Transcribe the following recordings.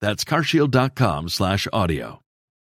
That's carshield.com slash audio.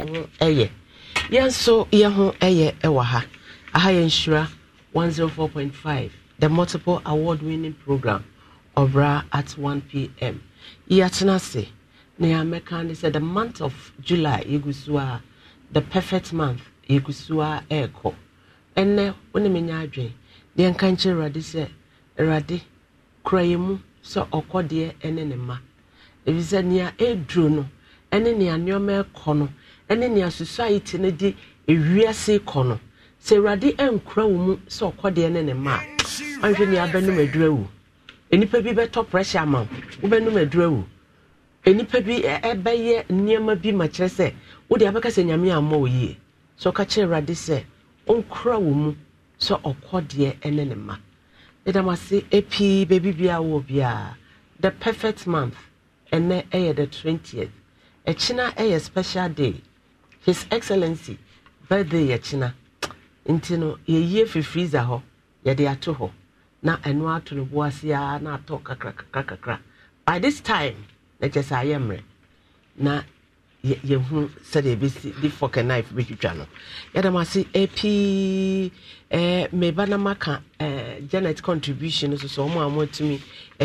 ɛho ɛyɛ yɛn nso yɛn ho ɛyɛ ɛwɔ ha aha yɛ nhyira 104.5 the multiple award winning program ɔbra at 1 pm yɛatena ase na yɛamɛka ne sɛ the month of july yɛgu so a the perfect month yɛgu so a ɛrekɔ ɛnɛ wo ne menya adwen deɛ nka nkyerɛ awurade sɛ awurade kura yɛ mu sɛ ɔkɔ deɛ ɛne ne mma ɛfiri sɛ nea ɛduro no ɛne nea nneɔma ɛkɔ no ɛne nea society no de ewiase kɔ no sɛ awurade nkura wɔ mu sɛ ɔkɔdeɛ ne ne mma a ɔnhwɛ nea abɛnum adura wu nnipa bi bɛtɔ pressure ama wo wobɛnum adura wu nnipa bi ɛbɛyɛ nneɛma bi ma kyerɛ sɛ wode abɛka sɛ nyame amma wo yie sɛ ɔka kyerɛ awurade sɛ ɔnkura wɔ mu sɛ ɔkɔdeɛ ne ne mma ɛdam ase epii baabi biara wɔ biara the perfect month ɛnɛ ɛyɛ the twentieth ɛkyina ɛyɛ special day his excellency birthday yɛkyena nti no yɛyie fi freezer hɔ yɛde ato hɔ na ɛno ato no boase a ah, na atɔ kakrakakrakakra by this time na kyɛ sɛ ayɛ mmerɛ na yɛhu sɛdeɛ yɛbɛsi de fork and knife bɛtwitwa no yɛdam ase eh, pii eh, meba na maka genet eh, contribution no so sɛ ɔmo a moatumi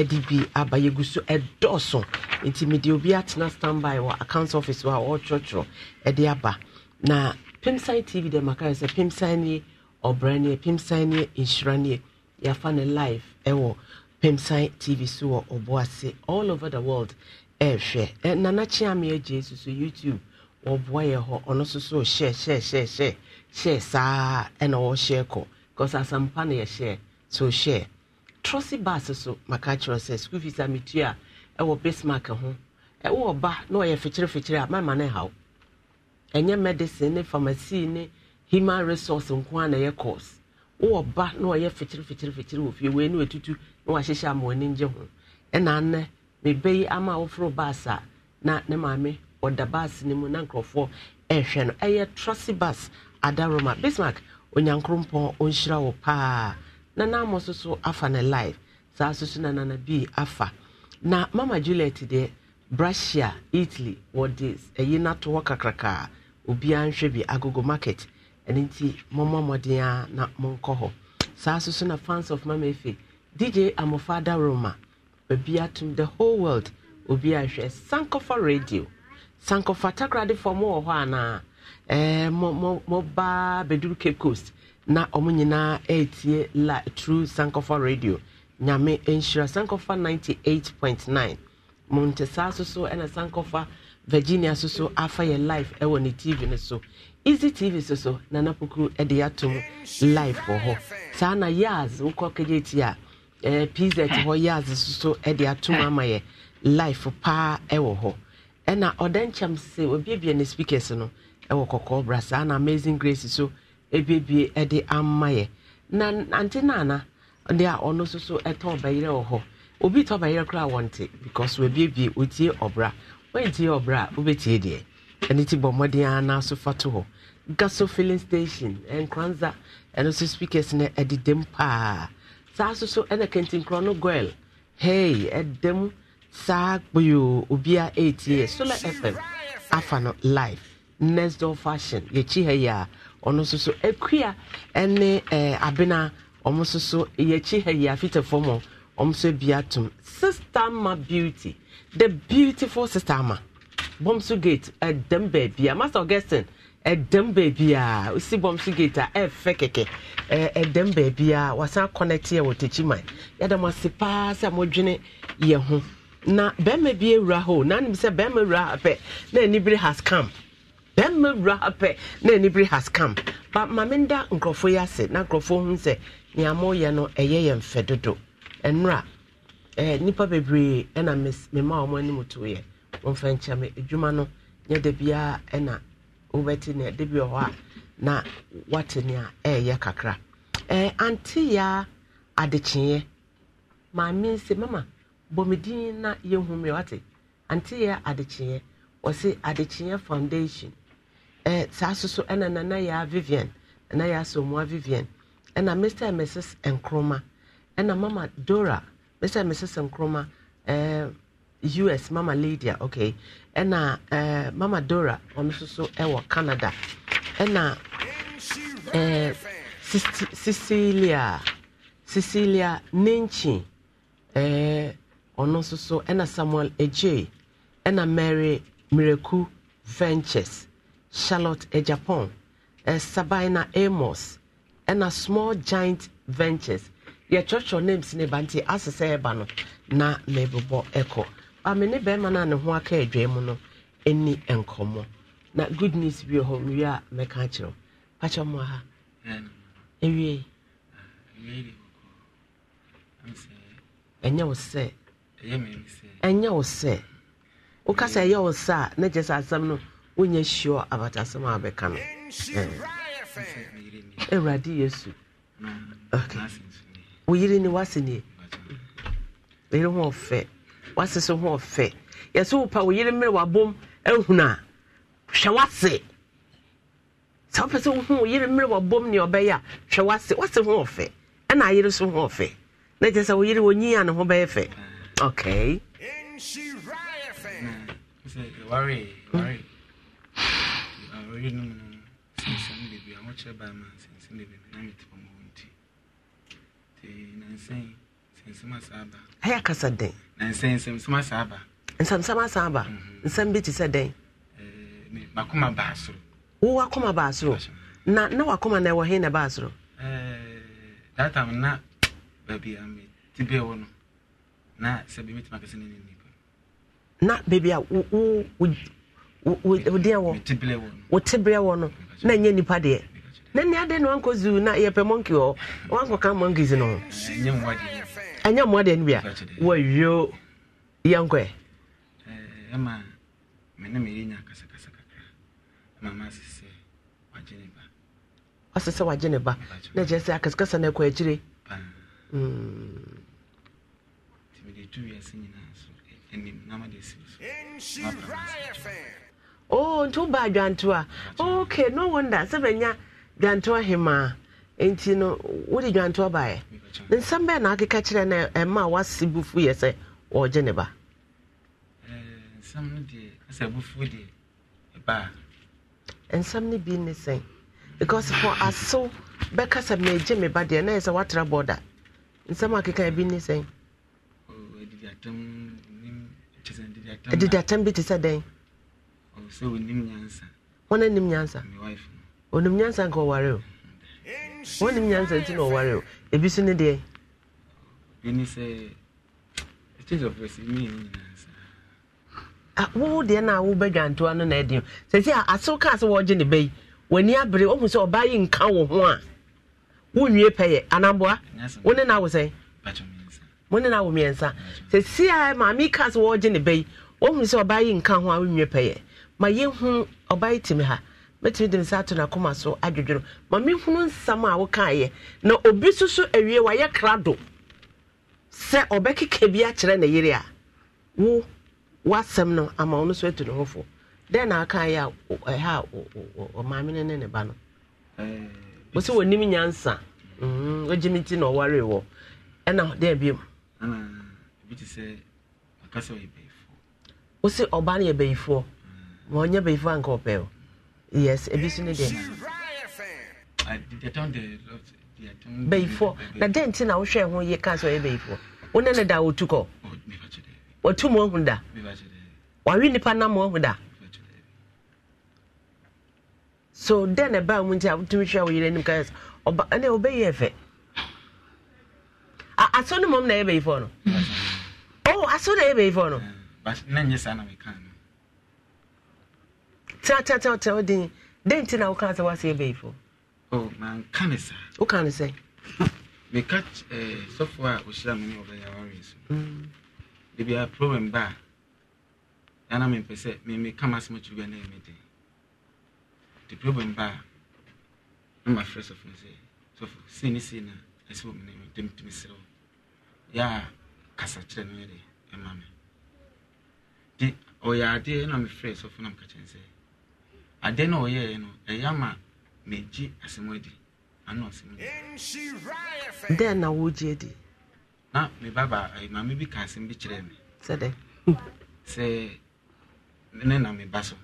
de bi aba yɛgu so ɛdɔɔso nti mede obi atena standby wɔ account office hɔ a wɔretwerɛtwerɛ de aba na pimsan tv deɛ maka sɛ pimsan ne ɔbraneɛ pimsan ne nhyiraneɛ yɛafa no live wɔ pimsan tv so wɔ ɔboase all over the world ɛhwɛ eh, ɛ eh, nana kyeame agye soso youtube wɔboa yɛ hɔ ɔno soso hyɛ hyɛ hyɛ hyɛ hyɛ saa ɛna wɔhyɛ kɔ because asampa na yɛhyɛ so hyɛ trɔsi baasi so maka kyerɛ sɛ school fees a metua a ɛwɔ bismarck ho ɛwɔ ɔba na ɔyɛ fikyere fikyere a mama ne haw ɛnyɛ medicine ne pharmacy ne human resource nko ara na ɛyɛ course wɔwɔ ba na ɔyɛ fikyere fikyere fikyere wɔ fie wei ne watutu na wahyehyɛ ama wɔn ani ho ɛna anɛ bebe yi ama wɔforo baas a na ne maame ɔda baas no mu na nkurɔfoɔ ɛrehwɛ no ɛyɛ trɔse baas adaroma bismark onyankorompɔn ɔnhyira wɔ paa na naamɔ so so afa ne live saa so so na nana bii afa na mama juliet deɛ brashia italy wɔde ɛyi nato hɔ kakrakaa obiara nhwɛ bi agogo market ɛno nti mɔmmɔ mmɔden na monkɔ hɔ saa so so na fans of mama efe dj amɔfa adaroma baabi atom the whole world obi ahwɛ sankofa radio sankofa takradefoɔ eh, mo wɔ hɔ anaa eh, mobaa bɛduru cape coast na ɔmo nyinaa ɛretie la true sankofa radio nyame nhyira sankofa 98.9 mo nte saa so so ɛna sankofa virginia so so afa yɛ live ɛwɔ ne tv no so easy tv so so nana pokuru ɛde atom live wɔ hɔ saa na yas wokɔ kɛgye ti Eh, pz hɔ yɛ adze soso de atom ama yɛ life paa wɔ hɔ ɛna ɔda nkyɛm sɛ wabiebie ne speakers no wɔ kɔkɔɔ bra saa na amazing grace so ebiebie de ama yɛ na ante naana de a ɔno nso so tɔ ɔbɛyerɛ wɔ hɔ obi tɔ ɔbɛyerɛ koraa wɔnte because wabiebie otie ɔbra wɔntie ɔbra wobɛtie deɛ ɛno ti bɔ mmɔden ara na so fa hɔ gaso filling station nkranza ɛno nso speakers no ɛdedam paa saa nso so ɛna kɛntɛnkorɔ no goil hey ɛdɛm saa kpoyo obia eighty solar fm afa no live next door fashion yɛkyi ha yi a ɔno nso so akua ɛne ɛɛ eh, abena ɔmo nso so yɛkyi ha yi a fitafoɔ mo ɔmo nso bi atum sister ma beauty the beautiful sister ma bɔm so gate ɛdɛm baabi a master augustine ɛdɛm baabi a osi bɔm so gate a ɛfɛ kɛkɛ ɛdɛm baabi a wasan connect yɛ wɔ tɛkyi man yɛda mo ase paa sɛ modwene yɛ ho na bɛrima bi awura hɔ na anim sɛ bɛrima awura ha na anibere has come bɛrima awura ha na anibere has come ba maame nda nkurɔfoɔ yi ase na nkurɔfoɔ hu sɛ nea moyɛ no ɛyɛ yɛ mfɛ dodo ɛnora ɛɛ nipa bebree ɛna mmaa wɔn anim to yɛ wɔn fɛn kyɛn mi adwuma no nyɛ de biara ɛna wobɛte nea da bi hɔ a na wate nea ɛɛyɛ kakra ɛɛ ante yaa adekyeeɛ maame nse mama bɔmedin na yɛhu mi wate ante yaa adekyeeɛ wɔsi adekyeeɛ foundation ɛɛ saa soso ɛna nana ya vivian nana yaa somua vivian ɛna mr and mrs nkroma ɛna mama dora mr and mrs nkroma ɛɛ. us mama Lydia, okay ɛna uh, eh, mama dora ɔno nso so ɛwɔ canada ɛna uh, eh, cecilia cecilia nenchi eh, ɔno uh, nso so ɛna samuel ej ɛna mary miracle ventures charlotte ejapon uh, sabina amos ɛna small giant ventures yɛtwerɛtwerɛ names ne banti nti asesɛ ɛba no na mebobɔ echo ame ne bɛrima no a ne ho aka adwa mu no ɛni nkɔmmɔ na good news bi hɔ mewie a mɛka akyerɛ wo pakyɛ mo aha ɛwie ɛnyɛ wo sɛ ɛnyɛ wo sɛ woka sɛ ɛyɛ wo sɛ a na gye sɛ asɛm no wonya hyio abatasɛm a wabɛka no awurade yesu mm. wo yere ne woase nie ɛyere ho ɔfɛ wasese ho ɔfɛ yɛsɛ wopa wo yere mmerɛ wabom ahunu a hwɛ wase sɛ wopɛ sɛ wohu wo yere mmerɛ wabom ne ɔbɛyɛ a hwɛ wase wase ho ɔfɛ ɛna ayere so ho ɔfɛ na kyɛ sɛ wo yere wɔnyi ne ho bɛyɛ fɛ okay nansan ɛyɛ kasa dɛn nsɛmsɛm asa aba nsɛmsɛm asa aba mhm. nsɛm bi te sɛ dɛn eh, wo wakoma baa soro na na wakoma na ɛwɔ he na baa soro eh, na baabi a wodeɛ wɔ wo teberɛ wɔ no na ɛnyɛ nnipa deɛ na nne adɛn na wankɔ zoo na yɛpɛ monki hɔ wankɔka monkeys no ho eh, ɛnyɛ mmoa deɛ no bia wɔwio yɛnkɔɛ ɛma me ne meyɛ nya kasakasa kakra mama ase sɛ wagye ne ba ɔse sɛ wagye ne ba na kyerɛ sɛ akasakasa no ɛkɔ akyire nti hmm. mede tu wiase nyinaa so anim e, na made si so Oh, nti woba adwantoa ok no wonder sɛ bɛnya dwantoa hemaa nti no wode dwantoa baeɛ nsɛm bɛɛ na akeka kyerɛ no ɛma a wase bufu yɛ sɛ ɔregye ne ba eh, nsɛm no deɛ sɛ bufu deɛ baa nsɛm no bi ne sɛn because for asew bɛka sɛ megye me ba deɛ na ɛyɛ sɛ woatra bɔda nsɛm akeka bi ne sɛn adidiatɛm oh, bi te sɛ dɛn ɔno oh, nim nyansa ɔnim nyansa nka ɔware o ni nyansa ah, nti na ɔware o ebi so ne deɛ wo deɛ no a wobɛdwantoa no na ɛdeɛ sɛ si a asew kaa sɛ wɔgye ne ba yi w'ani sɛ ɔbaa yi nka ho a pɛyɛ anamboa awo sɛn awo mmiɛnsa a maame yi sɛ ɔbaa yi nka ho a nwie pɛyɛ ma ɔbaa yi ha mɛtumi de nsa ato n'akoma so adwodworo ma mehunu nsɛm a wokaeɛ na obi nso so awie wayɛ krado sɛ ɔbɛkeka bi akyerɛ ne yere a wo w'asɛm no ama ɔno so atu ne ho fo dɛn na akaeɛ a ɛha ɔmaame no ne ne ba no eh, wo sɛ wɔnim nyansa ɔgye mhm, me nti na ɔware wɔ ɛna dɛn biom wo sɛ ɔba no yɛ bayifoɔ ma ɔnyɛ bayifoɔ anka ɔpɛ o yes ebi so ne deɛ bɛyifoɔ na dɛn nti na wohwɛ ho yie ka sɛ ɔyɛ bɛyifoɔ wo ne no da wɔtu kɔ wɔtu mu ahu da wawe nnipa nam ahu da so dɛn na ɛbaa mu nti a wotumi hwɛ a woyere anim ka sɛ ɔba ɛnɛ wobɛyɛ fɛ asɔ no mmom oh, na ɛyɛ bɛyifoɔ no oh asɔ na ɛyɛ bɛyifoɔ no teateatea wokyerɛ din dɛn nti na wokaa sɛ woasɛ yɛbɛyi fo manka ne saa woka ne sɛ meka sɔfoɔ a ɔhyira me ne ɔbɛyɛware so de biara problem ba a ana mempɛ sɛ meka masɛm akyi bia na ɛmeden The problem ba a na mafrɛ sɔfo oh, no sɛ sɔfo sei ne sei na ɛsɛ wɔ mene mɛntɛmtumi serɛ wo yɛ a kasa kyerɛ no yɛde ɛma me nti ɔyɛ adeɛ na mefrɛ sɔfo na meka kyɛn sɛ adeɛ na ɔyɛɛ no ɛyɛ ama megye asɛm adi ana ɔsɛm adi dɛn na wogye adi na me baba eh, maame bi ka asɛm bi kyerɛɛ me sɛdɛ sɛ ne na me ba so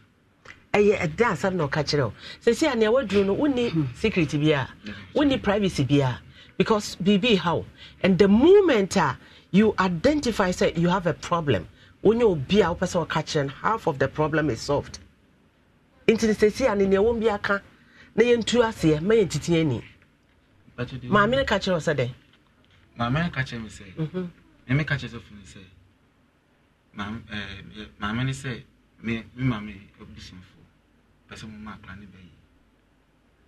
ɛyɛ ɛdɛ asɛm na ɔka kyerɛ wo sɛsi a nea waduru no wonni secret bi a wonni privacy bi a because biribi how and the moment a ah, you identify sɛ you have a problem wonyɛ obi a wopɛ sɛ ɔka kyerɛ no half of the problem is solved nti ne sɛsi a ne nea wɔn bi aka na yɛn tu aseɛ ma yɛn titi ani maame ne ka kyerɛ ɔsɛ mhm. eh, maame ne ka kyerɛ mi sɛ ka kyerɛ maame ne maame ebusunfo pɛsɛ mo ma akora ne bɛ yi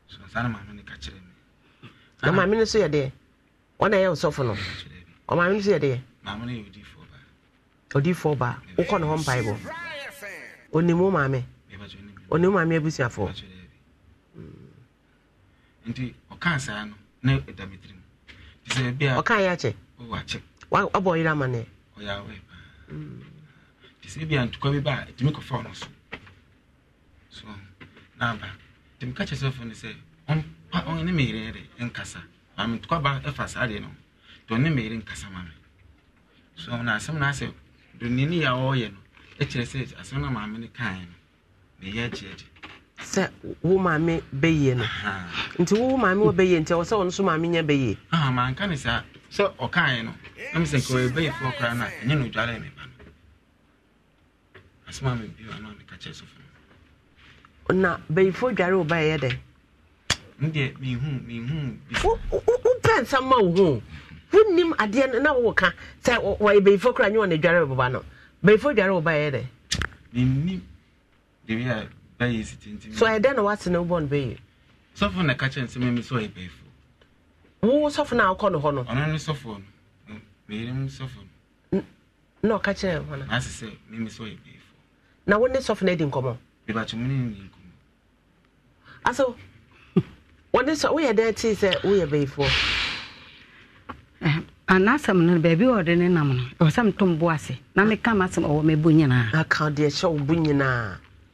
so saa na maame ne ka kyerɛ mi. na maame ne so yɛ deɛ wɔn yɛ ɔsɔfo no maame ne yɛ ne onimu maame. ɔne maame abusuafoɔ hmm. nti ɔka saa no na ɛda me tirim nti sɛ bia ɔka yɛ akyɛ wakyɛ wabɔ ɔyere amanneɛ ɔyɛ awɛ nti sɛ bia ntokwa bi ba a ɛtumi kɔfa so so na aba nti meka kyerɛ sɛfo no sɛ ɔne me yere nkasa maame ntokwa ba ɛfa saa deɛ no nti ɔne me yere nkasa ma me so na asɛm no asɛ doni ne yɛ a no ɛkyerɛ sɛ asɛm no maame no kaeɛ no sɛ wo maame bɛyie no nti wo maame wɔ bɛyie nti ɛwɔ sɛ ɔno nso maame nyɛ bɛyie manka ne saa sɛ ɔkae no na mesɛ nka ɔyɛ bɛyifoɔ koraa no a ɛnyɛ no odwale me ba no asɛm a mebio ano meka kyerɛ sɔfo na bɛyifoɔ dware wo ba dɛ ndeɛ mehu mehu wopɛ nsɛm ma wo ho wonnim adeɛ na wowɔ ka sɛ wɔyɛ bɛyifoɔ koraa nyɛ wɔ ne dware wo no bɛyifoɔ dware wo ba dɛ mennim debi a bɛyɛ si tintim. so ɛdɛ na wate na wobɔ no bɛyɛ. sɔfo na ka kyerɛ nsɛm na sɛ ɔyɛ bɛyifo. wo sɔfo na akɔ no hɔ no. ɔno ne sɔfo no mm, meyerem sɔfo no. na ɔka kyerɛ hɔ no. na asesɛ mimi sɛ ɔyɛ bɛyifo. na wo ne sɔfo na adi nkɔmɔ. bibatwo mu ne ne nkɔmɔ. aso wɔne sɔ woyɛ dɛ tee sɛ woyɛ bɛyifo. anasɛm no baabi ɔde ne nam no ɛwɔ metom bo ase na meka masɛm ɔwɔ mɛbo nyinaa aka deɛ wo bo nyinaa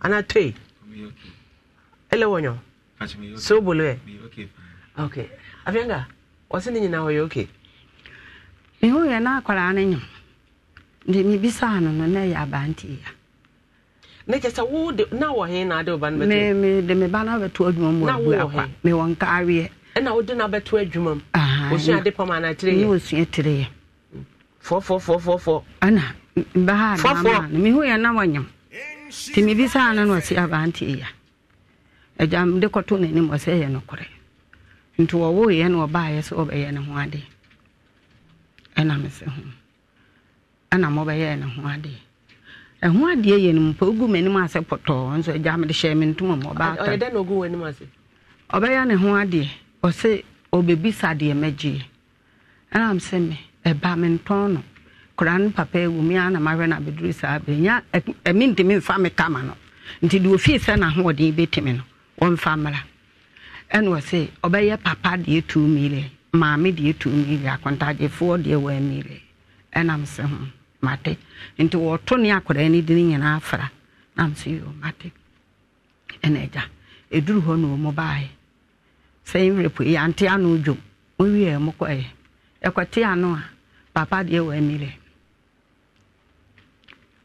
ana toe ɛlɛ so bolo ɛ ok afianga wɔsi ne nyinaa wɔyɛ ok na akwaraa no nyɔ de mebisaa no na ɛyɛ ya. na kyɛ sɛ wode na he na ade wo ba no bɛtmede me ba no bɛto adwuma mu abuakwa mewɔ nkaareɛ ɛna wode no bɛto adwuma mu ade pam ana na wanyam. nti mebisaa no na ɔsi abante ya agyam de kɔto n'anim ɔsɛ ɛyɛ nokorɛ nti wɔwoeɛ na ɔbaeɛ sɛ ɔbɛyɛ ne ho ade ɛna mese ho ɛna mɔbɛyɛɛ ne ho ade. ɛho adeɛ yɛ no mpa wogu m'anim ase pɔtɔɔ nso agya mede hyɛ me ntoma mu ɔbaata ɔbɛyɛ ne ho adeɛ ɔse ɔbɛbisa deɛ mɛgyeɛ ɛnam sɛ me ɛba mentɔn no koraa no papa awu me a na mahwɛ no abɛduru saa bɛnya ɛme ntimi mfa me kama no nti deɛ ofie sɛ n'ahoɔden bɛtumi no wɔmfa mmra ɛne wɔ se ɔbɛyɛ papa deɛ two million maame deɛ two million akontagyefoɔ deɛ wɔn million ɛnam se ho mate nti wɔto ne akwadaa no din nyinaa fra nam se yo mate ɛna agya ɛduru hɔ na ɔmo baeɛ sɛ nwerɛpo yi ante ano dwom mowiɛ mo kɔɛ ɛkɔte ano a papa deɛ wɔn million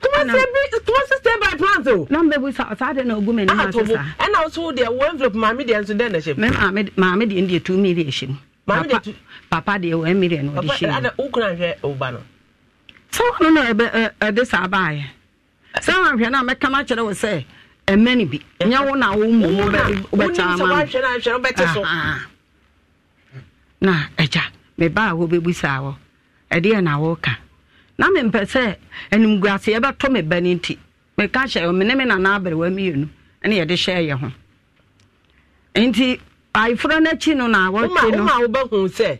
tomasi stay by plant o. na mbɛ bu sa na ogu mɛ ne ma sisan. ɛna deɛ wo envelope maame deɛ nso na ɛhyɛ mu. mɛ maame deɛ deɛ two million ɛhyɛ mu. maame deɛ two. papa deɛ one na ɔde hyɛ mu. papa ɛna o hwɛ o no. sáwọn nínú ɛbɛ ɛde sáwọn náà mɛka kyerɛ sɛ na wo mu wo bɛ na wo na mempɛ sɛ animguase yɛbɛtɔ me ba no nti meka hyɛ ɔ mene me nana aberewa mmienu ne yɛde hyɛ yɛ ho nti ayeforɔ no akyi no na wɔtwe wobɛhu sɛ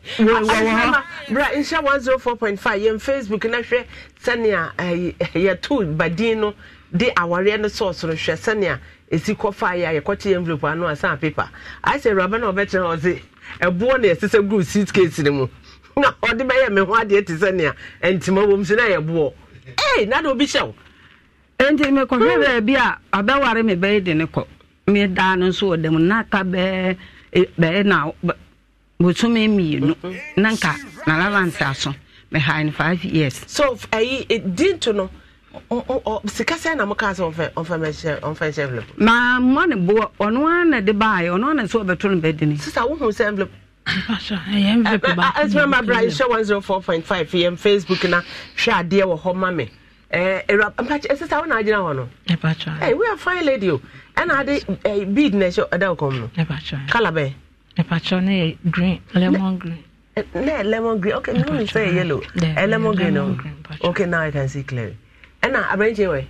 bra nhyɛ 104.5 yɛn facebook na hwɛ sɛnea eh, yɛto badin no de awareɛ no sɔɔsoro hwɛ sɛnea ɛsi kɔfa yɛ a yɛkɔkye envelope ano asan paper ayɛ sɛ awuraba na ɔbɛkyerɛ ɔse ɛboɔ na yɛsesɛ guru suitcase no mu na ɔde bɛyɛ me ho adeɛ te sɛ nea ntima wɔ m so na yɛ boɔ ei na de obi hyɛ wo nti mekɔhwɛ hmm. baabi a abɛware me bɛyɛ de ne kɔ medaa no nso wɔ dam na ka bɛɛ e, na bosome mmienu na nka n'alabante aso mehaa five years so ɛyi e, dinto no sika sɛ na moka sɛ ɔmfa nhyɛ envelope ma mmɔ ne ɔno a na de baeɛ ɔno a na ɔbɛto no bɛdini sisa wohu sɛ envelope ɛsɛ ma bra yɛhyɛ 104.5 yɛn facebook na hwɛ adeɛ wɔ hɔ ma me ɛsɛ sa wona agyina hɔ no eh, eh, we are fine lady o oh. ɛna eh, ade bead na ɛhyɛ ɛda wokɔm no kala bɛɛ ɛpakyɛw no green lemon green na lemon green okay no sɛ yellow lemon green oh. okay now i can see clearly ɛna aberanteɛ wɛ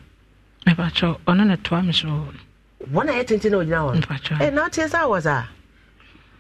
ɛpakyɛw ɔno na toa me so wɔ wɔn a yɛ tenten na ogyina hɔ no ɛna ɔteɛ sɛ awɔ saa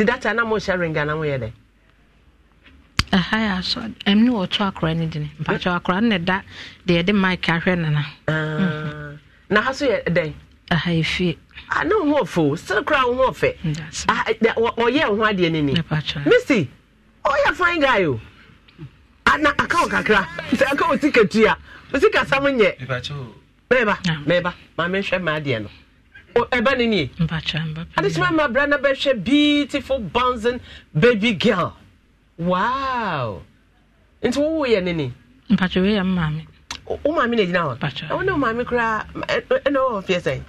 nti data na mohyɛ renga na moyɛ dɛ aha ya asɔ ɛm ne wɔto akora no dini mpakyɛ akora no ne da deɛ yɛde mike ahwɛ nana ah, na ha so yɛ dɛn aha yɛ fie ah, ne wo ho ɔfo still koraa wo ho ɔfɛ ah, eh, ɔyɛ wo ho adeɛ no ni misty ɔyɛ fine guy o na aka wo kakra sɛ aka wo sika tua wo sika sam nyɛ mɛba mɛba ma mehwɛ ma adeɛ no ɛbɛ ne nie adekyema ma bra na bɛhwɛ beautiful bouncing baby girl wow nti wowo yɛ ne ne mpatwɛ wei yɛ maame wo maame na gyina hɔ ɛwo ne wo maame koraa ɛna wɔwɔ mfeɛ sɛn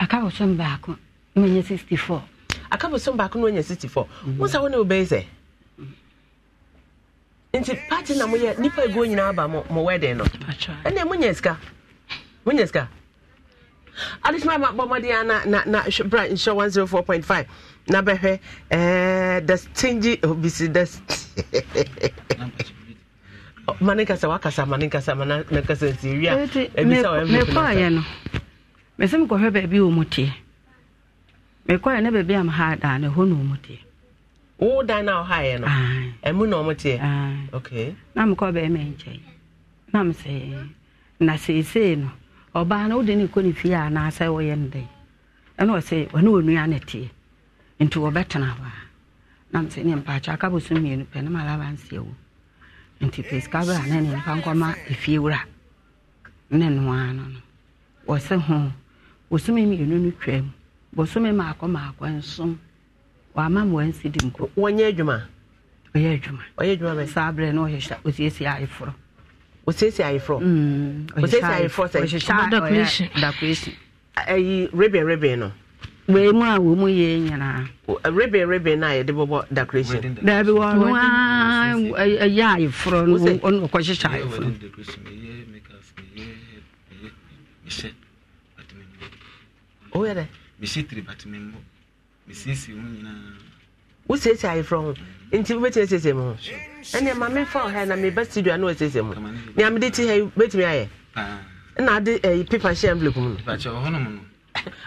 akabosom baako menya 64 akabosom baako na wanya 64 wo sa wo ne wobɛyi sɛ nti party na moyɛ nnipa ɛguo nyinaa ba mo wedding no ɛnɛ monya sika monya sika adesima ma bɔ ya na na na bra nhyɛ one zero four point five na bɛhwɛ ɛɛ eh, the stingy obisi oh, the oh, mane kasa wakasa mane kasa mane kasa nsi ewia ebisa wɔyɛ mbɛ mekɔ ayɛ no mɛsɛ mekɔhwɛ baabi wɔ mu ayɛ a meha dan no ɛhɔ na wɔ mu teɛ wo dan na a ɔha ayɛ no ɛmu na ɔmo teɛ okay na mekɔ bɛɛ mɛ nkyɛn na mesɛ na seesei no ɔbaa no wode ne kɔ ne fie anaasɛ wɔyɛ no dɛn ɛna ɔsɛ ɔne ɔnua ne teɛ nti wɔbɛtena hɔ a nam sɛ ne mpaakyɛ aka bɔso mmienu pɛ ne malaba nseɛ wo nti pesika bra ne ne mpa nkɔma efie wura ne noa no no wɔsɛ ho wɔsome mmienu no twam bɔsome maakɔ maakɔ nsom wama ma wansi di mpo wɔnyɛ adwuma ɔyɛ adwuma ɔyɛ adwuma bɛ saa berɛ na ɔyɛ hyɛ ɔsiesie ayeforɔ osiesie ayeforɔ osiesie ayeforɔ sɛ dakuresi ayi rebe rebe no. wee mu a wo mu yie nyinaa. rebe rebe na yɛde bɔbɔ decoration. daabi wɔ no aa ɛyɛ ayeforɔ no ɔno ɔkɔ hyehyɛ ayeforɔ. o yɛrɛ. mesi tiri batimɛ mbɔ mesi esi mu nyinaa wosiesie ayeforɔ ho nti wobɛtumi asiesie mu ho ɛne ma mefa ɔha na meba studio na wasiesie mu nea mede te ha wobɛtumi ayɛ ah. na ade ayi eh, pepa hyɛ envelope mu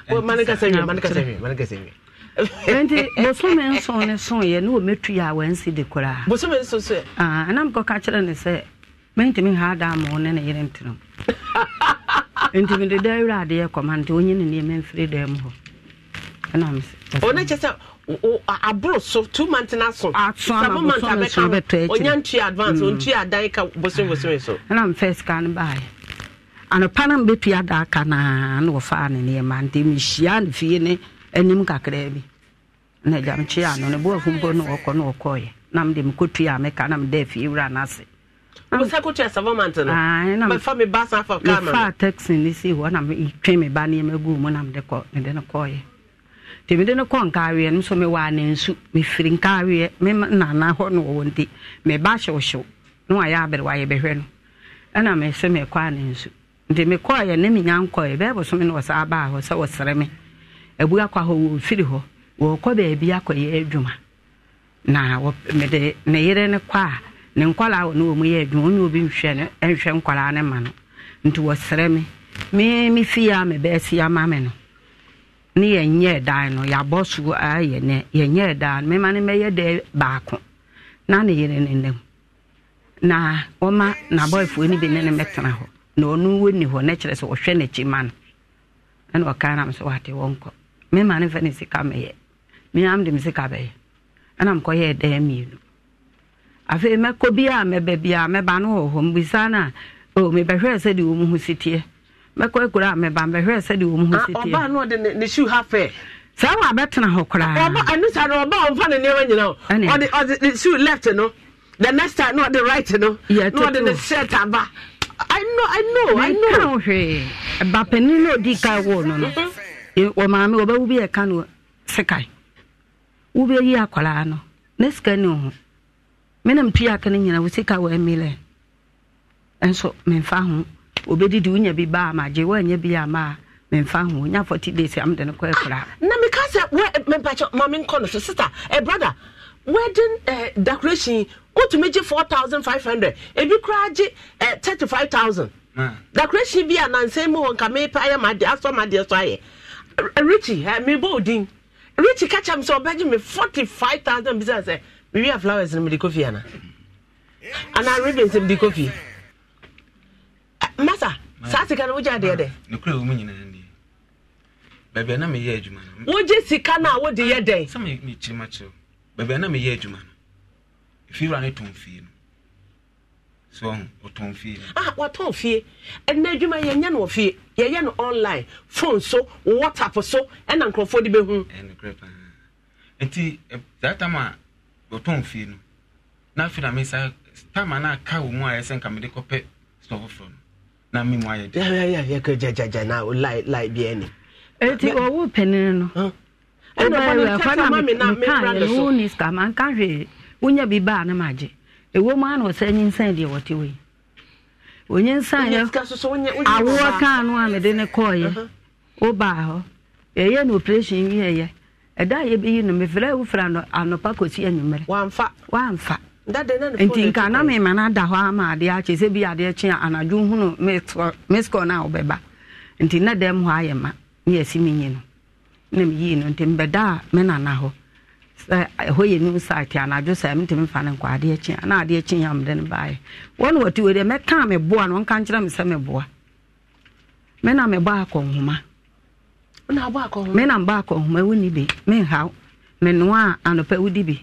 no mane kasa wie mane kasa wie mane kasa wie nti bosome nson ne soeɛ ne wɔmɛtu yɛ a wansi de koraa bosome nso so ah, ɛna mekɔka kyerɛ ne sɛ mentumi ha da ma wo ne ne yere ntenam nti mede da awuraadeɛ kɔma nti ɔnyi ne nneɛma mfiri da mu hɔ ɛna mesɛ ɔne kyɛ sɛ aburu so two months na so seven months abɛka ɔnya ntua advance ɔntua mm. adan ka bosom bosom so. ɛna n fɛ sika no baa yi anɔpa na mbɛtua adaka naa na wɔfa ne nneɛma nti mehyia ne fie ne anim kakra bi na agyamkye ano ne boa fumpo na wɔkɔ na na mede mekɔtua a meka na meda afie wura no ase si na metwe me ba na mede nti mede no kɔ nkareɛ no nso mewɔ a ne nsu mefiri nkareɛ me nana hɔ no hyewhyew na wayɛ abere wayɛ bɛhwɛ no a ne nsu nti mekɔɔyɛ ne menya nkɔɛ bɛɛboso me ne wɔsaa baa hɔ sɛ na me abua kɔ hɔ na mede ne yere no kɔ a ne nkɔlaa wɔ ne mu obi ma no nti ama no ne yɛnyɛ dan no yɛabɔ so ayɛ nɛ yɛnyɛ dan no mema ne mɛyɛ dɛ baako na ne yere ne nam na ɔma n'abɔafoɔ no bi ne ne mɛtena hɔ na ɔno wɔni hɔ na kyerɛ sɛ ɔhwɛ n'akyi ma no ɛna ɔka nam sɛ wate wɔnkɔ mema ne mfa ne sika mɛyɛ meam de me sika bɛyɛ ɛna mkɔyɛɛ dɛɛ mmienu afei mɛkɔ biaa mɛba biaa mɛba no wɔ hɔ mbisa no a oh, mebɛhwɛɛ sɛdeɛ wɔ ho siteɛ mɛkɔ akura a mɛba mbɛhwɛ sɛde wɔ mu ho ah, sɛ ɔbaa no ɔde ne shoe ha fɛ saa wa abɛtena hɔ koraa ɔba eh, ɛno saa no ɔba ɔmfa ne nneɛma nyina ɔde ɔde ne shoe left no the next time na ɔde right no na ɔde ne shirt aba i know i know i know nka hwee ba panin na odi ka wɔ no no wɔ maame wɔ bɛwu bi ɛka no sikae wo bɛ yi akwaraa no ne sika ne ho me na mtua ka no nyina wo sika wɔ million nso memfa ho obɛdidi wonya bi baa ma gye woanya bi ama a memfa ho nya 40 days amde no kɔ akura ah, na meka sɛ mempakyɛ ma menkɔ no so sister eh, brother wedding eh, decoration wotumi gye 4500 ebi koraa gye eh, 35000 eh, ah. decoration bi a nansɛn mu hɔ nka mepa ayɛ madeɛ asɔ madeɛ so ayɛ richi eh, mebɔ odin richi ka kyɛm sɛ ɔbɛgye me 45000 bisa sɛ mewie a flowers no mede kɔ fie ana anaa ribbons mede kɔ masa saa sika no wogya deɛ dɛ ah, nokora wɔ mu nyinaa nie baabia na meyɛ adwuma no wogye sika no a wode yɛ dɛn sɛ mekyirima kyerɛw baabia na meyɛ adwuma no ɛfiri wura ne tɔn fie no so ɔtɔn fie ah watɔn fie ɛnna adwuma yɛnyɛ no wɔ fie yɛyɛ no online phone so whatsapp so ɛna nkurɔfoɔ de bɛhu nokorɛ paa nti saa tam a ɔtɔn fie no na afei na mesa tama no aka wɔ mu a ɛsɛ nka mede kɔpɛ sɛ no na mi mu ayɛ dɛ. yɛ yɛ yɛ kɛ gyagyaga na o lai lai eti no. ɛwɛ na mi nka yɛ wo ni scam nka hwee wonya bi baa ne gye mu ana ɔsɛ nyi nsɛn deɛ wɔte wɔ onye nsɛn yɛ awoɔ kaa no a mede ne kɔɔ uh-huh. yɛ o baa hɔ operation yi ɛda yɛ bi yi no fira anɔpa nti nka na mema no ada hɔ ama adeɛ akye sɛ bi adeɛ kye a anadwo hunu mescɔ no a wobɛba nti na dɛm hɔ ayɛ ma ne yɛsi menyi no na meyii no nti mbɛda a me nana hɔ sɛ ɛhɔ yɛ new site anadwo sɛ metumi fa no nkɔ adeɛ kye na adeɛ kye a mede no baayɛ wɔne wɔte wei deɛ mɛkaa meboa no ɔnka nkyerɛ me sɛ meboa me na mebɔ akɔ nhoma me na mbɔ akɔ nhoma wonni bi menhaw menoa a anɔpɛ wodi bi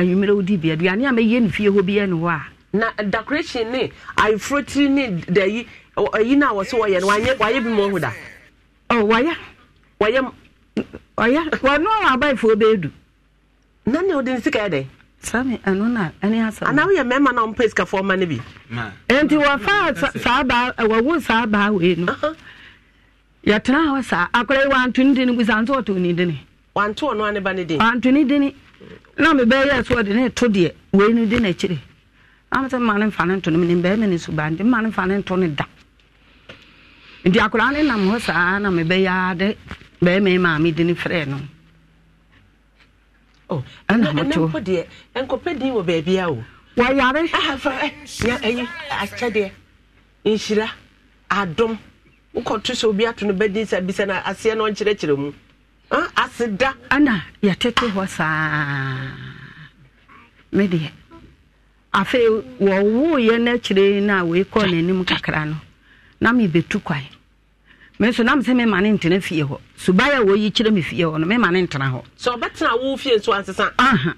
anwummerɛ wodi bi aduane a mɛyɛ no fie hɔ bi yɛ no hɔ a na decoration ne ayefrotiri ne dayi ayi no a wɔ so wɔyɛ no wanyɛ wayɛ bi ma ɔho da wɔyɛ wɔyɛ ɔyɛ wɔno a abaefoɔ bɛɛdu na ne wode nsika yɛ dɛ sami ɛno na ɛne asɛm anaa woyɛ mmarima na ɔmpɛ sikafoɔ ma no bi nti wɔfaa saa baa wɔwo saa baa wei no yɛtena hɔ saa akora yi wanto ne dini busa nso ɔto dini wanto ɔno ane ba ne din wanto ne dini na mebɛyɛ so ɔde ne ɛto deɛ wei no di n'akyire na sɛ mma ne mfa ne nto no mene bɛɛma ne subande mma ne mfa ne nto ne da nti akoraa ne nam hɔ saa na mebɛyɛ a de bɛɛma yi maame di ne frɛ no oh, ɛna mɔto deɛ nkɔpɛ din wɔ baabi a o wɔyare eh, akyɛdeɛ nhyira adom wokɔto sɛ obi ato no bɛdin sɛ bisɛ no aseɛ no ɔnkyerɛkyerɛ mu aseda ana yɛtete hɔ saa me deɛ afei wɔwoeɛ no akyire no a weekɔ n'anim kakra no na mebɛtu kwan me nso nam sɛ mema ne ntena fie hɔ subae a wɔyi kyerɛ me fie hɔ no mema ne ntena hɔ sɛ ɔbɛtena wo fie nso ansesa aha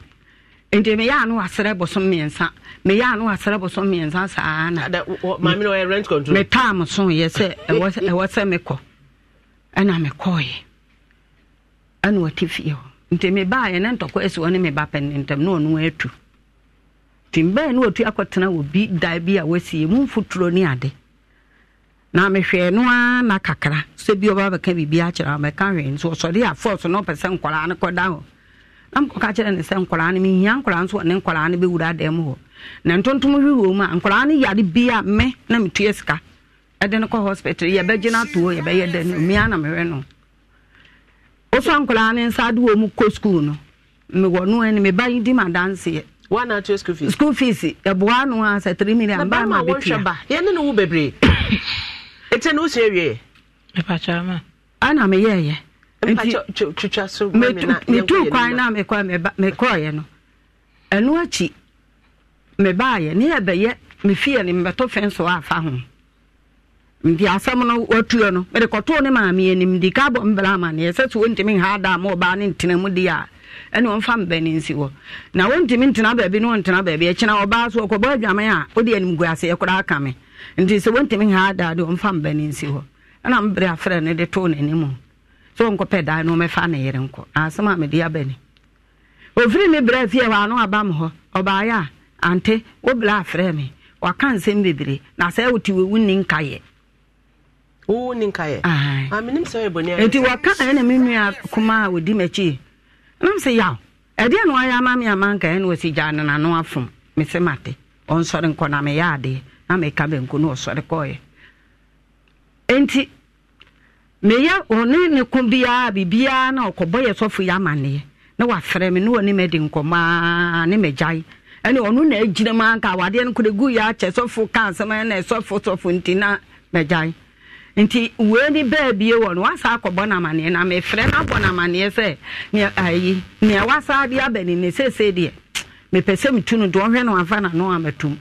nti meyɛ eh, a no wasrɛ bosom mmiɛnsa meyɛ a no wasrɛ bosom mmiɛnsa saa na metaa mo soeɛ sɛ ɛwɔ eh, sɛ eh, mekɔ ɛna mekɔɔeɛ ɛna wɔte fie hɔ nti mebaeɛ ne ntɔkwa asi hɔ ne meba pɛ ntam na ɔno atu nti mbɛɛ ne wɔtu akɔtena wɔ bi bi a wɔasie mu mfoturo ne ade na mehwɛɛ no na kakra sɛ bi ɔba bɛka biribi akyerɛ mɛka hwee nso ɔsɔre a fɔɔso na ɔpɛ sɛ nkwaraa no kɔda hɔ na mkɔka kyerɛ ne sɛ nkwaraa no mehia nkwaraa nso ne nkwaraa no bɛwura adan hɔ na ntontom hwe wɔ mu a nkwaraa no yare bi a me na metua sika ɛde no kɔ hospital yɛbɛgye no atoo yɛbɛyɛ dɛ no mmea na mehwɛ no wofa nkwaraa ne nsa de wɔ mu kɔ skul no mewɔ no ɛne meba yi di ma danseɛ wana akyerɛ school fees school fees ɛboa no a sɛ three million ba ma bɛtua ba yɛne ne wo bebree ɛtɛ ne wosua awieɛ mepatwa ma ana meyɛɛyɛ metu kwan na mekɔ mekɔɔyɛ no ɛno akyi mebaayɛ ne yɛbɛyɛ mefiɛ ne mebɛtɔ fɛn so afa ho nti asɛm no watuo no mede kɔtoo ne maame anim di ka bɔ mbra ama ne ɛsɛ sɛ wɔntumi nha da ma ɔbaa ne ntenamu di a ɛne ɔmfa mbɛne nsi hɔ na wɔntumi ntena baabi ne ɔntena baabi ɛkyena ɔbaa so ɔkɔbɔ adwaman a wode animgu ase ɛkora aka me nti sɛ wɔntumi nha da de ɔmfa mbɛne nsi hɔ ɛna mbrɛ afrɛ no de too n'anim sɛ ɔnkɔpɛ dan no ɔmɛfa ne yere nkɔ asɛm a mede abɛne ɔfiri me brɛ fie hɔ a na ɔba m hɔ ɔbaeɛ a ante wobla afrɛ me waka nsɛm bebree na sɛ wote wɔwu nni nkayɛ wo ni nka yɛ amenim sɛ ɔyɛ bɔne nti wɔka ɛna me nua kuma a wɔdi m'akyi nam sɛ yaw ɛdeɛ na ɔyɛ ama me ama nka ɛna wɔsi gya ne nano afom me sɛ mate ɔnsɔre nkɔ na meyɛ adeɛ na meka bɛnko na ɔsɔre kɔɔyɛ nti meyɛ ɔne ne ko biara biribiara na ɔkɔbɔ yɛ sɔfo yɛ amanneɛ na wafrɛ me ne ɔne madi nkɔmaa ne magyae ɛne ɔno na agyina mu anka awadeɛ no kora gu yɛ akyɛ sɔfo ka asɛm ɛna ɛsɔfo sɔfo nti na magyae nti wee ni bɛɛ bie wɔ no wasa akɔbɔ n'amaneɛ na mɛfrɛ n'abɔ n'amaneɛ sɛ nea ayi nea wasa adi abɛ ne ne seesei deɛ mepɛ sɛ metu no deɛ ɔhwɛ no wafa n'ano a mɛtum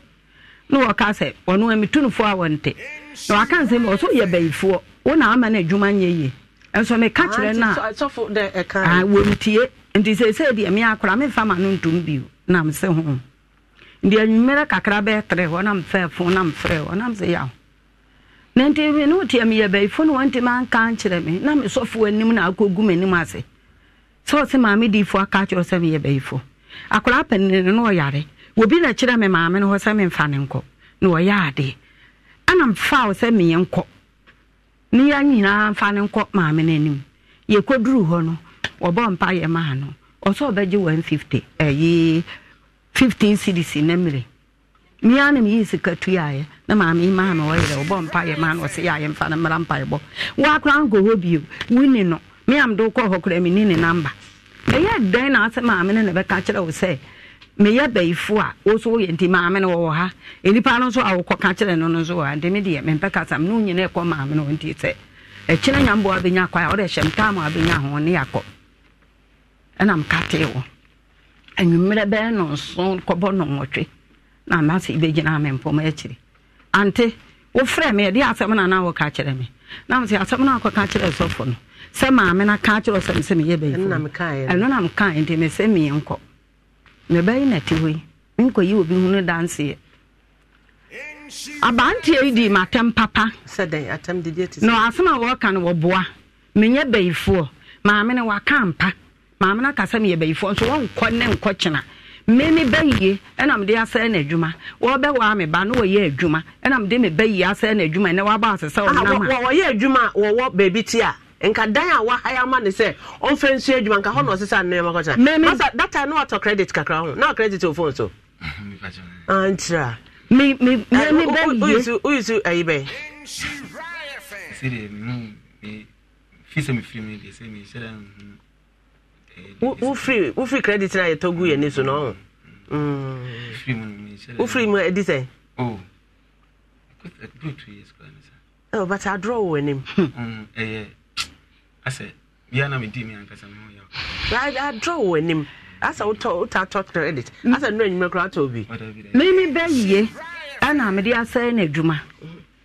na wɔka ah, sɛ ɔno a metu no fo a wɔnte na waka nsɛm ɔso yɛ bɛyifoɔ wona ama na adwuma nyɛ yie nso meka kyerɛ ah, no a wɔntie nti seesei deɛ me akora memfa ma no ntom bio nam se ho nti anwummerɛ kakra bɛɛtrɛ hɔ nam fɛɛfo nam frɛ hɔ nam sɛ yɛ aho na nti ne wotia meyɛ na no wantimi anka nkyerɛ me na mesɔfo anim na m m'anim ase sɛ maame dị diifo aka kyerɛ sɛ meyɛ bɛyifo akwaraa panini no ɔyare wobi na kyerɛ me maame na hɔ sɛ memfa ne nkɔ na ɔyɛ adị ana mfa wo sɛ meyɛ nkɔ na ya nyinaa mfa ne nkɔ maame no anim yɛkɔduru hɔ no wɔbɔ mpa ya maa no ɔsɛ ɔbɛgye 150 ɛyi 15 cedis na mmere mmea na meyɛ sika tuaeɛ na maame maa no ɔyerɛ ɔbɔ mpayɛ maa no ɔse yɛayɛ mfa no mmara mpaebɔ woakora nkɔhɔ bio woni no me amde wokɔ hɔ kora menni ne namba ɛyɛ dɛn na asɛ maame no na bɛka kyerɛ wo sɛ meyɛ bɛyifo a wo so woyɛ nti maame no wɔwɔ ha nnipa no nso a wokɔka kyerɛ no no nso wɔ ha nti medeɛ mempɛ kasam ne wonyina ɛkɔ maame no nti sɛ ɛkyena nyamboa bɛnya kɔ a wode hyɛm taa ma ho ne yɛakɔ ɛnam ka tee anwummerɛ bɛɛ no nso kɔbɔ no nwɔtwe na mase ibɛgyina me mpɔ ma akyiri ante wofre me ɛdeɛ asɛm na anaa wɔka kyerɛ me na mese asɛm no akɔka kyerɛ sɔfo no sɛ maame no ka kyerɛ sɛ me sɛ meyɛ bɛyifo ɛno na mekae nti mesɛ meyɛ nkɔ mebɛyi na te hɔ yi menkɔyi obi hunu danseɛ abanteɛ yi dii matɛm papa na asɛm a wɔka no wɔboa menyɛ bɛyifoɔ maame no waka mpa maame kasa aka sɛ meyɛ bɛyifoɔ nso wɔnkɔ ne nkɔkyena mene bɛyie ɛna mede asɛe no adwuma wɔbɛwaa me ba na wɔyɛ adwuma ɛna mede me bɛyie asɛe no adwuma ɛnɛ waba ase sɛ ɔnamawɔyɛ adwuma wɔwɔ baabi ti a nka dan a wahaya ma ne sɛ ɔmfɛ nsua adwuma nka hɔ na ɔsesa nnoɛma kɔkyena data na watɔ credit kakra ho na credit wo phone fi antira woyɛ so ayi bɛn wofiri wofiri credit na yɛtɔ gu yɛni so na ɔho wofiri mm. mu ɛdi sɛ ɛwɔ oh. oh, but adorɔ wɔ anim adorɔ mm, wɔ anim asa wota tɔ credit asa nnura enyimire koraa tɔ bi. mímí bɛ yie ɛna mi de asɛn n'adwuma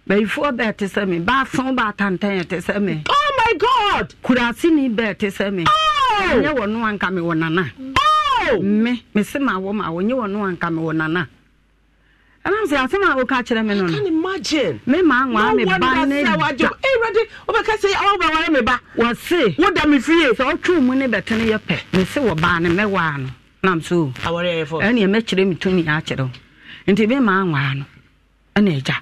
bɛyifoɔ bɛɛ te sɛ mi baason baatantan yɛ te sɛ mi. oh my god. kurasi ni bɛɛ te sɛ mi. Oh! ɛnyɛ wɔ no anka me wɔ nana oh! me mese ma wɔ ma wɔnyɛ wɔ no anka me wɔ nana ɛnam sɛ asɛm a woka kyerɛ me no me ma anwaa oh, me ba ne da wɔse woda me fie sɛ ɔtwoo mu ne bɛtene yɛ pɛ mese wɔ baa ne mɛwaa no nam so ɛneɛ mɛkyerɛ me tumi akyerɛ wo nti me ma anwaa no ɛna agya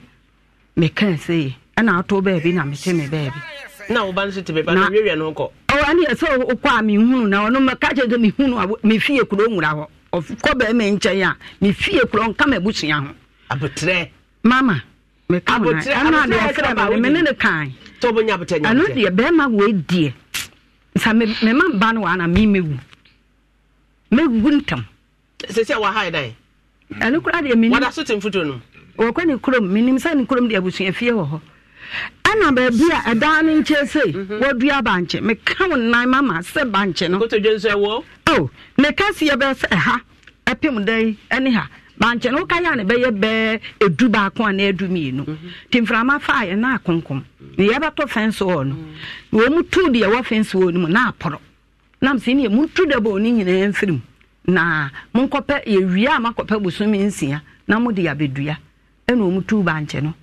mekaa sɛ ɛna atɔ baabi na mete me baabi na wo ba nso te pepa na wiawia no kɔ ɔ ani ɛsɛ wokɔ a mehunu na ɔno mɛka kyerɛ sɛ mehunu mefie kuro nwura hɔ kɔ bɛɛma nkyɛn a mefie kuro nka ma abusua ho abotrɛ mama meka wo ɛna ade ɔfrɛ me mene ne kan ɛno deɛ bɛrima wei deɛ sa mema ba no waana memɛwu mɛgu ntam sɛsɛ wahae dan ɛno koraa deɛ menim wɔda so te mfoto no wɔkɔ ne kurom menim sɛ ne kurom deɛ abusua fie wɔ hɔ ɛna baabi a ɛdaa no nkyɛn sɛ mhm. wɔadua bankye meka wo nan mama sɛ bankye no o oh, meka si yɛbɛɛ sɛ ɛha ɛpem dɛn ɛne ha bankye no woka yɛ a ne bɛyɛ bɛɛ ɛdu baako a na ɛdu mmienu mhm. nti mframa faa yɛ na akonkom ne yɛbɛtɔ fɛnse wɔ no mhm. wɔ mu tu deɛ ɛwɔ fɛnse wɔ no mu na aporɔ nam sɛ neɛ montu da bɔɔ ne nyinaa mfirim na monkɔpɛ yɛwie a makɔpɛ bosome nsia na mode abɛdua ɛna ɔmu tu bankye no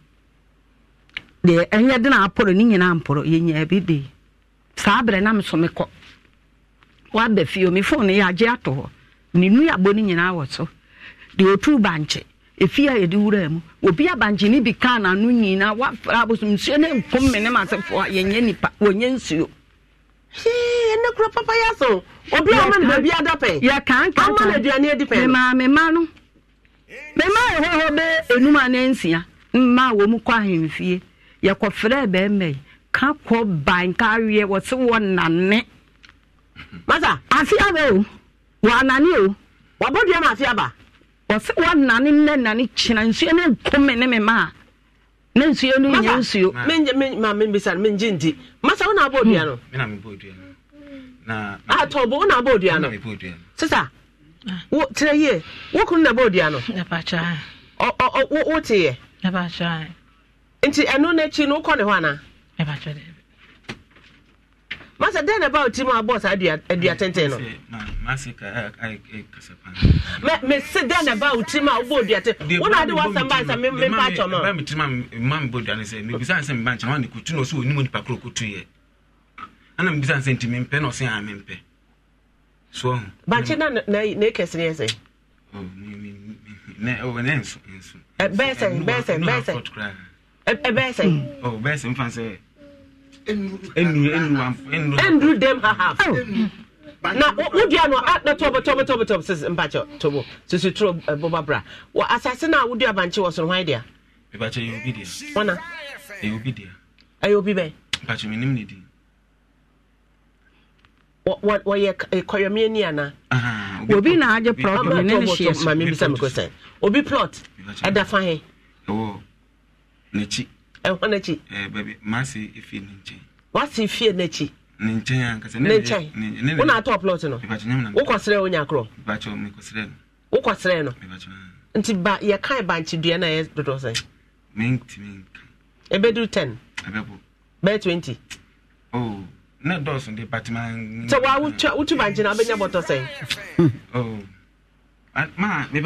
deɛ ɛnyɛ de na apɔrɔ ne nyinaa mpɔrɔ yɛnya bi de saa berɛ nam so mekɔ waba fie me fone yɛ agye ato hɔ ne nu abɔ no nyinaa wɔ so deɛ ɔtu bankye ɛfie a yɛde wuraa mu obi abankye ne bi kaa n'ano nyinaa wafra abosom nsuo no nkom me ne masefoɔ a yɛnyɛ nnipa wɔnyɛ nsuo ɛnɛ kura papa yɛ so obi a ɔma no baabi ada pɛ yɛkankaama no aduane adi pɛ memaa mema no memaa ɛhɔhɔ yɛkɔfrɛ bɛrima yi ka kɔ ban ka awie wɔte wɔ nane masa ase aba o wɔanane o wabɔdeɛ ma ase aba wɔse wɔ nane nnɛ nane kyena nsuo ne nkome ne ma a na nsuo no nyɛ ma membisa no mengye nti masa wo na abɔ odua no hmm. ah, abɔ no wo yie wo na no nti ɛno n'akyi no wokɔ ne hɔ anaa masa dɛn na ba o ti mu abɔ saa adua tenten no mese dɛn na ba o a wobɔ odua tenten wasɛm ba sa mempa kyɛ ma mi tirim a ma mi bɔ odua ne sɛ mebisa sɛ meba nkyɛn wane kutu na ɔsɛ onimu nipa koro kutu yɛ ana mebisa sɛ nti mempɛ na ɔsɛ a mempɛ so ɔhu bankye na ne yɛ sɛ bɛɛ sɛ bɛɛ sɛ sɛ ɛbɛyɛ sɛ. ɔ bɛyɛ sɛ nfa sɛ ɛnu ɛnu wa ɛnu. ɛnu dem ha half. Mm. na wodua no na tɔbɔ tɔbɔ tɔbɔ tɔbɔ sisi mpakyɛ tɔbɔ sisi turo eh, bɔbɔ bra wɔ asase na wodua bankye wɔ so no hwan deɛ. mpakyɛ yɛ obi deɛ. wɔna. ɛyɛ obi deɛ. ɛyɛ obi bɛyɛ. mpakyɛ mi nim ne di. wɔyɛ e, kɔyɔmiɛ ni ana. obi na agye plot mi ne obi plot ɛda fa he. Oh. n'ekyi ɛhɔ n'ekyi ɛɛ baabi maa si efie ne nkyɛn wasi fie n'ekyi ne nkyɛn ne nkyɛn na atɔ plot no wokɔ srɛ wo nyakorɔ wokɔ srɛ no nti ba ka dua na ɛyɛ dodɔ sɛ ɛbɛduru 10 bɛyɛ 20 na dɔɔso de batima sɛ wa wotu bankye na wobɛnya bɔtɔ oh. o ɛnyɛ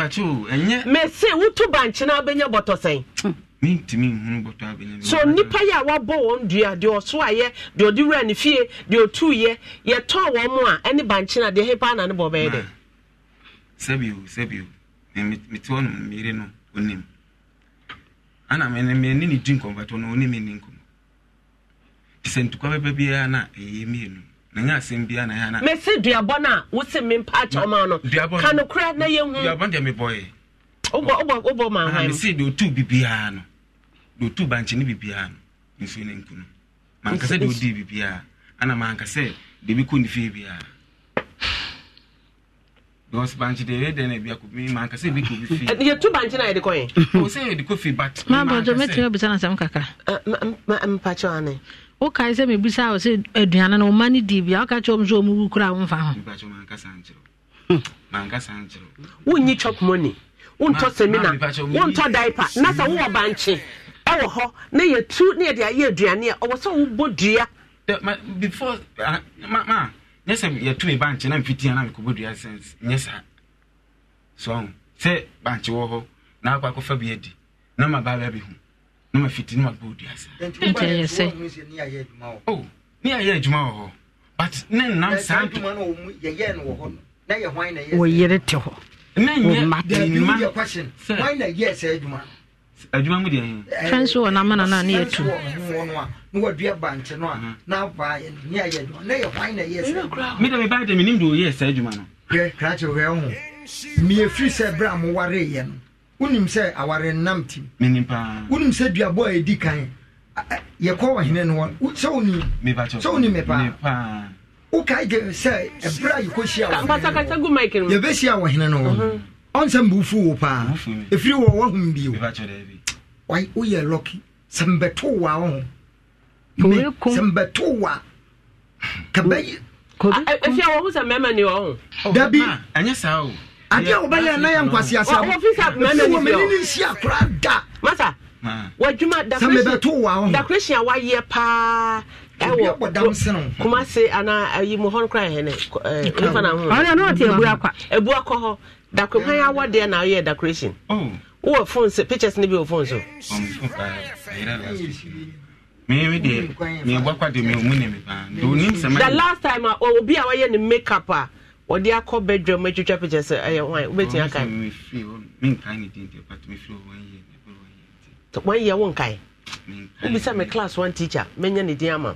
bankye na bɔtɔ so nipa yi a wabɔ wɔn dua deɛ ɔso ayɛ deɛ ɔde wura ne fie deɛ otu yɛ yɛtɔ wɔn mu a ɛne bankyina deɛ hepa na ne bɔ bɛyɛ dɛ. mmiri no onim di nkɔmbatɔ no onim nkɔmɔ biara na ɛyɛ mmienu na nyɛ biara na duabɔ a wosi mi mpa no na yɛ hu. duabɔ maa deɛ ɔtu bankye ne biribiara no nsuo no nku no deɛ ɔdii biribiara ana manka sɛ deɛ bi eh, kɔ ne fie biara na ebi akɔ bi sɛ ebi kɔ sɛ but. maa bɔ jɔ mɛtiri kaka. mpakyɛ wa ne. o ka sɛ mɛ ebisa aduane na o ma di bi a o ka kyɛ o mu sɛ o mu wu kura o nfa ho. wonyi chop money wontɔ semina wontɔ diaper na sɛ wowɔ bankye ɛwɔ hɔ na yɛ tu na yɛde ayɛ aduane a ɔwɔ sɛ wobɔ dua before uh, ma ma nyɛ sɛ yɛtu me bankye na mfitia na mekɔbɔ dua sense nyɛ saa so sɛ bankye wɔ hɔ na akɔ akɔfa bi adi na ma baa bɛbi ho na ma fiti na ma bɔ dua saa ne yɛyɛ adwuma wɔ hɔ but ne nnam saa wɔyere te hɔ ne nyɛ mate ma sɛ adwuma mu deɛ wɔ a ne na wadua no a na aba ne adwuma yɛ hwan na yɛ sɛ dɛ de adwuma no hwɛ krakye hwɛ ho sɛ a no wonim sɛ aware nnam tim paa wonim sɛ duabɔ a ɛdi kan yɛkɔ no wɔ sɛ sɛ me paa wokae sɛ a yɛkɔhyia wɔ yɛbɛhyia wɔ hene no wɔ mhm. ɔnsɛ mbufu wo paa ɛfiri wɔ wahum bio woyɛ lɔki sɛ mbɛto wo a wo ho sɛ mbɛto wo a kabɛyi ɛfia wɔ ho sɛ mɛma ne wɔ ho dabi ɛnyɛ saa o adeɛ a wobɛyɛ na yɛ nkwase aseawɔmenene nsia kora da masa wadwuma dakresi a wayɛ paa ɛwɔ kumase ana ayi mu hɔ no kora hɛnɛ ɛnofa na ho ɛbu akɔ hɔ dakopan yi awɔ deɛ na ɔyɛ decoration oh. wowɔ phone so pictures no bi wɔ phone so. Oh, the last time a uh, obi a wɔyɛ ne make up a wɔde akɔ bedroom atwitwa pictures uh, ɛyɛ wan wobɛtumi oh, aka one year wo nkae wobisa me class one teacher mɛnya ne din ama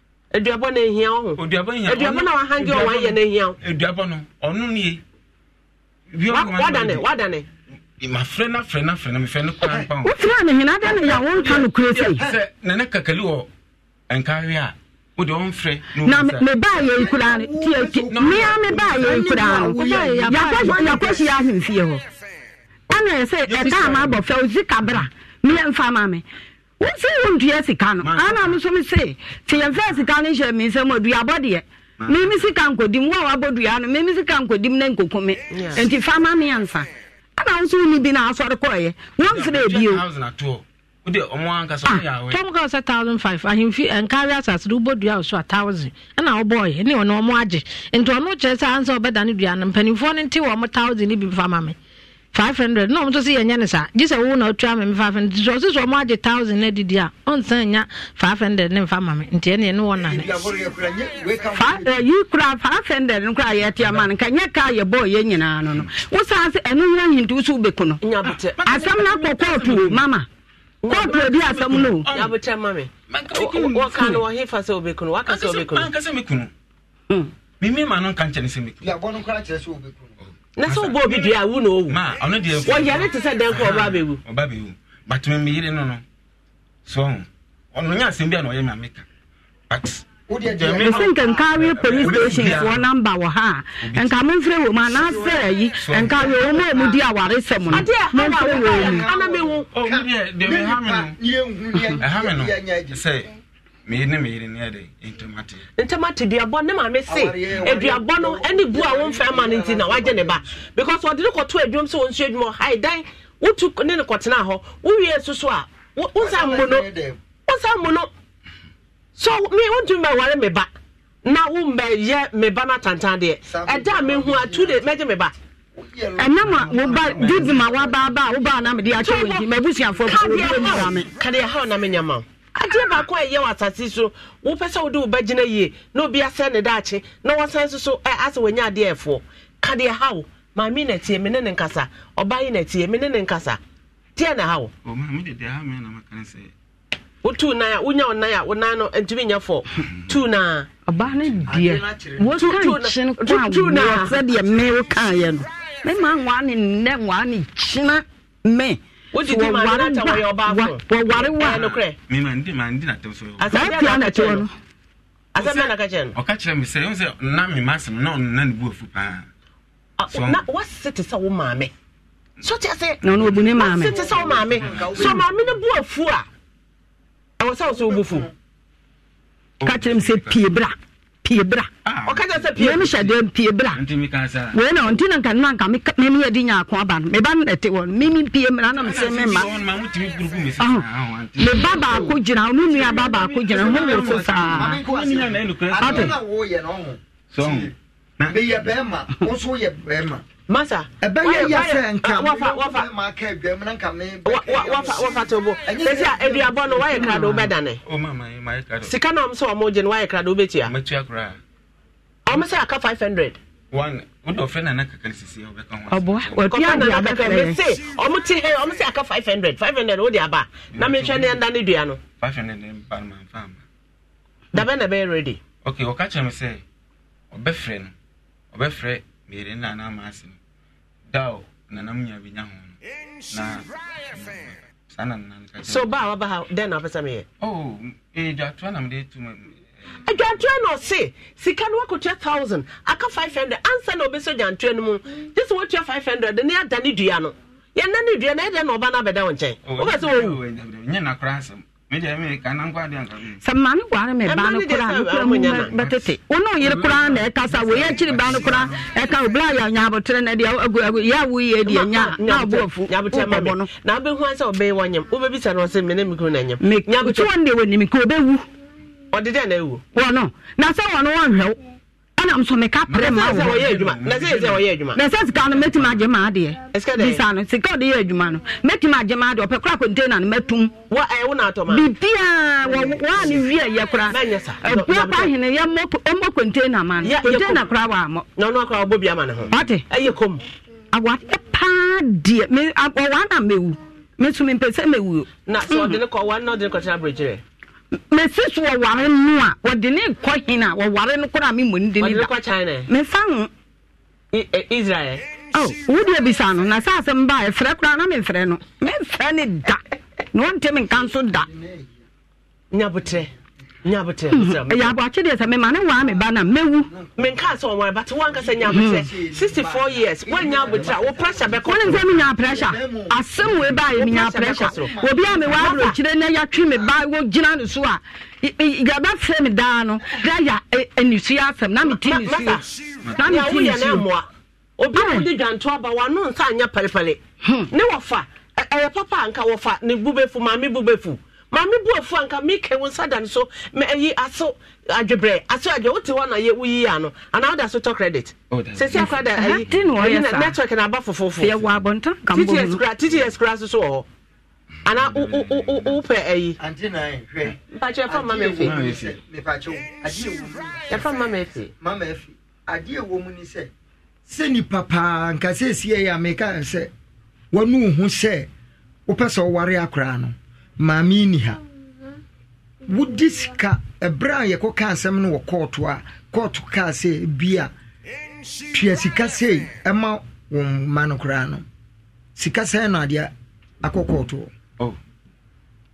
aduaba na ehia ɔho aduaba na wahange ɔwa yɛ na ehia aduaba no ɔno ni, wada ne wada ne ma frɛ na frɛ na frɛ na mefɛ no kwan pa ho wofrɛ ne hena dɛ ne yɛwo nka no kure sei sɛ na ne kakali wɔ nkawe a wode ɔmfrɛ na mebaa yɛi koraa no tiatie mea mebaa yɛi koraa no yɛkɔhyia ahemfie hɔ ɛna ɛ sɛ ɛdaa ma abɔfrɛ wo zi kabra meyɛmfa ma me wonsi wontua sika no ana m nso m se te yɛmfa sika no hyɛ me nsɛm aduabɔ deɛ meme sika nkodim wo a wabɔ dua no meme sika nkodim ne nkokome nti fa ma me ansa ana wo so bi na asɔre kɔɔyɛ wɔmserɛ bio ah, tɔm ka sɛ thousand five ahemfi eh, nkare asase de wobɔ dua so a thousand ɛna wobɔɔyɛ ne ɔno ɔmo agye nti ɔno kyerɛ sɛ ansa ɔbɛda ne dua no mpanimfoɔ no nte wɔ mo thousand ne bi mfa ma me five hundred na ɔmo nso si yɛnyɛ ne saa gye sɛ wo na otua mɛmi five hundred nti ɔsi sɛ ɔmo agye thousand na didi a ɔnsan nya five hundred ne nfa ma mi nti ɛna ɛne wɔn nane. yi kura five hundred no kura yɛ ti ama no nka nyɛ kaa yɛ bɔɔ yɛ nyinaa no no wosan sɛ ɛno yɛ ahintu so bɛ kono asɛm na kɔ kɔɔtu o mama kɔɔtu ebi asɛm no. yabutɛ mami wɔka no wɔhe fa sɛ obɛ kono waka sɛ obɛ kono. mimi ma no nka nkyɛn mi. yabɔ na sɛ wobɔ obi dua a wo na ɔwu wɔyare te sɛ dɛn kɔ ɔba bɛwu ɔba bɛwu but memeyere no no so ɔno ɔnyɛ asɛm bi a na ɔyɛ me ameka but ɛsɛ nka police station foɔ namba wɔ ha nka momfrɛ wɔ mu anaasɛ ayi nka wɔ mu a mu di awaresɛm no momfrɛ wɔ mu ɛha me no sɛ meyene meyere ne ɛdɛ ntamate ntamate duabɔ ne maame se aduabɔ no ɛne bu a womfa ma no nti na wagye ne ba because ɔde ne kɔto adwom sɛ wɔnsu adwuma hae dan wotu ne ne kɔtena hɔ wowie so a wonsa mmu no wonsa mmu no so me wontumi bɛware me ba na wombɛyɛ me ba no atantan deɛ ɛda a mehu a two days mɛgye me ba ɛnam a woba dudum a woabaaba a wobaa na mede akyɛ wɔ nti mabusuafoɔ bɛsɛ wɔbi ɔnyira me kadeɛ haw na menyama wo adeɛ baako a ɛyɛ wɔ asase so wopɛ sɛ wode wobɛgyina na obi asɛ ne daakye na wasan so so asɛ wanya adeɛ ɛfoɔ ka deɛ haw maame na tie me ne ne nkasa ɔbaa yi na tie me ne ne nkasa teɛ na haw wotu nan a wonya nan a nan no ntumi nyɛ fɔ tu na ɔbaa no deɛ no nwa ne nnɛ nwa ne wodidi eh, ma ne nata wɔyɛ ɔbaafo wɔware wa ɛyɛ nokorɛ mandi na tɛm so yɛ asɛm yɛ na kyerɛ no asɛm yɛ na na mi ma na ɔna ne na wɔsese te sɛ wo maame na ɔno obu ne maame wɔsese te sɛ wo maame so maame ne bu afu a ɛwɔ sɛ pie bra pie bra ah, ɔkasa sɛ pie mɛmi hyɛ dɛ pie bra wei na ɔnti na nka na nka mɛmi yɛ di nya ako aba no meba no ɛte hɔ no mɛmi pie mra na mesɛ me ma meba baako gyina ɔno nua ba baako gyina ho woro so saa ate sɛ bɛyɛ masa ɛbɛyɛ yɛ sɛ nka wafa wafa wafa wafa to bo sɛsi a aduabɔ no wayɛ krado wobɛdane sika na ɔm sɛ ɔmo gye no wayɛ krado wobɛtua ɔm sɛ aka 500 ɔboaɔmese ɔmo te hɛ ɔmo sɛ aka 500 500 wode aba na mehwɛ ne ɛnda ne dua no dabɛ na ɛbɛyɛ ready okay ɔka kyerɛ me sɛ ɔbɛfrɛ no ɔbɛfrɛ mmiere na anaa maase no dao na namunya bɛnya ho na so ba a waba ha dɛn na wapɛ meyɛ dwatoa oh, eh, na mede tu eh, adwantua na ɔse sika no wakɔtua thousand aka five hundred ansa na ɔbɛsɛ dwantua no mu gye sɛ watua five hundred ne ada ne dua no yɛna ne dua na ɛdɛ oh, na ɔba no abɛda wo nkyɛn wobɛ sɛ wɔwu sɛ ma ne boa no me ba no koraa nokora mu bɛtete wo ne ɔyere koraa na ɛkasa woyɛ akyiri ba no koraa ɛka obla yɛ nyaabotere no deɛ yɛ a woyɛ deɛ nya na ɔboafu wokɔbɔ no na wobɛhu sɛ ɔbɛyɛ wɔnyam wobɛbisa no sɛ mene mekro no anyam wotwe wɔ no deɛ wɔnim ka ɔbɛwu ɔde dɛ na ɛwu wɔ no na sɛ wɔ no wɔnhwɛ wo ɛnam so meka prɛ ma na sɛ sika no mɛtumi agye ma adeɛ bisa no sika ɔde yɛ adwuma no mɛtumi agye ma adeɛ ɔpɛ kora container no mɛtum biribiaa wɔa ne wie yɛ kora ɛpua pa hene yɛmmɔ container ma no container kora wɔ amɔ wate awadeɛ paa deɛ ɔwa na mɛwu mɛsumi mpɛ sɛ mɛwuo na sɛ ɔde ne kɔ ɔwa na ɔde ne kɔkyerɛ aberɛkyerɛ mesi so wɔware no a wɔde ne kɔ hin a wɔware no koraa me mmɔni de ne da mefa ho e, israel oh, wodeɛ bisa no na sɛ asɛm baa ɛfrɛ koraa na memfrɛ no memfrɛ ne da na ɔnte menka nso da nyabotrɛ ɛyɛ hmm. aboakye deɛ sɛ mema ne waa me ba na mɛwu menka sɛ ɔware bate woankasɛ nyabotɛ hmm. 64 years woanya abotirɛ wo pressure bɛkɔ wone sɛ menya pressure asɛm wei baayɛ menya pressure obi a mewɔ aborɔkyire na yɛatwe me ba wogyina no so a yɛbɛfrɛ me daa no da yɛ anisuo e, e, asɛm na meti nisuo na meti nisuo obi a wode dwanto aba wano nsa anyɛ pɛlepɛle hmm. ne wɔfa ɛyɛ e, papa anka wɔfa ne bubefu maame bubefu maame bu afu anka meka wo nsa da ne so ma ayi aso adwebrɛ aso adwe wote hɔ na yɛ woyi yɛ ano anaa wode asotɔ credit oh, sɛsi akora da ayi network na aba fofofo kora tts kora so so wɔ hɔ ana wopɛ ayi mpakyɛ ɛfa mma mɛfe ɛfa mma mɛfe adeɛ wɔ mu ni sɛ sɛ nipa paa nka sɛ ɛsiɛ yɛ a meka sɛ wanu wo ho sɛ wopɛ sɛ woware akoraa no maame ni ha wodi sika ɛberɛ a yɛkɔ ka asɛm no wɔ kɔɔto a kɔɔto kaa sɛ bi a tua sika sei ɛma wo mma no koraa no sika sɛn no adeɛ akɔ kɔɔtoɔ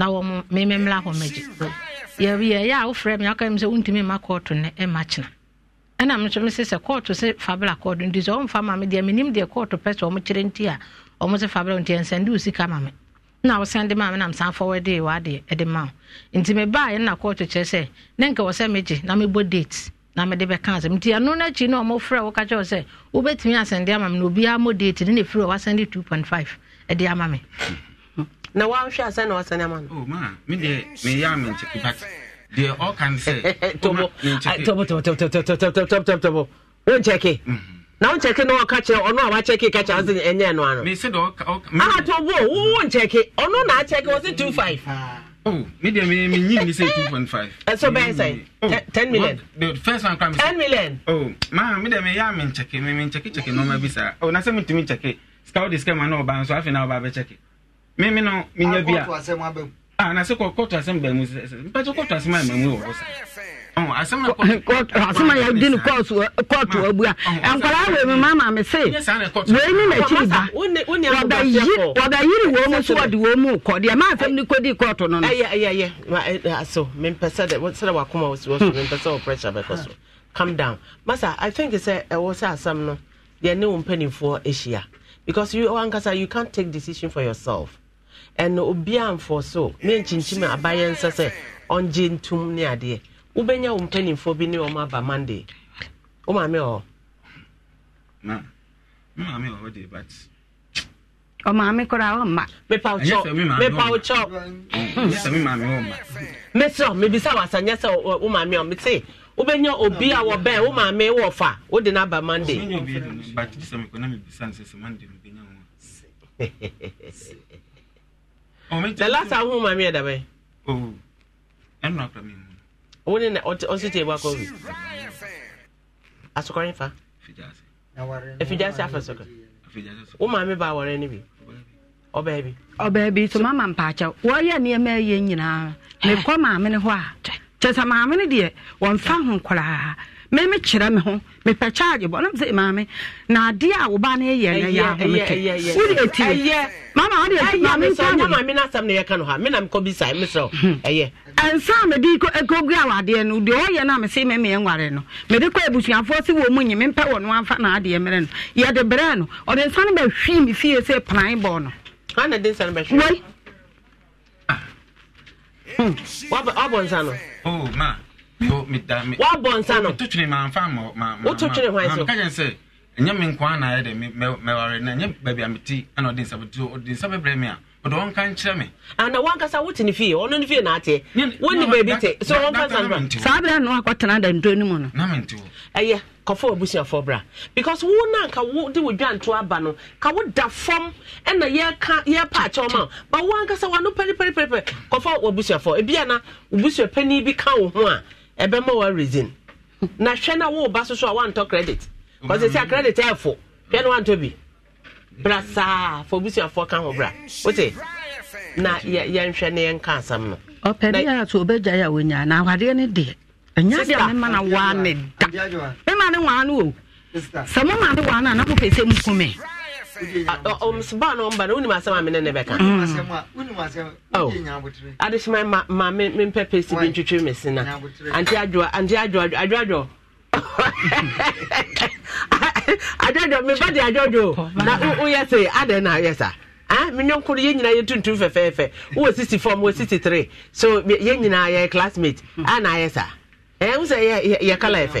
na wɔn mmemmla hɔ mmɛgye yɛyɛ a wofrɛ me aka mi sɛ wontumi mma kɔɔto ne ɛma kyena ɛna m nso mese sɛ kɔɔto se fabla kɔɔto nti sɛ ɔmfa ma me deɛ nim deɛ kɔɔto pɛ sɛ ɔmo kyerɛ nti a ɔmo se fabla nti ɛnsɛnde wo ka ma me na wosan de ma me nam san fɔwɔ de waadeɛ ɛde ma wo nti ba yɛ na kɔɔto kyerɛ sɛ ne nka wɔ sɛ megye na mebɔ date na mede bɛka asɛm nti ɛno no akyi na ɔmofrɛ wo ka kyerɛ sɛ wobɛtumi asɛnde ama me na obiaa mɔ date ne ne firi ɔ wasɛnde 2.5 ɛde ama me na wahwɛ asɛ na wasane ama no mede meyɛ menkyɛke but deɛ nkyɛke ɔno na akyɛke 25 medeɛ menyi ne sɛ 2.5 ɛso mímí nọ mínyẹ bíà a na se kɔ kɔtɔ asɛm bɛn mu mpɛtɛ kɔtɔ asɛm ayɛ mɛmu wɔ hɔ sa asɛm na kɔtɔ asɛm ayɛ di ni kɔɔtu kɔɔtu abua nkɔla awɛ mi maa maa mi se wei ni n'akyi ba wɔbɛ yiri wɔbɛ yiri wɔn mu so wɔde wɔn mu kɔ deɛ maa fɛn mi ko di kɔɔtu no no. ɛyɛ ɛyɛ ɛyɛ aso mi mpɛsɛ dɛ sɛdɛ wa kuma wɔ si wɔ mi mpɛsɛ wɔ pressure bɛ kɔ so calm down masa i think sɛ ɛwɔ sɛ asɛm no deɛ ne wo mpanimfoɔ ahyia because you wankasa you can't take decision for yourself. obi a mfɔ so menkyinkyi m abayɛ nsa sɛ ɔngye ntum ne adeɛ wobɛnya wo mpanimfoɔ bi ne ɔma aba monday wo maame ɔ ɔmaame koraa ɔmma mepaw mesrɛ mebisa wasa nyɛ sɛ wo maame wobɛnya obi a wɔbɛn wo maame wɔ fa wode no aba Oh, the last time home mammy ada bai oh ɛnu akora e mi mu wo ne na ɔsi table akɔ wi asokɔrin fa efigyase afasokɔ wo maame ba awɔre ne bi ɔbaa bi so mama mpaakyɛw wɔyɛ nneɛma yɛ nyinaa mekɔ ah. maame na hɔ a kyɛ sɛ maame ne deɛ wɔmfa ho koraa me meme kyerɛ me ho mepɛ charge bɔ nam sɛ maame na adeɛ a wo ba no yɛ no yɛ ahomete wode ɛti mama wode ɛtimamenkame no asɛm no yɛka no ha menam kɔ bisae mesrɛ hmm. ɛyɛ ɛnsa mede ɛkɔgua eh, wɔ adeɛ no deɛ ɔyɛ no a mese memeɛ nware no de kɔ abusuafoɔ sɛ wɔ mu nyi mempɛ wɔ no amfa na adeɛ mmerɛ no yɛde berɛ no ɔde nsa no bɛhwii me fie sɛ pran bɔɔ no ana de nsa no bɛhwee hmm. wabɔ nsa no oh, ma Oh, wabɔ nsa no wototwene mamfa wototwene hwan so meka kyɛn sɛ ɛnyɛ me nkoa na ayɛ dɛ mɛware na ɛnyɛ baabi a mete ana ɔde nsa bɛtu ɔde nsa bɛbrɛ me a ɔde ɔnka nkyerɛ me ana wankasa wote ne fie ɔno ne fie na ateɛ wonni baabi te so ɔnka nsa no saa berɛ no akɔtena adanto no mu no na mente wo ɛyɛ kɔfa abusuafoɔ bra because wo na nka wo de wo dwanto aba no ka wo da fam ɛna yɛka yɛpa akyɛw ma ba wo ankasa wano pɛripɛripɛripɛ kɔfa abusuafoɔ ebia na busua panin bi ka wo ho a ɛbɛma wa reason na hwe na wo ba soso a wantɔ credit kɔsɛ a mm-hmm. credit ɛɛfo hwɛ na wantɔ bi bra saa fo busuafoɔ ka ho bra Ote na ya ya yɛnhwɛ ne yɛnka asɛm no ɔpɛdeɛ atụ so ɔbɛgyae ya wɔnya na awadeɛ ne deɛ ɛnya deɛ mema na waa ne da mema ne waa no o sɛ mema ne waa no a na mopɛ sɛ muku me ɔmusuba ah, oh, na ɔmba na wunim asɛm a mene ne bɛka mm. oh. adehyema ma mempɛ pɛ si bi ntwitwe me se na ante eh, adwoa ante adwoa adwoadwo adwoadwo meba de adwoadwo na woyɛ se adɛn na yɛ sa menyɔnko no yɛn nyinaa yɛ tuntum fɛfɛɛfɛ wowɔ sisi fɔm wɔ sisi tre. so yɛn nyinaa yɛ classmate ana ayɛ sa ɛhu sɛ yɛ kala yɛ fɛ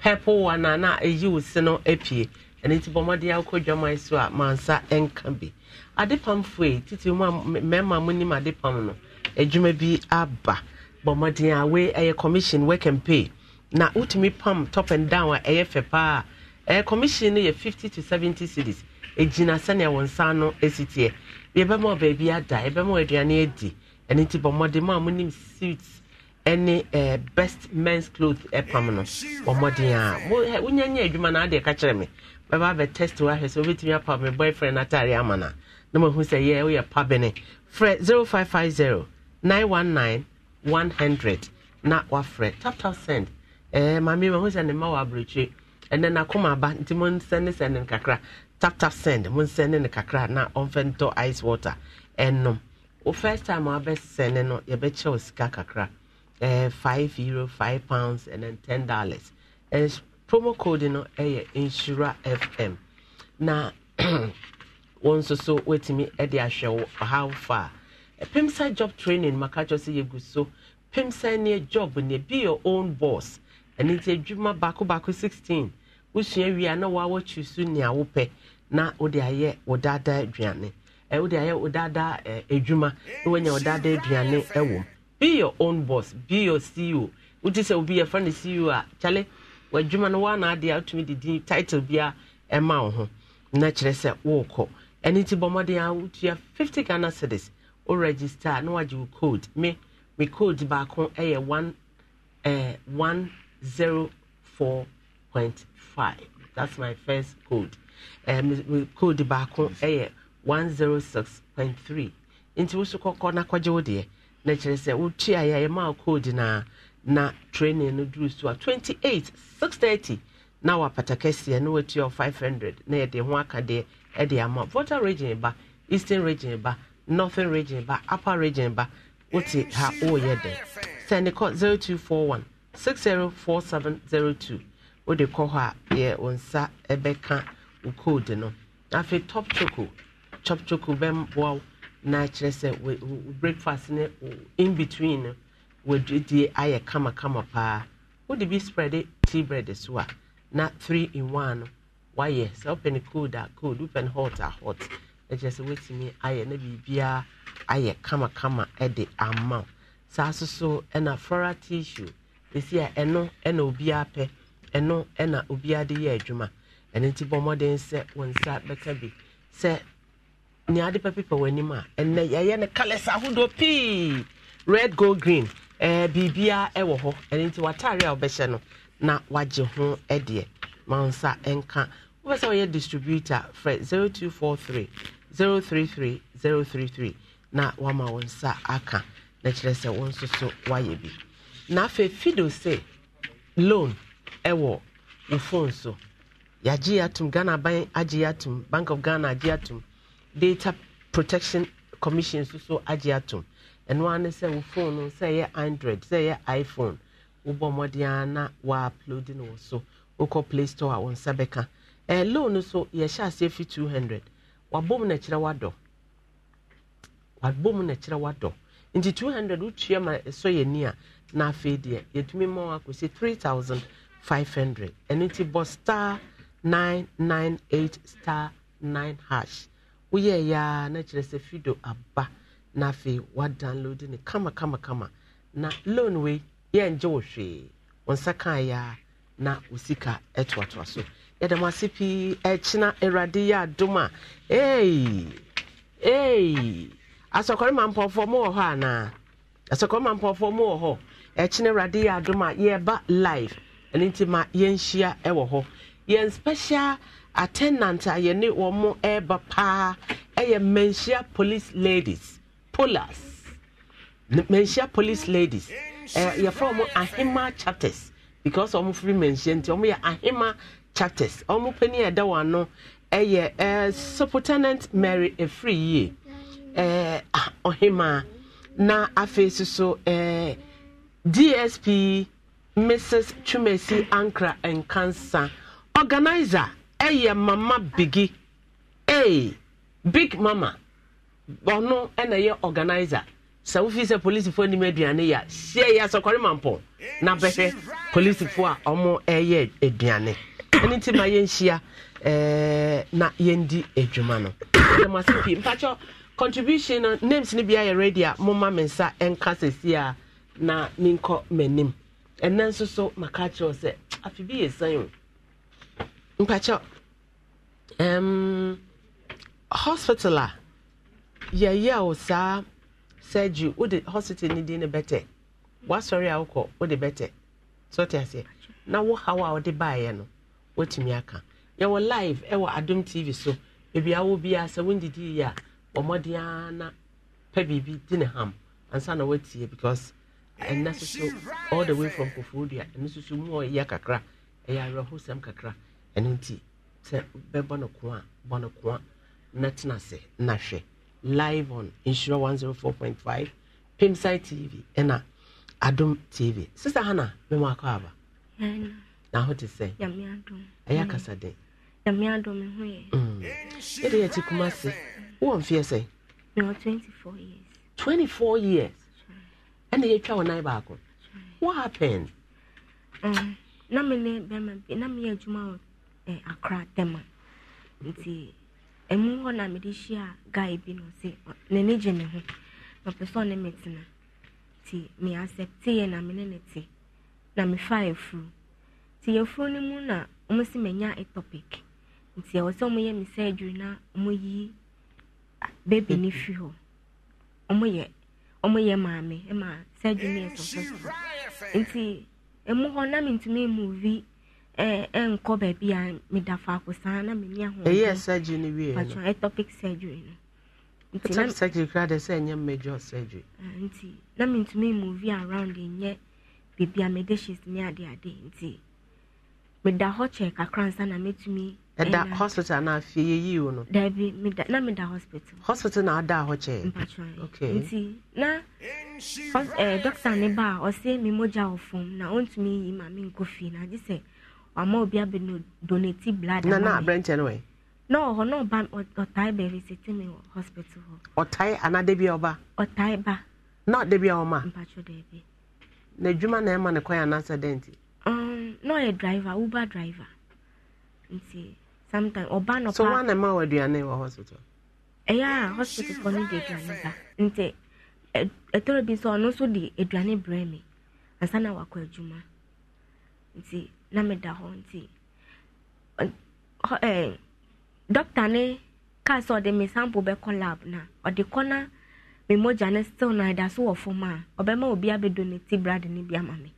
purple one a na ɛyi wo se no apue ɛno nti bɔ mmɔden akɔ dwaman so a mansa nka bi ade pam foe titiri mu a mmarima mu nim ade pam no adwuma bi aba bɔ mmɔden a ɛyɛ commission work and pay na wotumi pam top and down a ɛyɛ fɛ paa ɛyɛ commission no yɛ fifty to seventy cities egyina sɛnea wɔn nsa no esi teɛ yɛbɛma baabi ada yɛbɛma aduane adi ɛno nti bɔ mmɔden mu a mu nim suits ɛne eh, best men's cloth ɛpam no ɔmɔden a wonya nyɛ adwuma no adeɛ ka kyerɛ me bɛba bɛtest wahwɛ sɛ wobɛtumi apa me boyfriend atare ama no na mahu sɛ yɛ woyɛ pa bene frɛ zero five five zero nine one nine one hundred na wa na tap tap send eh, mame mahu sɛ ne ma wɔ aborɔkyire ɛnɛ nakoma aba nti monsɛne sɛne no kakra taptap send monsɛne no kakra na ɔmfɛ ntɔ ice water ɛnom O first time wabɛsɛne no yɛbɛkyɛ wo sika kakra uh, five euro, five pounds, and then ten dollars. And promo code you know, ɛyɛ eh, insura fm na wɔn nso so wɔtumi ɛde ahwɛ how far? a eh, pimsa job training makatwa sɛ yɛgu so pimsa ne job ne be your own boss ɛne nti adwuma baku baku sixteen wosua wie a na wɔawɔ twi so nea wopɛ na wode ayɛ wɔ daadaa aduane wode ayɛ wɔ daadaa adwuma na wɔanya wɔ daadaa aduane be your own boss be your ceo wotu sɛ obi yɛfa no ceo a kyale w'adwuma no woanaadeɛ a wotumi de din title bia ɛma wo ho na kyerɛ sɛ worekɔ ɛno nti bɔmmɔden a wotua 50 ghana cedis. wo register No, na wagye code me me code baako ɛyɛ 1 eh, 104.5 that's my first code eh, me, me code baako ɛyɛ 106.3 Into wo so kɔkɔ na kɔgye wo deɛ na kyerɛ sɛ wotu ayɛ ayɛ maa code na na training no duru so a twenty eight six thirty na wapata kɛseɛ na watua five hundred na yɛde ho aka deɛ ɛde ama volta region ba eastern region ba northern region ba upper region ba wote ha wɔreyɛ dɛ sɛne kɔ zero two four one six zero four seven zero two wode kɔ hɔ a yɛ wo nsa ɛbɛka wo code no afei top choco top choco bɛmboa wo na kyerɛ sɛ breakfast ne in between no wɔadwidie ayɛ kamakama paa wode bi spread tea bread so a na three in one no wayɛ sɛ wopɛ cold a cold wopɛ hot a hot na kyerɛ sɛ woatumi ayɛ na biribiaa ayɛ kamakama de ama wo saa so so ɛna floral tissue ɛsi a ɛno ɛna obiaa pɛ ɛno ɛna obiaa de yɛ adwuma ɛno nti bɔ mmɔden sɛ wo nsa bɛka bi sɛ nea ade pɛpepɛ w'anim a ɛnɛ eh, yɛyɛ ne colours ahodoɔ pii red gold green ɛɛ eh, biribia ɛwɔ eh, hɔ ɛno nti w'ataare a wɔbɛhyɛ no na wagye ho ɛdeɛ ma nsa nka wopɛ sɛ wɔyɛ distributor frɛ 0243 033 033 na wama wɔn nsa aka na kyerɛ sɛ wɔn nso so wayɛ bi na afei fido sɛ loan ɛwɔ wo phone so yɛagye yɛ ghana ban agye yɛ atom bank of ghana agye yɛ atom data protection commission also so agye atom ɛno ara ne sɛ wo phone no sɛ ɛyɛ android sɛ ɛyɛ iphone wobɔ mmɔden ara na wɔaplode no wɔ so wokɔ play store a wɔn nsa bɛka ɛɛ loan no so yɛhyɛ aseɛ fi two hundred wabom na kyerɛ wadɔ wabom na wadɔ nti two hundred wotua ma ɛsɔ yɛ ni a na afei deɛ yɛtumi ma wɔn akɔsi three thousand five hundred ɛno ti bɔ star nine nine eight star nine hash. woyɛɛ ya na kyerɛ sɛ fido aba na afei kama kama kama na loan wei yɛngye wo hwee wo nsa kaa ya na wo sika ɛtoatoa so yɛda m ase pii ɛkyena awurade yɛ adom a ei asɔkɔre ma mpɔfoɔ mo wɔ hɔ anaa asɔkɔre ma mpɔfoɔ mo wɔ hɔ ɛkyena awurade yɛ adom a yɛba live ɛno nti ma yɛnhyia ɛwɔ hɔ yɛn special attendant a yɛne wɔn ɛreba paa ɛyɛ manhyia police ladies polars manhyia police ladies ɛɛ yɛfrɛ wɔn ahema chapters because wɔn firi manhyia nti wɔn yɛ ahema chapters wɔn panyin a ɛda wɔn ano ɛyɛ ɛɛ superintendent mary efiri yie ɛɛ ɔhema ah, na afei soso ɛɛ dsp mrs twumasi ankra nkansa organizer ɛyɛ mama bigi ee big mama ɔno ɛna yɛ organizer sɛ wofi sɛ polisifoɔ nim aduane yɛ a sie yɛ asɔkɔre mampɔn na bɛhwɛ polisifoɔ a ɔmo ɛyɛ aduane ɛne nti ma yɛnhyia ɛɛ na yɛndi adwuma no ɛdɛm ase pii mpakyɛ contribution no names ni biara yɛ ready a moma me nsa ɛnka sɛsi a na menkɔ m'anim ɛnɛ nso so maka kyerɛw sɛ afi bi yɛ san o mpakyɛw um, hospital a yɛyɛ wo saa surgery wode hospital no din ne bɛtɛ woasɔre a wokɔ wode bɛtɛ so aseɛ na wo haw a wode baeɛ no woatumi aka yɛwɔ live ɛwɔ adom tv so baabi a wo biara sɛ wondidii a bɔ mmɔden na pɛ biribi di ne ham ansa na woatie because ɛnna soso all the way from kofoodua ɛno soso mu a ɔyɛ kakra ɛyɛ awerɛhosɛm kakra ɛno nti sɛ bɛbɔ no ko a bɔ no ko a na tena ase na hwɛ live on nhyira 104.5 pimsai tv ɛna adom tv sisa hana mema akɔ aba na ho te sɛ ɛyɛ akasa den mm. yɛde yɛte kuma ase wowɔ mfeɛ sɛ 24 years 24 years ɛna yɛtwa wo nan baako what happened um, na mene bɛma bi na meyɛ adwuma wɔ akra tema nti emu hɔ na mede hyia guy bi no sɛ n'ani gye ne ho na ɔpɛ sɛ ɔne me tena nti me asɛpte yɛ na me ne ne te na mefa afuru nti yɛfuru no mu na ɔmo sɛ manya topic nti ɛwɔ sɛ ɔmo yɛ me sɛ adwiri na ɔmo yi baby ne fi hɔ ɔmo yɛ ɔmo yɛ maame ɛma sɛ adwiri ne yɛ sɔsɔsɔ nti emu hɔ na me ntumi mu vi nkɔ baabi a meda faako saa na meni ahoɛyɛ surgery no wiepa atopic surgery no atopic surgery kora de sɛ ɛnyɛ major surgery nti na mentumi mmovi around nyɛ baabi a mede hyes ne adeade nti meda hɔ kyɛ kakra nsa na mɛtumi ɛda hospital na afie yɛyii wo no daabi na meda hospital hospital na ada hɔ kyɛ mm, nti na doctor ne ba a ɔse me mogya wɔ fam na ɔntumi yi ma menkɔ fie na agye sɛ ama obi n'o donate blood na na aberɛnkyɛ no wɛ na ɔhɔ na ɔba ɔtae ba visite me hospital hɔ ɔtae anaa da ɔba ɔtae ba na da bia ɔma mpatwo daabi na edwuma na ɛma ne kwan anaasɛ dɛ nti na ɔyɛ driver uber driver nti sometime ɔba no so wa na ma wɔ aduane wɔ hospital ɛyɛ hospital fɔ no de aduane ba nti ɛtɔrɔ bi nso ɔno nso de aduane brɛ me ansa na wakɔ adwuma nti na meda hɔ nti ɛɛ dɔkta ne kaa sɛ ɔde me sample bɛkɔ lab na ɔde kɔ na me mogya ne still na ɛda so wɔ fam a ɔbɛma obi abɛdo ne ti brad ne bi ama me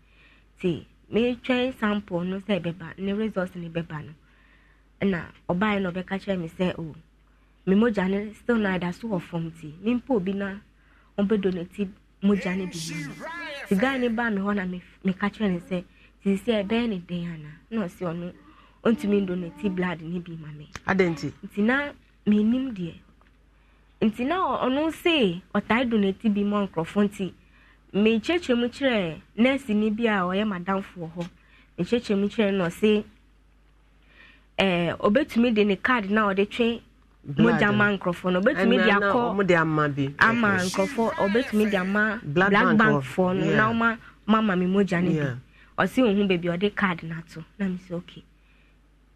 ti metwɛn sample no sɛ ɛbɛba ne result ne bɛba no ɛna ɔbaa no ɔbɛka kyerɛ me sɛ o me mogya ne still na ɛda so wɔ fam ti me mpo obi na ɔbɛdo ne ti mogya ne bi ma no ti guy ne baa me hɔ na meka kyerɛ ne sɛ. sisi ɛbɛn ne den ana na ɔsi ɔno ɔntumi blood ne bi ma mi. adanti. nti na menim deɛ nti bi ma nkurɔfo nti mekyerɛkyerɛ mu kyerɛ nɛɛsi ni bi a ɔyɛ madamfoɔ hɔ mekyerɛkyerɛ mu kyerɛ na ɔse ɛɛ de ne na ɔde twe ma nkurɔfoɔ no obetumi de akɔ ama ama black na ɔma ma ma mi ɔsi ohun beebi ɔde card n'ato na mi sɛ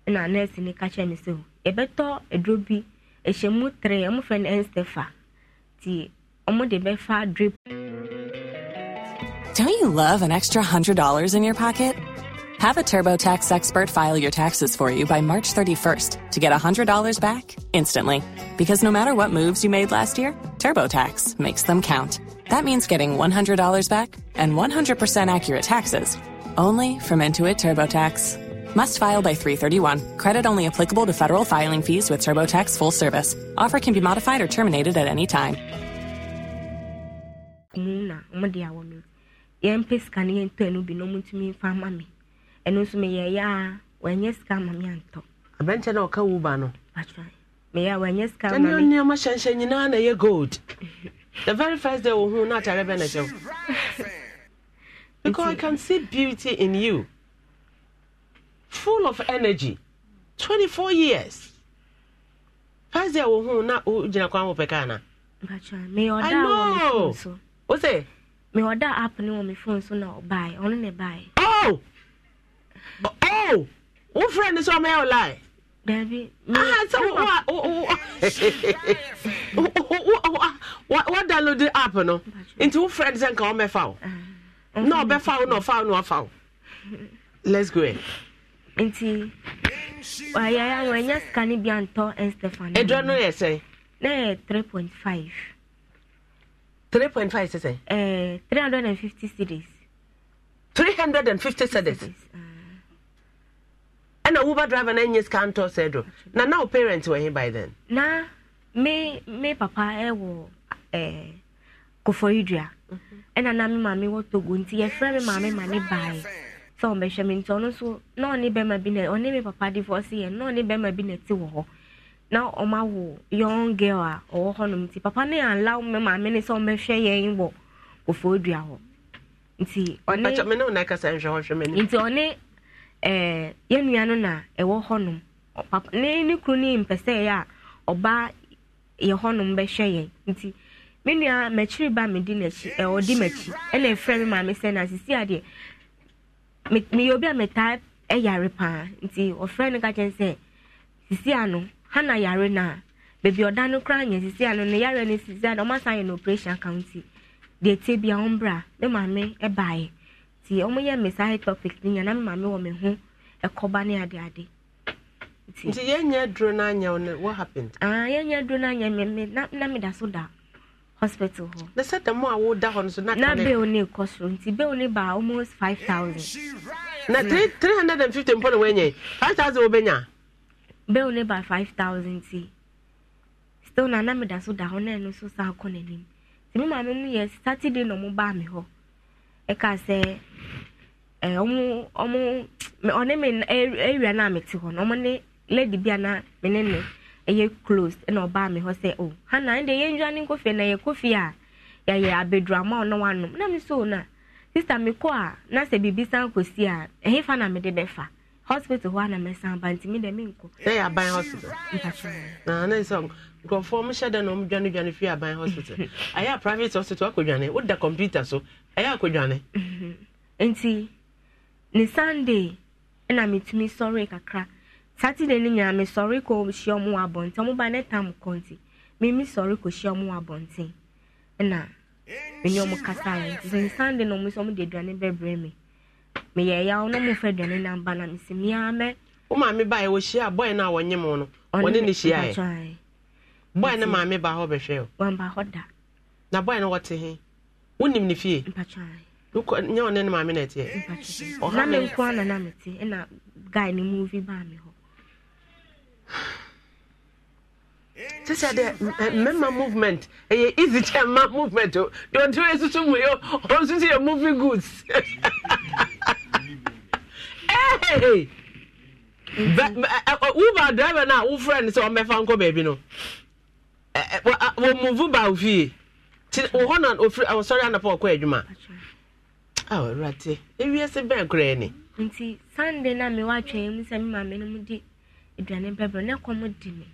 ɛna ni mi sɛ o aduro bi ɛhyɛ mu ɛmu fɛ no ɛnstefa ti ɔmo de bɛfa drip. Don't you love an extra $100 in your pocket? Have a TurboTax expert file your taxes for you by March 31st to get $100 back instantly. Because no matter what moves you made last year, TurboTax makes them count. That means getting $100 back and 100% accurate taxes only from Intuit TurboTax. Must file by 331. Credit only applicable to federal filing fees with TurboTax full service. Offer can be modified or terminated at any time. na na the very first day we hu na atare because I can see beauty in you. Full of energy. 24 years. First day, there hun na now? gyina kwan wo peka na. Bacha, me oda wo so. Wo say? Me order app ni wo me phone so na buy. Ono ne buy. Oh. Oh. Wo friend on me lie. Dabi. Ah, so what? What What? What? What? What? What? friends and come What? What? What? What? na ɔbɛfa wo na ɔfa wo na ɔfa wo let's go in. nti wayaya no ɛnyɛ sika no bi antɔ ɛnstefan. ɛdɔ no yɛ sɛ. na yɛ three point five. three point five sisan. ɛɛ eh, three hundred and fifty cedis. three hundred and fifty cedis. ɛna ah. uber driver na nye sika ntɔ sɛ do na na o parents wɔ hin by then. na me me papa ɛwɔ eh, ɛɛ eh, koforidua ɛna na me maame wɔ togo nti yɛfrɛ me maame ma ne bae sɛ ɔmbɛhwɛ me nti ɔno nso na ɔne bɛma bi na ɔne me papa de fɔ se yɛ na ɔne bɛma bi na ɛte wɔ hɔ na ɔma wo young girl a ɔwɔ hɔnom nti papa ne alaw me maame ne sɛ ɔmbɛhwɛ yɛn wɔ kɔfoɔ dua hɔ nti ɔne nti ɔne ɛɛ yɛn nua no na ɛwɔ hɔnom papa ne ne kuro ne mpɛsɛ yɛ a ɔbaa yɛ hɔnom bɛhwɛ yɛn nti. me nua m'akyiri ba medi n'akyi ɛwɔ eh, di m'akyi ɛna efra mi maame sɛ na sisi adeɛ meyɛ obi a metaa ɛyare paa nti ɔfra ne kakyɛ sɛ sisi ano ha na yare na beebi ɔda no koraa nyɛ sisi ano ne yare ne sisi ano ɔmo asan yɛ no operation akaunti deɛ tie bi a ɔmo bra ne maame ɛbaeɛ nti ɔmo yɛ me saa topic ne nyana me maame wɔ me ho ɛkɔba ne ade ade. nti yɛn nyɛ duro n'anya wɔn what happened. Ah, yɛn nyɛ duro n'anya mɛ mɛ na na mi da so da. hospital hɔ. na sɛ dɛm a woda hɔ no so na tane. na ne kɔ nti ne almost five na three three hundred and fifty mpɔ na wɔnyɛ five thousand wo ne five thousand na anam so da hɔ na ɛno so saa kɔ n'anim ti mi maame no yɛ saturday na ɔmo baa hɔ ɛka sɛ ɔmo ɔmo ɔne ɛwia na e-, hɔ na ɔmo ne lady bi a na ɛyɛ close ɛna ɔbaa mi hɔ sɛ o oh, hana ɛnde yɛn dwa ne kofi na yɛ kofi a yɛyɛ abedurama ɔno wanom na mi so na sista mi kɔ a na sɛ bibi san kosi a ɛhe fa na mi de bɛfa hospital hɔ a na mi san ba nti mi dɛ mi nkɔ. ɛ yɛ aban hospital. na ne sɔ nkurɔfoɔ mo hyɛ dɛ na ɔmo dwane dwane fi aban hospital ayɛ a private hospital akɔdwane o da computer so ɛyɛ akɔdwane. Mhm. nti ne sunday ɛna mi tumi sɔre kakra. Saturday ni nyinaa mesɔre kɔ hyia ɔmo wɔ abɔnten ɔmo ba ne tam mimi sɔre kɔ hyia ɔmo wɔ abɔnten ɛna mene ɔmo kasa ayɛ Sunday na ɔmo sɛ ɔmo de aduane bɛbrɛ mi meyɛ ya na ɔmo fɛ aduane na mba na mesi mia mɛ. wo maame ba yɛ wɔhyia bɔyɛ a wɔnyem wo no wɔne ne hyia yɛ bɔyɛ maame ba hɔ na bɔyɛ no wɔte ne fie. na sisa dɛ mmarima movement ɛyɛ easy kyɛ mma movement o deɛ ɔntu esusu mu yɛ ɔn susu yɛ movie goods ɛɛɛ uber driver na wofrɛ no sɛ ɔmmɛfa nkɔ baabi no wɔmuvu ba wo fie nti wɔhɔ na ofiri ɔsɔre anapa ɔkɔ adwuma awurate ewiase bɛn koraa ni. nti sunday na mi wa twɛn mu sɛ mi maame no mu di aduane bɛbrɛ na ɛkɔm di me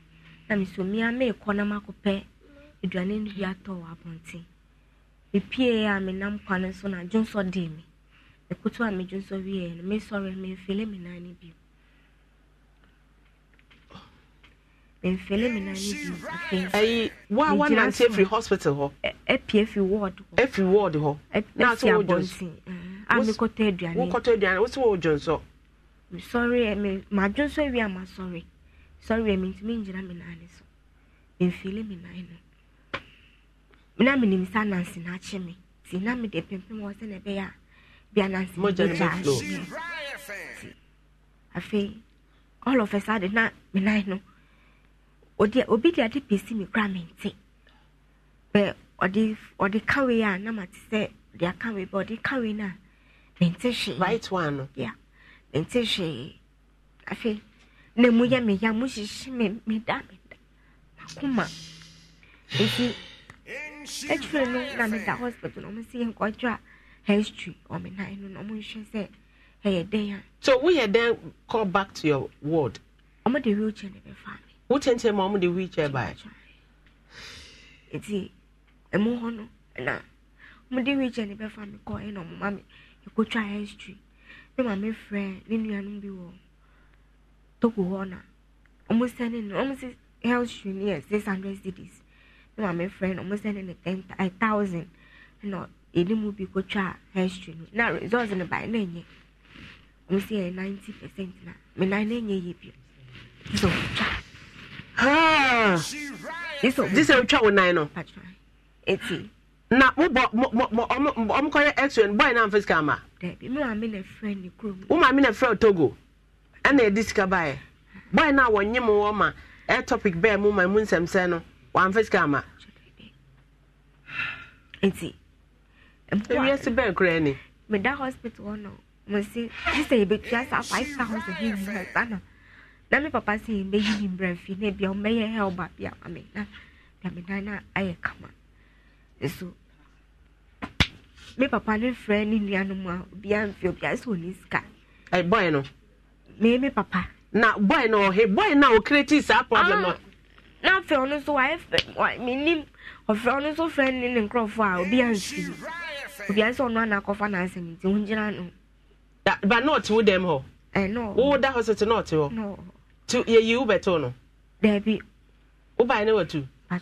na me so mia meekɔ na makɔpɛ aduane no bi atɔ wɔ abɔnten mepie a menam kwa no so na dwonsɔ dee me mekoto a medwo nsɔ wieɛ no mesɔre memfele me nan no bio mfele me nan no bio afei ɛyi wo a wanante afiri hospital hɔ apie afiri ward hɔ afiri ward hɔ na asɛ wo dwonsɔ a mekɔtɔ aduane wokɔtɔ aduane wo sɛ wo dwonsɔ Eh, mesɔre ɛmɛ madwo nso awie a masɔre sɔre ɛmɛ ntumi ngyina me nan ne so mfili me nan no na menim sɛ anansi no akye me nti na mede pempem wɔ sɛ na ɛbɛyɛ a bi anansi no gya ahye afei all of a sudden na me nan no obi de ade pesi me kora mente bɛ ɔde ɔde kawe a na mate sɛ ɔde akawe bɛ ɔde kawe no a mente hwee right one no yeah nti hwee afei na mu yɛ me ya mu hyehye me meda meda makoma nti akyire no na meda hospital ɔmo sɛ yɛnkɔdwo a history ɔme nan no na ɔmo nhwɛ sɛ ɛyɛ dɛn a so woyɛ dɛn call back to your ward ɔmo de wheelchair na ɛbɛfa me wokyɛnkyɛn ma ɔmo de wheelchair bae nti ɛmu e hɔ no na ɔmo de wheelchair na ɛbɛfa me kɔɔ ɛna ɔmo ma me ɛkɔtwa e history ne maame frɛ ne nuanom bi wɔ togo hɔ na wɔn sɛne no wɔn si health shoe no yɛ six hundred cities ne maame frɛ no wɔn sɛne no ten thousand na ɛni mu bi kotwa health shoe no na result no ba ɛna enye wɔn si yɛ ninety percent na mɛ na ɛna enye yie bi so twa. Ah! Disa otwa wo nan no. Eti. Na mo bɔ mo mo mo ɔmo kɔyɛ x-ray boy na n physical ma daabi mi maame na efra ne kurom. wo maame na efra togo ɛna edi sika baayɛ boy na wɔnye mu wɔ ma air topic bɛɛ mu ma mu nsɛmsɛn no wɔnfɛ sika ama. nti ewiase bɛɛ kura ni. meda hospital hɔ no mo si sisa ebetua sa five thousand yi mbɛ sa no na mi papa si yi mbɛyi yi mbɛ fi na ebi a ɔmbɛyɛ hell ba bi a mi na na mi nan na ayɛ kama me papa ne frɛ ne nuanom a obiara mfe obiara sɛ ɔne sika ɛ bɔɛ no me me papa na bɔɛ no ɔhe bɔɛ na a ɔkreti saa problem no ah, na afei ɔno nso wayɛ fɛ menim ɔfrɛ ɔno nso frɛ ne ne nkurɔfoɔ a obiara mfi obiara sɛ ɔno ana akɔfa n'asɛm nti wongyina no ba na ɔte wo dɛm hɔ ɛnɔ wo da hɔ so te na ɔte hɔ ti yɛyi wo bɛtoo no daabi wobaɛ ne watu na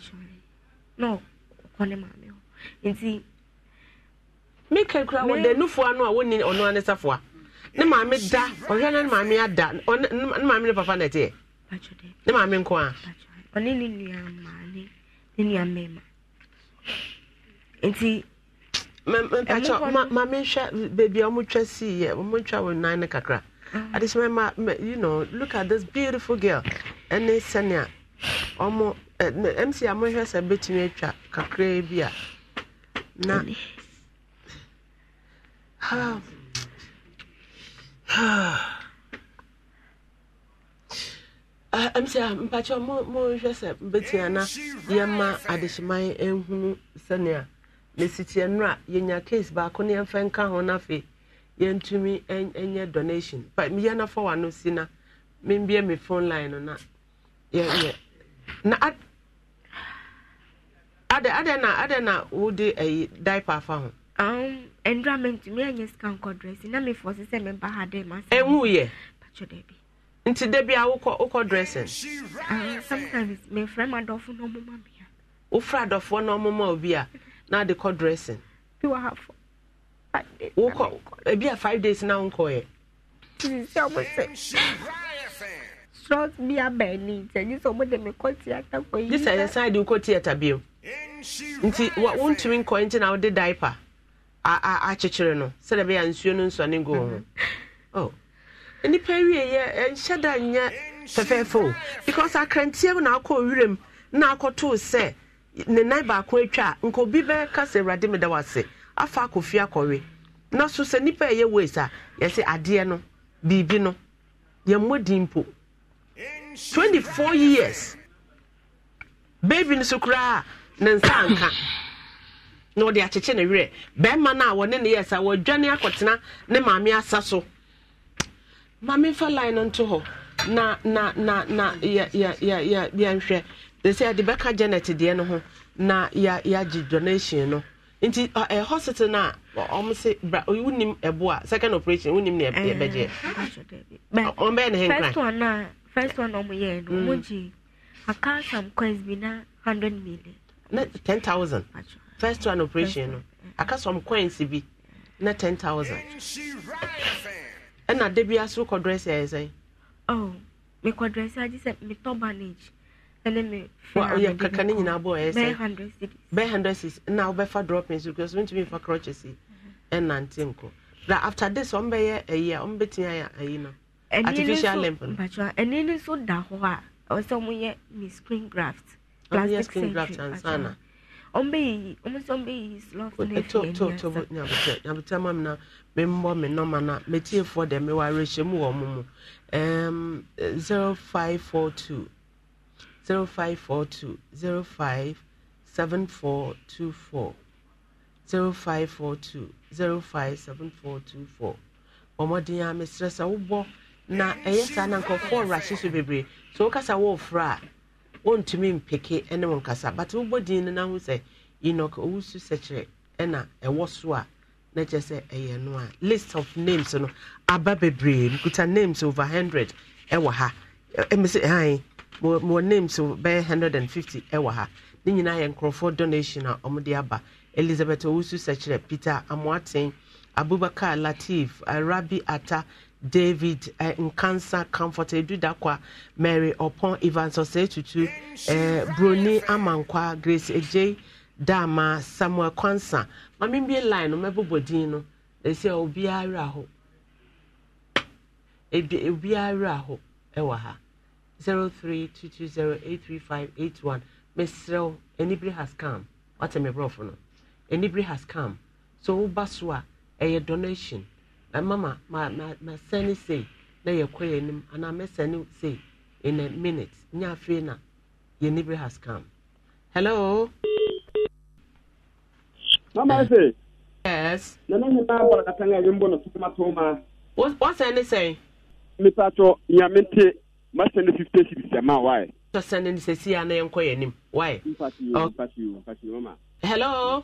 ɔkɔ ne maame hɔ nti meka kura wɔ dɛ nufoa no a wɔni ɔno ane safoa ne maame da ɔhwɛ na ne maame ada ne maame ne papa na ɛteɛ ne maame nko a ɔne ne nuamaa ne ne nuamɛma nti mpakyɛ maame nhwɛ baabi a ɔmotwa siiɛ ɔmotwa wɔ nan ne kakra ah. adesima ma you know look at this beautiful girl ɛne sɛnea ɔmo mc a mohwɛ sɛ bɛtumi atwa kakra bi a na msa mpakyɛ mohwɛ sɛ mbɛtua na yɛma adehyeman nhunu sɛnea mesikyiɛ no a yɛnya case baako ne yɛmfɛ nka ho no afei yɛntumi nyɛ donation but meyɛ na fɔwa no si na membie me phone line no na yɛyɛ na ade ade na ade na wode ayi diaper afa ho um ndra mentumi anya sika nkɔ dress na me force sɛ me ba ha dɛ ma sɛ ehu yɛ patcho dɛ bi nti dɛ bi a wokɔ wokɔ dressing uh, sometimes me frɛ ma dɔfo na ɔmo ma me a wofrɛ adɔfoɔ na ɔmo ma obi a na ade kɔ dressing bi wɔ ha fo wokɔ ebi a five days na nkɔ yɛ sisi ɔmo sɛ short bi abɛn ni nkyɛn yi sɛ ɔmo de me kɔ theatre kɔ yi. gisa yɛ san de wokɔ theatre bi mu nti wontumi nkɔ nti na wode diaper. akyekyere no sɛdeɛ bɛyɛ nsuo no nsɔne go ho mhm. oh. nnipa wie yɛ nhyɛ da nyɛ fɛfɛɛfɛ because akranteɛ na akɔ werɛm na akɔtoo sɛ ne nan baako atwa a nka obi bɛka sɛ awurade meda wase afa akɔfie akɔwe na so sɛ nnipa ɛyɛ wes a yɛsɛ adeɛ no biribi no yɛmmɔ din mpo 24 years baby no so koraa ne nsa anka na ɔde akyekye ne werɛ bɛrima no a wɔne ne yɛ sa wɔadwane akɔtena ne maame asa so maame mfa line no nto hɔ na na na na yɛnhwɛ de sɛ yɛde bɛka janet deɛ no ho na yɛagye donation no nti ɛ hospital no a ɔm se bra wonim ɛbo second operation wonim ne ɛbɛgyeɛ ɔmbɛyɛ ne henkran first one ɔmo yɛ no mm. some coins bi hundred million na ten thousand first one operation aka some coins bi na ten thousand ɛna da bi aso kɔ dress yɛ sɛn. oh mekɔ dress agye sɛ metɔ bandage ɛne me. wa oyɛ kaka ne nyinaa bɔ ɛyɛ sɛn bɛɛ hundred cities bɛɛ eh, hundred cities na wobɛfa drop in so because wontumi nfa crutches yi ɛnante nkɔ na after this wɔn bɛyɛ ɛyi a wɔn bɛtumi ayɛ ɛyi no artificial limp ɛni ni nso da hɔ a ɔsɛ wɔn yɛ ni screen graft plastic surgery. ɔmbɛyiyi ɔmo sɛ ɔmbɛyiyi sloth ne fi ɛnyasa to to na mi mbɔ mi nɔma na mi tie fɔ dɛ mu wɔ ɔmo mu ɛɛm zero five four two zero five four a mi sɛ wobɔ na ɛyɛ eh, saa na nkɔfoɔ rahyehyɛ bebree so wokasa wɔɔfra a. wɔntumi mpeke ne wɔn kasa but say, din no n'aho sɛ enoch owusu sɛkyerɛ ɛna ɛwɔ so a na kyerɛ sɛ ɛyɛ no a list of names no aba bebree nkuta names over hundred ɛwɔ ha ɛmi sɛ ɛhan names bɛyɛ hundred and fifty ɛwɔ ha ne nyinaa yɛ donation a wɔn de aba elizabeth owusu sɛkyerɛ peter amoaten abubakar latif arabi ata David eh, in Nkansa Comfort Edudakwa, Mary Upon Evans Osetutu, uh, Bruni Amankwa, Grace Ej, Dama Samuel Kwansa. Mami bi line no mebobɔ din no. They say obiara awura hɔ. Ebi obiara awura ha. 0322083581. Mesrɛw, anybody has come. What am I bro for no? Anybody has come. So basua a donation. Mama, ma ma ma ma say, sei na yɛ kɔ yɛ anim anaa mɛ sɛne sei in a minute nyɛ afei na yɛn neighbor has come hello. mama ɛsɛ. yes. nana nyɛ naa bɔra ka tanga yɛn bɔ na tuma tuma. wɔn sɛn ne sɛn. nipa tɔ nyame te ma sɛn ne fifty six jama wa ye. tɔ sɛn ne sɛ siya na yɛn kɔ yɛ anim wa ye. n fa si yo n fa si yo n fa si yo mama. hello.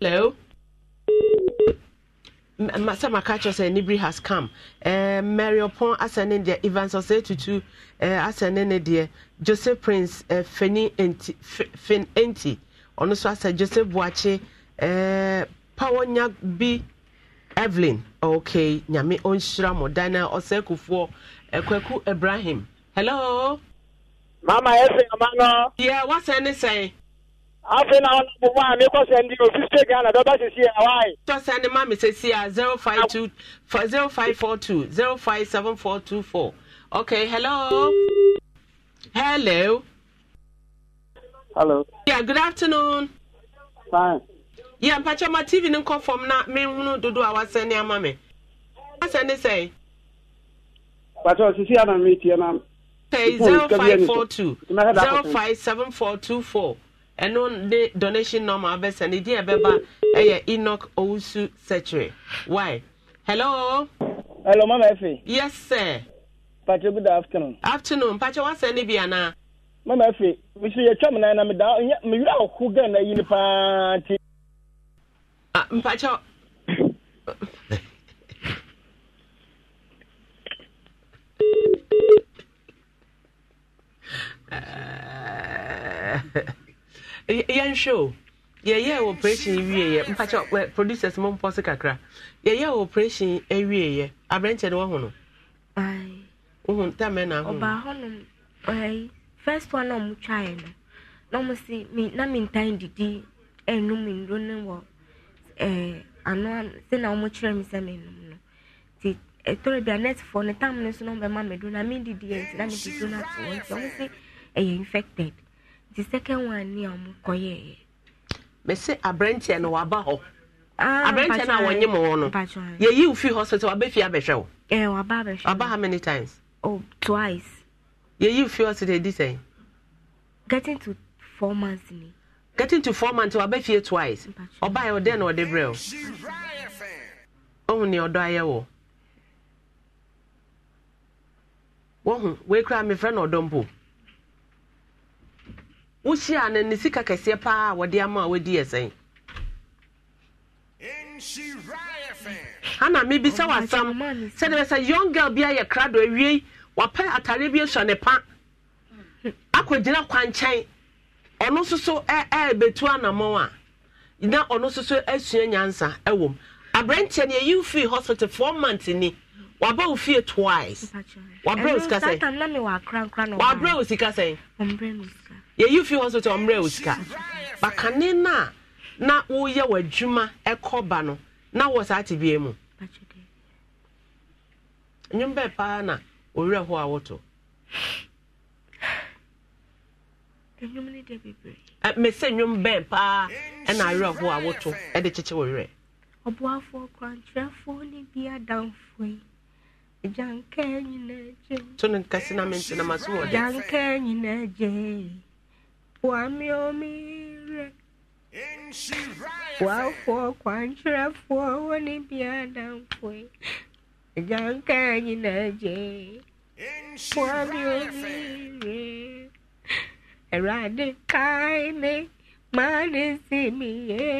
hello. Masama Kacho say Nibri has come. Uh, eh, Mary Opon ascending the Evans Ose Tutu uh, eh, ascending the Joseph Prince uh, Feni Enti Fen Enti. so asa Joseph Buache uh, Pawonya Bi, Evelyn. Okay, nyame onhyira mo Dana Ose Kufuo uh, Ibrahim. Hello. Mama Efe Amano. Yeah, what's any say? afei na bɔbɔ a mekɔ sɛ ndi ofi sɛ ghana dɔba sisi awae tɔ sɛ ne ma me 0542 057424 okay hello hello hello yeah good afternoon fine yeah mpakyɛ ma tv no nkɔ fam na menhunu dodo a wasɛne ama me asɛ ne sɛ pakyɛ sisi ana metie na okay 0542 057424 ɛno de donation number abɛsɛ ne din ɛbɛba ɛyɛ enoch owusu secretary why hello. hello mama efe. yes sir. pàtó good afternoon. afternoon pàtó wá sẹ́ níbi àná. mama efe misi yẹ twẹ́ na mi da mi wíwá na yìí ni paa ti. mpàtó. Uh... yɛnhwɛ o yɛyɛ operation mpakyɛ producers mo mpɔ kakra yɛyɛ operation awieɛ aberɛnkyɛ no wahu no wohu tamɛ na ahu ɔbaa hɔnom first one a ɔmotwaeɛ no na ɔmo se na mentan didi ɛnum nnuro no wɔ ano sɛ na ɔmo kyerɛ sɛ no ɛtɔrɔ bi a tam so na do na yɛ nti na wɔn nti ɔmo the second one ni ah, a ɔmo kɔyɛɛ. bɛsi aberanteɛ no eh, waba hɔ aberanteɛ no a wɔnyim wɔ no yɛyi wofi hospital waba fie abɛhwɛ wo waba abɛhwɛ waba how many times oh twice yɛyi wofi hospital di sɛn getting to four months ni getting to four months waba fie twice ɔbaeɛ wo dɛn na ɔde brɛ wo ɔhu ne ɔdɔ ayɛ wɔ wɔhu wei koraa mefrɛ no ɔdɔ mpo a no ne sika kɛseɛ paa a wɔde ama a wɔadi yɛ sɛn ana mebisa wasam sɛde bɛ sɛ young girl bi ayɛ krado awie wapɛ atare bi asɔ ne pa akɔgyina kwankyɛn ɔno nso so ɛɛbɛtu anammɔn a na ɔno nso so asua nyansa ɛwɔ mu aberanteɛ no yɛyi firi hospital four months ni waba wo fie twice wabrɛ wo sika sɛn wabrɛ wo sika sɛn yɛyi fi hospital ɔmmerɛ wo sika bakane no a na woyɛ w'adwuma ɛkɔ ba no na wɔ saa te mu nnwom paa na ɔwerɛ hɔ a woto mesɛ bɛn paa ɛna awerɛ hɔ a woto ɛde kyekye wɔ werɛ to no nkasi na mente wammeomeere wafoɔ kwankyerɛfoɔ wɔ ne biadamfoe agyanka nyinaa gyee wammeomeere awurade kae me maa ne si me yie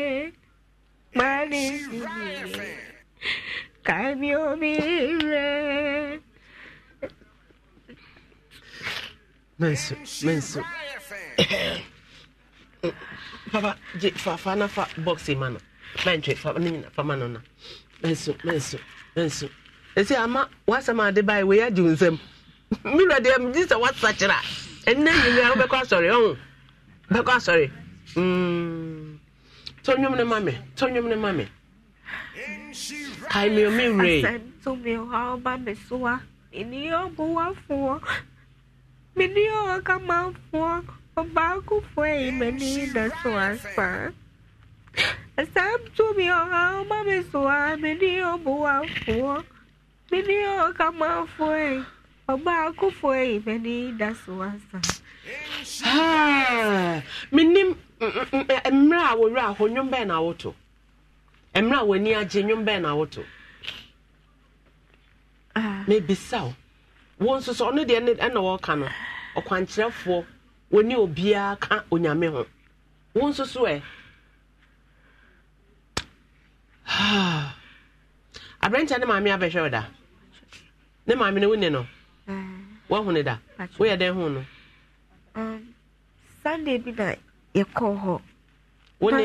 maa ne si me yie kae me omeere menso menso papa gye fa fa na fa box ma no mɛntwe fa ne nyina fa ma no na mɛnso mɛnso mɛnso ɛsi ama wasɛm ade bae wei agye wo nsɛm mira deɛ megye sɛ woasakyera ɛnɛ nyinaa wobɛkɔ asɔre ɔho bɛkɔ asɔre tɔ nnwom no ma me tɔ nnwom no ma me kae me ome wrei meneɛ ɔbowafoɔ meneɛ ɔkamanfoɔ O barco foi menina suas pãs. Sabe subiu a alma pessoa, menino boa foi. Menino camã foi. O barco foi menina suas pãs. Ah, menim mmerɛ mm, mm, eh, a wɔwerɛ a hɔ nnwom bɛn na woto mmerɛ a w'ani agye nnwom na woto ah. mebisa wo wo nso sɛ ɔno deɛ ɛna wɔka no ɔkwankyerɛfoɔ wɔne obiara ka onyame ho wo nso so ɛ eh. aberɛnkyɛ ne maame abɛhwɛ wo da ne maame no eh. wone no woahune da woyɛ dɛn ho no um, sunday bi na yɛkɔɔ hɔ wone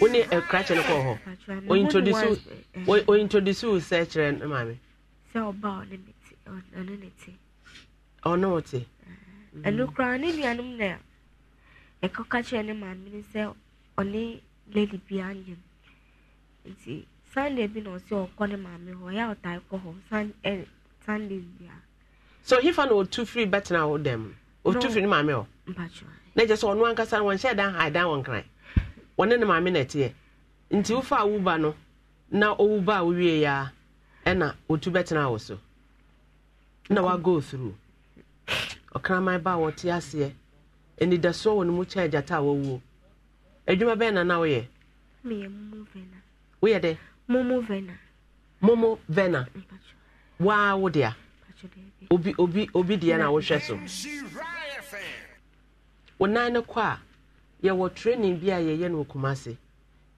wone krakye eh, no kɔɔ hɔ ointroduce wo sɛ kyerɛ ne maame ɛno mm-hmm. koraa ne na yɛkɔka kyerɛ ne maame no sɛ ɔne lady bi anya nti sunday bi eh, na ɔsɛ ɔkɔ ne maame hɔ ɔyɛ ɔtae kɔ hɔ sunday bia so hifa na otu firi bɛtena wo dɛm otu firi ne maame na gye ɔno ankasa no wɔnhyɛ dan ha dan wɔnkran wɔne ne maame na ɛteɛ nti wofa a no na ɔwu ba a wowie ɛna bɛtena so na go through ɔkraman ba a wɔte aseɛ anidasoɔ wɔ ne mu kyɛ agyata a wɔwuo adwuma bɛn na na woyɛ woyɛ dɛ momo vena momo vena waa wo dea obi obi obi deɛ na wohwɛ so wo nan no kɔ a yɛwɔ training bi a yɛyɛ no okuma ase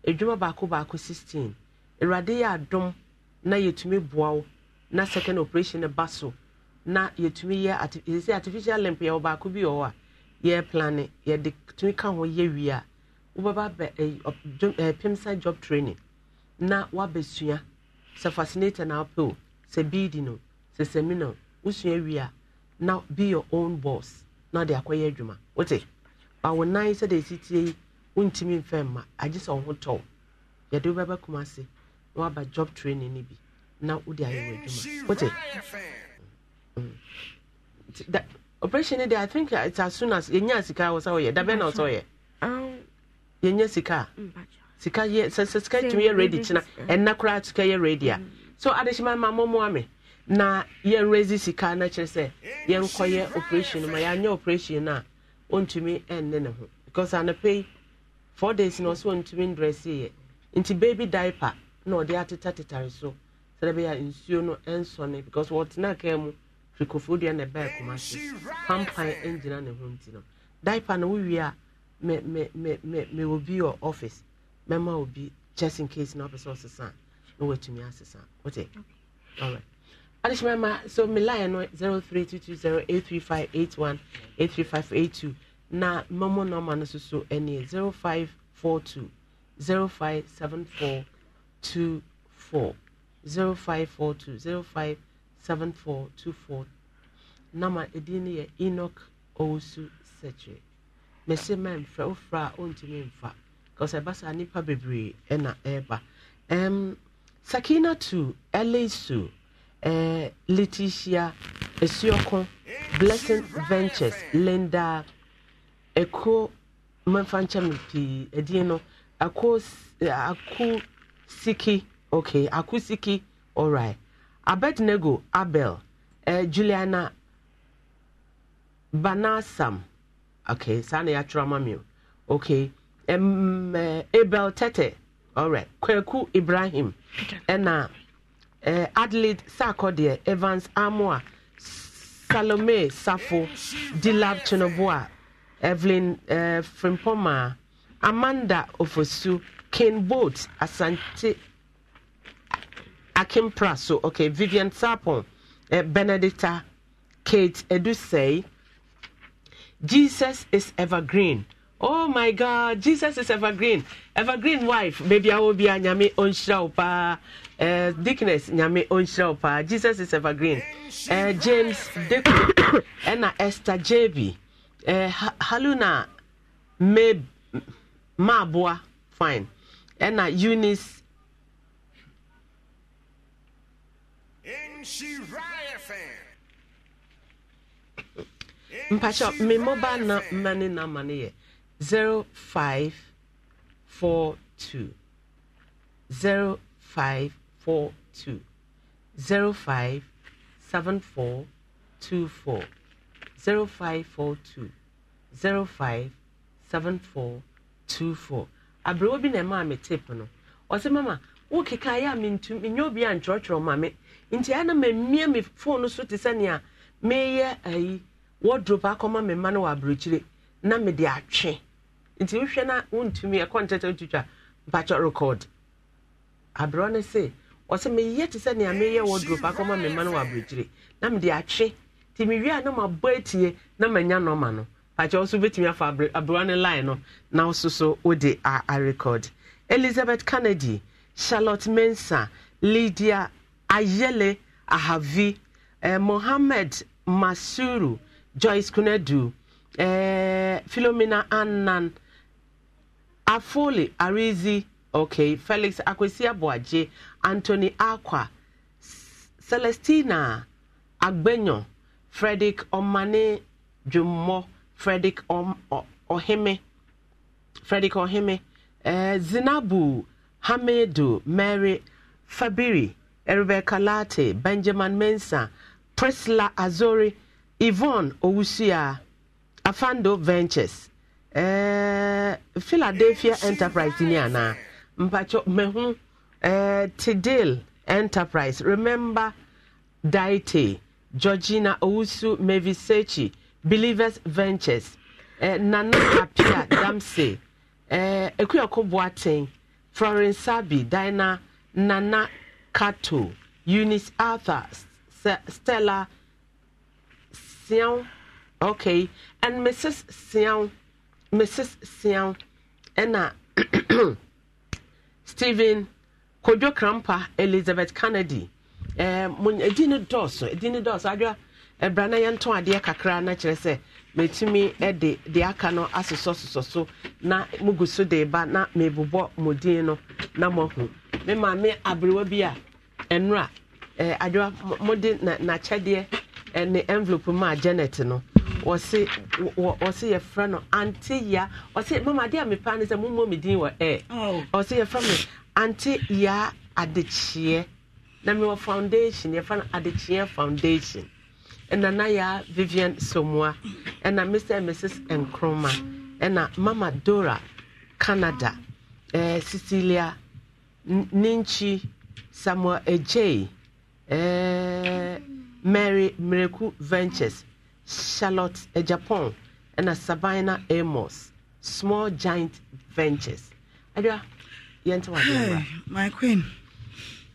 adwuma baako baako 16 awurade yɛ adom na yɛtumi boa na second operation ba so na yɛtumi yɛ yɛsɛ artificial limp yɛwɔ baako bi wɔ hɔ a yɛreplane yɛde tumi ka ho yɛ wie a wobɛba bɛ pimsa job training na wabɛsua sɛ fascinator na wopɛ o sɛ beadi no sɛ seminal wosua wie a na be your own boss na ɔde akɔyɛ adwuma wote bawo nan sɛdeɛ ɛsi tie yi wontumi mfɛ mma agye sɛ wo ho yɛde wobɛbɛkoma ase na waba job training no bi na wode ayɛ wɔ adwuma wote Mm. operation ni de i think it's as soon as yɛnya sika wɔ sɛ wɔyɛ mm, da bɛn na ɔsɛ ɔyɛ yɛnya sika mm, sika yɛ sɛ sɛ sika tumi yɛ ready kyina ɛnna koraa sika yɛ ready a so adehyema ma mɔmɔa me na yɛn raise sika na kyerɛ sɛ yɛn kɔyɛ operation ma yɛanyɛ operation na ɔntumi ɛnne ne ho because anapa yi four days na ɔsɛ ɔntumi ndrɛsi yɛ nti baby diaper na ɔde atetateta so sɛ ɛbɛyɛ nsuo no ɛnsɔne because wɔtena kaa mu. nkurɔfoɔ deɛ na ɛbɛɛ kuma se pampan ngyina ne ho nti no diaper no wowie a me me me me me wɔ bi wɔ office mɛma wɔ bi just in case na ɔpɛ sɛ ɔsesa na watumi asesa wote alright adehyemɛ ma so me line no zero three two two zero eight three five eight one eight three five eight two na mmomo nɔɔma no soso ɛnie 7424 nama edin no yɛ enoch owusu sɛkyerɛ mɛsɛ mɛ mfrɛ wofrɛ a ɔntumi mfa kɔsɛ ɛba saa nnipa bebree ɛna ɛreba um, sakina to elisu eh, leticia esuoko blessing ventures linda Eko. mmɛmfa nkyɛn mu pii edin no ako ako siki okay ako siki alright abednego abel eh, juliana banasam okay saa na yɛatwerɛ ama mi okay um, eh, abel tete alright kwaku ibrahim ɛna eh, adelaide sakɔ deɛ evans amoa salome safo dilab chinoboa evelyn eh, frimpoma amanda ofosu ken boat asante Akim Praso, okay, Vivian Sapon, uh, eh, Benedicta, Kate Edusei. Jesus is evergreen. Oh my God, Jesus is evergreen. Evergreen wife, baby, I will be a nyame onshraupa. Uh, eh, Dickness, nyame onshraupa. Jesus is evergreen. Uh, James Dickness, Anna Esther JB, uh, Haluna Mab Mabwa, fine. Ena Eunice mpakyɛ me mobile na mane nama no yɛ 0542 0542 057424 0542 057424 aberɛwɔ bi na ɛmaa me tip no ɔsɛ mama wokeka yɛ a mentum menyɛ obi a nkyerɛkyerɛ ma me nti ana mmemme me phone so te sɛnea meyɛ ayi wardrobe akɔma me mma no wɔ aburokyire na mede atwe nti wohwɛ na wontumi ɛkɔ ntɛtɛ wotwitwa mpakyɛ record aberɛ no se ɔsɛ meyɛ te sɛnea meyɛ wardrobe akɔma me mma no wɔ aburokyire na mede atwe nti mewie a na mabɔ atie na manya nɔma no pakyɛ wo so wobɛtumi afa aberɛ no line no na wo so so wode arecord elizabeth kennedy charlotte mensa lydia Ayele Ahavi, eh, Mohammed Masuru, Joyce Kunedu, eh, Philomena Annan, Afoli, Arizi, okay, Felix Akwesia Boaje, Anthony Akwa, Celestina Agbenyo, Frederick Omane Jumo, Frederick Om, o, Oheme, Frederick Oheme, eh, Zinabu Hamedu, Mary Fabiri, Rebecca Kalate, Benjamin Mensa, Presla Azori, Yvonne Owusia, Afando Ventures, eh, Philadelphia Enterprise ni ana mpacho mehu eh, Tidale Enterprise, Remember Daite, Georgina Owusu Mevisechi, Believers Ventures, eh, Nana Apia Damsey, eh, Ekuya Kobuaten, Florence Sabi, Dina Nana Kato, Eunice Arthur, Stella Sion, okay, and Mrs. Sion, Mrs. Sion, Anna, Stephen, Kojo Krampa, Elizabeth Kennedy. Edina eh, ɛdi Edina doso, ɛdi ne dɔɔso Adia ɛbrana eh, kakra mɛtumi eh, de deɛ aka no asosɔsosɔ so na mugu so de ba na mebobɔ mo din no na moahu me maame aberewa bi a ɛnora eh, adwoa mode n'akyɛdeɛ eh, envelope mu a janet no wɔse wɔse yɛfrɛ no ante ya ɔse mama adeɛ a mepa ne sɛ mommɔ me din wɔ ɛ oh. ɔse yɛfrɛ me ante ya adekyeɛ na mewɔ foundation yɛfrɛ no adekyeɛ foundation Nanaya Vivian Somwa, and Mr. and Mrs. Nkrumah, and Mama Dora, Canada, uh, Cecilia Ninchi, Samoa Ejay, uh, Mary Miracle Ventures, Charlotte uh, Japan, and Sabina Amos, Small Giant Ventures. Adria, hey, my queen.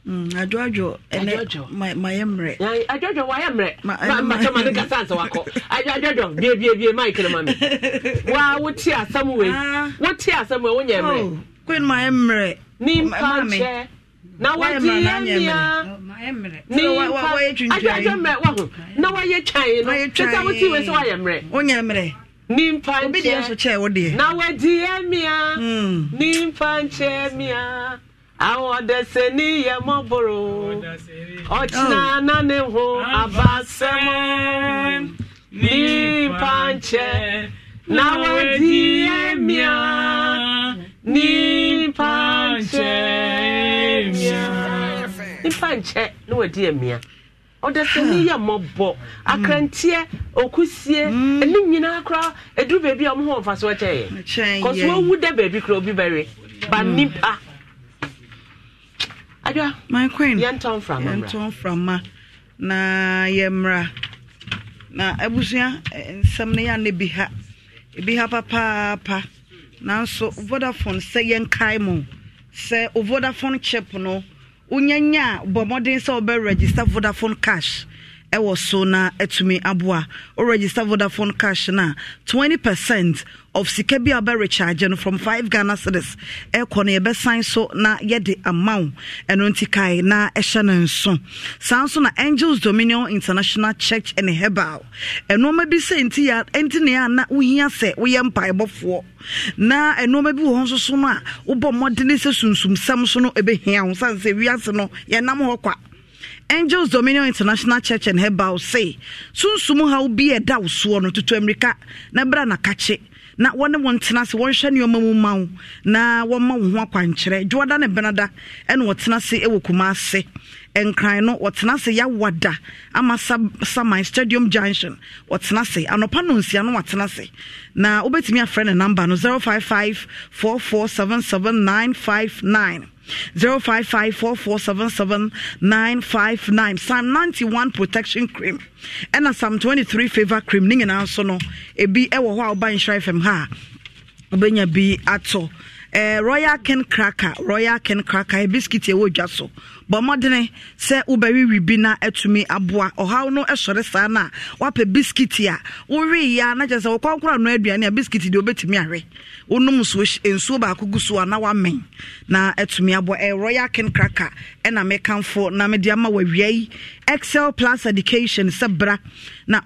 Mm, adwoadwo ɛnɛ mayɛ mmerɛ adwoadwo wayɛ mmerɛ makyɛ ma ne kasa ansɛ wakɔ adwoadwo biebiebie maikere ma me wa wote asɛm wei ah. wote asɛm wei wonyɛ mmerɛ kwen oh, mayɛ mmerɛ nimpa nkyɛ na wagye oh, yɛ mmea nimpa adwoadwo mmerɛ waho na wayɛ twan no sɛ wote wei sɛ wayɛ mmerɛ wonyɛ mmerɛ nimpa nkyɛ na wagye yɛ mmea hmm. nimpa mmea awọdeseni mm. yẹ mọ boro ọkyina nane ho abasẹmọ nipa nkyẹ n'awadi emia nipa nkyẹ emia nipa nche na emia ọdeseni yẹ mọ bọ akranteɛ okusie ɛni nyinaa koraa eduru beebi a wɔn ho so ɛkyɛ yɛ kɔsɔ owu dɛ obi ba nipa. adwa my queen yɛntɔn frama yɛntɔn frama na yɛmmra na abusua eh, nsɛm no yɛanɛ bi ha ebi ha papaapa nanso vodafone sɛ yɛnkae mu sɛ o vodafone chip no wonyanya a bɔ mmɔden sɛ wobɛregister vodafone cash ɛwɔ so na atumi aboa woregister vodafone cash no a 20 percent of sika bi a wobɛrecharge no from five ghana cedis ɛkɔ no yɛbɛsan so na yɛde ama wo ɛno nti kae na ɛhyɛ no nso saa nso na angels dominion international church and herbal ɛnoɔma bi sɛ nti yɛ ɛnti ne a na wohia sɛ woyɛ mpaebɔfoɔ na ɛnoɔma bi wɔ hɔ nso so no a wobɔ mmɔdene sɛ sunsumsɛm so no ɛbɛhia wo sane sɛ wiase no yɛnam hɔ kwa angels dominion international church and herbal say sunsum haw bi ɛda wo soɔ no toto mmirika na bra na kakye na wɔne wo ntena ase wɔnhwɛ nneɔma mu ma wo na wɔma wo ho akwankyerɛ dwoada ne benada ɛne wɔtena ase wɔ kuma ase nkran no wɔtena se yɛawada ama saman stadium junction wɔtena se anɔpa no nsia no watena se na wobɛtumi afrɛ ne number no 055 4477 959 0554477959 psalm 91 protection cream ɛna psalm 23 favor cream ne nyinaa nso no ebi ɛwɔ hɔ a woba nhyira fm ha a wobɛnya bi atɔ eh, royal ken cracker royal ken cracker eh, biscuit ɛwɔ dwa so bɔ sɛ wobɛwe bi na atumi aboa ɔhaw no ɛsɔre saa no a a na kyerɛ sɛ wokɔnkora no aduane a biscuit deɛ wobɛtumi awe wonom so nsuo baako gu so a na na atumi aboa eh, royal ken cracker ɛna mekamfo na mede ama wawia yi excel plus education sɛ bra na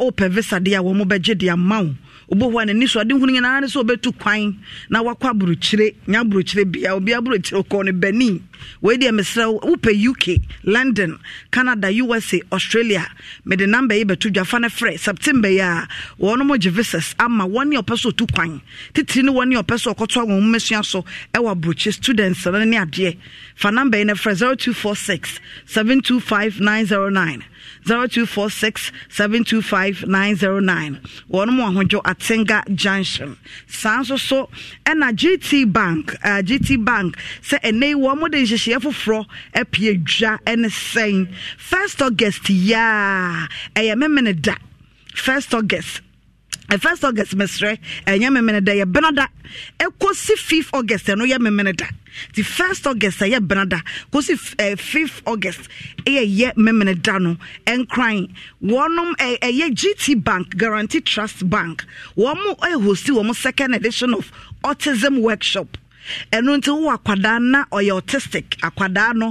wobɛhu a n'ani so ade hunu nyinaa ne sɛ wobɛtu kwan na wakɔ aburokyire nya aburokyire bia obi aburokyire kɔ no bani wei deɛ mesrɛ wopɛ uk london canada usa australia mede namba yi bɛto dwafa no frɛ september yi a wɔno mo gye visas ama wɔne ɔpɛ sɛ ɔtu kwan titiri ne wɔne ɔpɛ sɛ ɔkɔto awɔ mmasua so ɛwɔ aburokyire students no ne adeɛ fa namba yi no frɛ 0246 725909 0246 725 909 wɔn mu ahodwo atenga junction saa nso so ɛna gt bank uh, gt bank sɛ ɛnɛ wɔn mo de nhyehyɛeɛ foforɔ apie dwa ɛne sɛn first august yaa ɛyɛ mɛmɛ ne da first august first august mesrɛ ɛnyɛ memene da yɛ bena da ɛkɔsi eh, 5 august ɛno eh, yɛ memene da nti first august ɛyɛ eh, bena da kɔsi fifth august ɛyɛ yɛ memene da no One, wɔnom ɛyɛ gt bank guarantee trust bank One more, wɔn mo ɛhosi wɔn second edition of autism workshop ɛno nti wowɔ akwadaa na ɔyɛ autistic akwadaa no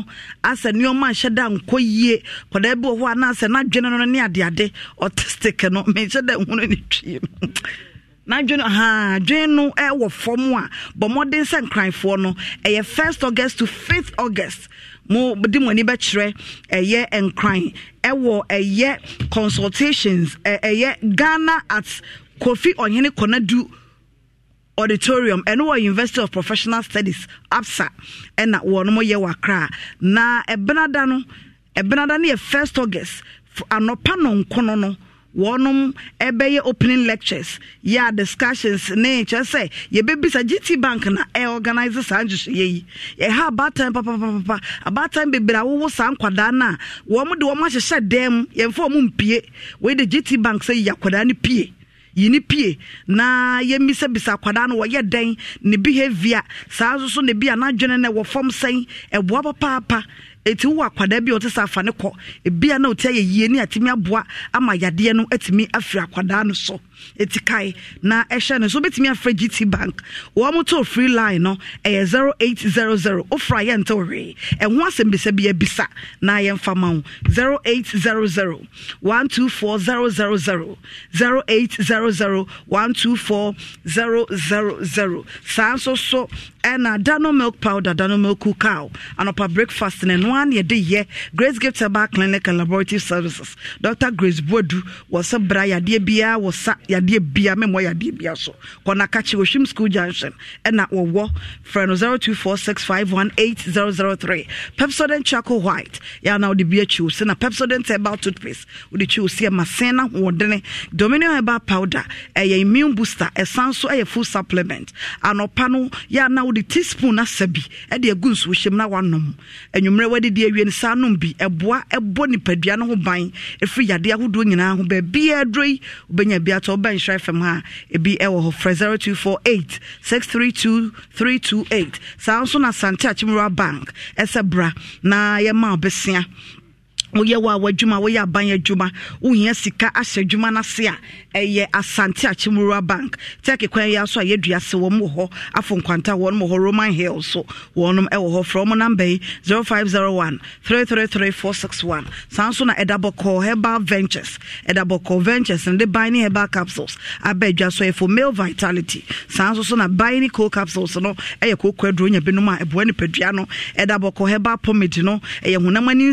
asɛ nneɔma nhyɛ da nkɔ yie kwadaa bi wɔ hɔ a na asɛ n'adwene no ne adeade autistic no menhyɛ da nhunu ne twie no n'adwene ha adwene no ɛwɔ fam a bɔ mmɔden sɛ nkranfoɔ no ɛyɛ first august to fifth august mo de mo ani bɛkyerɛ ɛyɛ nkran ɛwɔ ɛyɛ consultations ɛyɛ ghana at kofi ɔhene kɔnadu auditorium ɛno wɔ university of professional studies Absa. ɛna wɔnom yɛ wakra na ɛbenada no ɛbenada no yɛ first august anɔpa nɔnkono no wɔnom ɛbɛyɛ opening lectures yɛ discussions ne kyerɛ sɛ yɛbɛbisa gt bank na ɛorganise saa nhyehyɛeɛ yi ɛha abatime papapapa abatime bebree a wowo saa nkwadaa no a wɔm de wɔm ahyehyɛ dan mu yɛmfa ɔmo mpie wei de gt bank sɛ yi akwadaa no pie yi pie na yɛmmisabisa akwadaa no wɔyɛ dɛn ne behavior saa nso so ne bi a n'adwene no ɛwɔ fam sɛn ɛboa papaapa ɛti wo akwadaa bi a ɔte sɛ afa ne kɔ ebia na ɔte ayɛ yie ne atumi aboa ama yadeɛ no atumi afiri akwadaa no so ɛti kae na ɛhyɛ no nso wobɛtumi afrɛ gt bank wɔn mo free line no ɛyɛ 0800 ofra yɛnte hwee ɛho asɛm bisa bi abisa na yɛmfa ma wo 0800 124000 0800 124000 saa nso so ɛna dano milk powder dano milk cow anɔpa breakfast no ɛnoa ne yɛde yɛ grace gift herbal clinic and laboratory services dr grace boadu wɔ sɛ bra yadeɛ biara wɔ sa yadeɛ bia memmɔ yadeɛ bia so kɔnakakye wɔhwim school junction ɛna wɔwɔ frɛ no 0246518003 pepsodent chaco white yɛana wode bi akyi wo se na pepsodent herbal toothpaste wode kyi wo se ɛma sen na hoɔdene dominion herbal powder ɛyɛ immune booster ɛsan so ɛyɛ full supplement anɔpa no yɛana wode teaspoon asɛ bi ɛde agu nsuo hyɛm na wanom anwummerɛ wadedi awie no saa nom bi ɛboa ɛbɔ nipadua no ho ban ɛfiri yadeɛ ahodoɔ nyinaa ho baabia aduro yi wobɛnya bi atɔ woba nhyira fam ha ebi ɛwɔ hɔ frɛ 0248 632 328 saa nso na santi bank ɛsɛ bra na yɛma ɔbɛsia woyɛ wɔ a w'adwuma woyɛ aban adwuma wohia sika ahyɛ adwuma no ase a ɛyɛ asante akyemura bank tɛke kwan yɛ so a yɛdua se wɔm wɔ hɔ afo nkwanta wɔnom wɔ hɔ roman hill so wɔnom ɛwɔ hɔ frɛ ɔmo namba yi six one saa nso na ɛda bɔkɔɔ herbal ventures ɛda bɔkɔɔ ventures no de ban ne herbal capsules aba adwa so ɛfo male vitality saa nso so na ban ne co capsules no ɛyɛ kooko aduro nya binom a ɛboa nipadua no ɛda bɔkɔɔ herbal pomade no ɛyɛ honam ani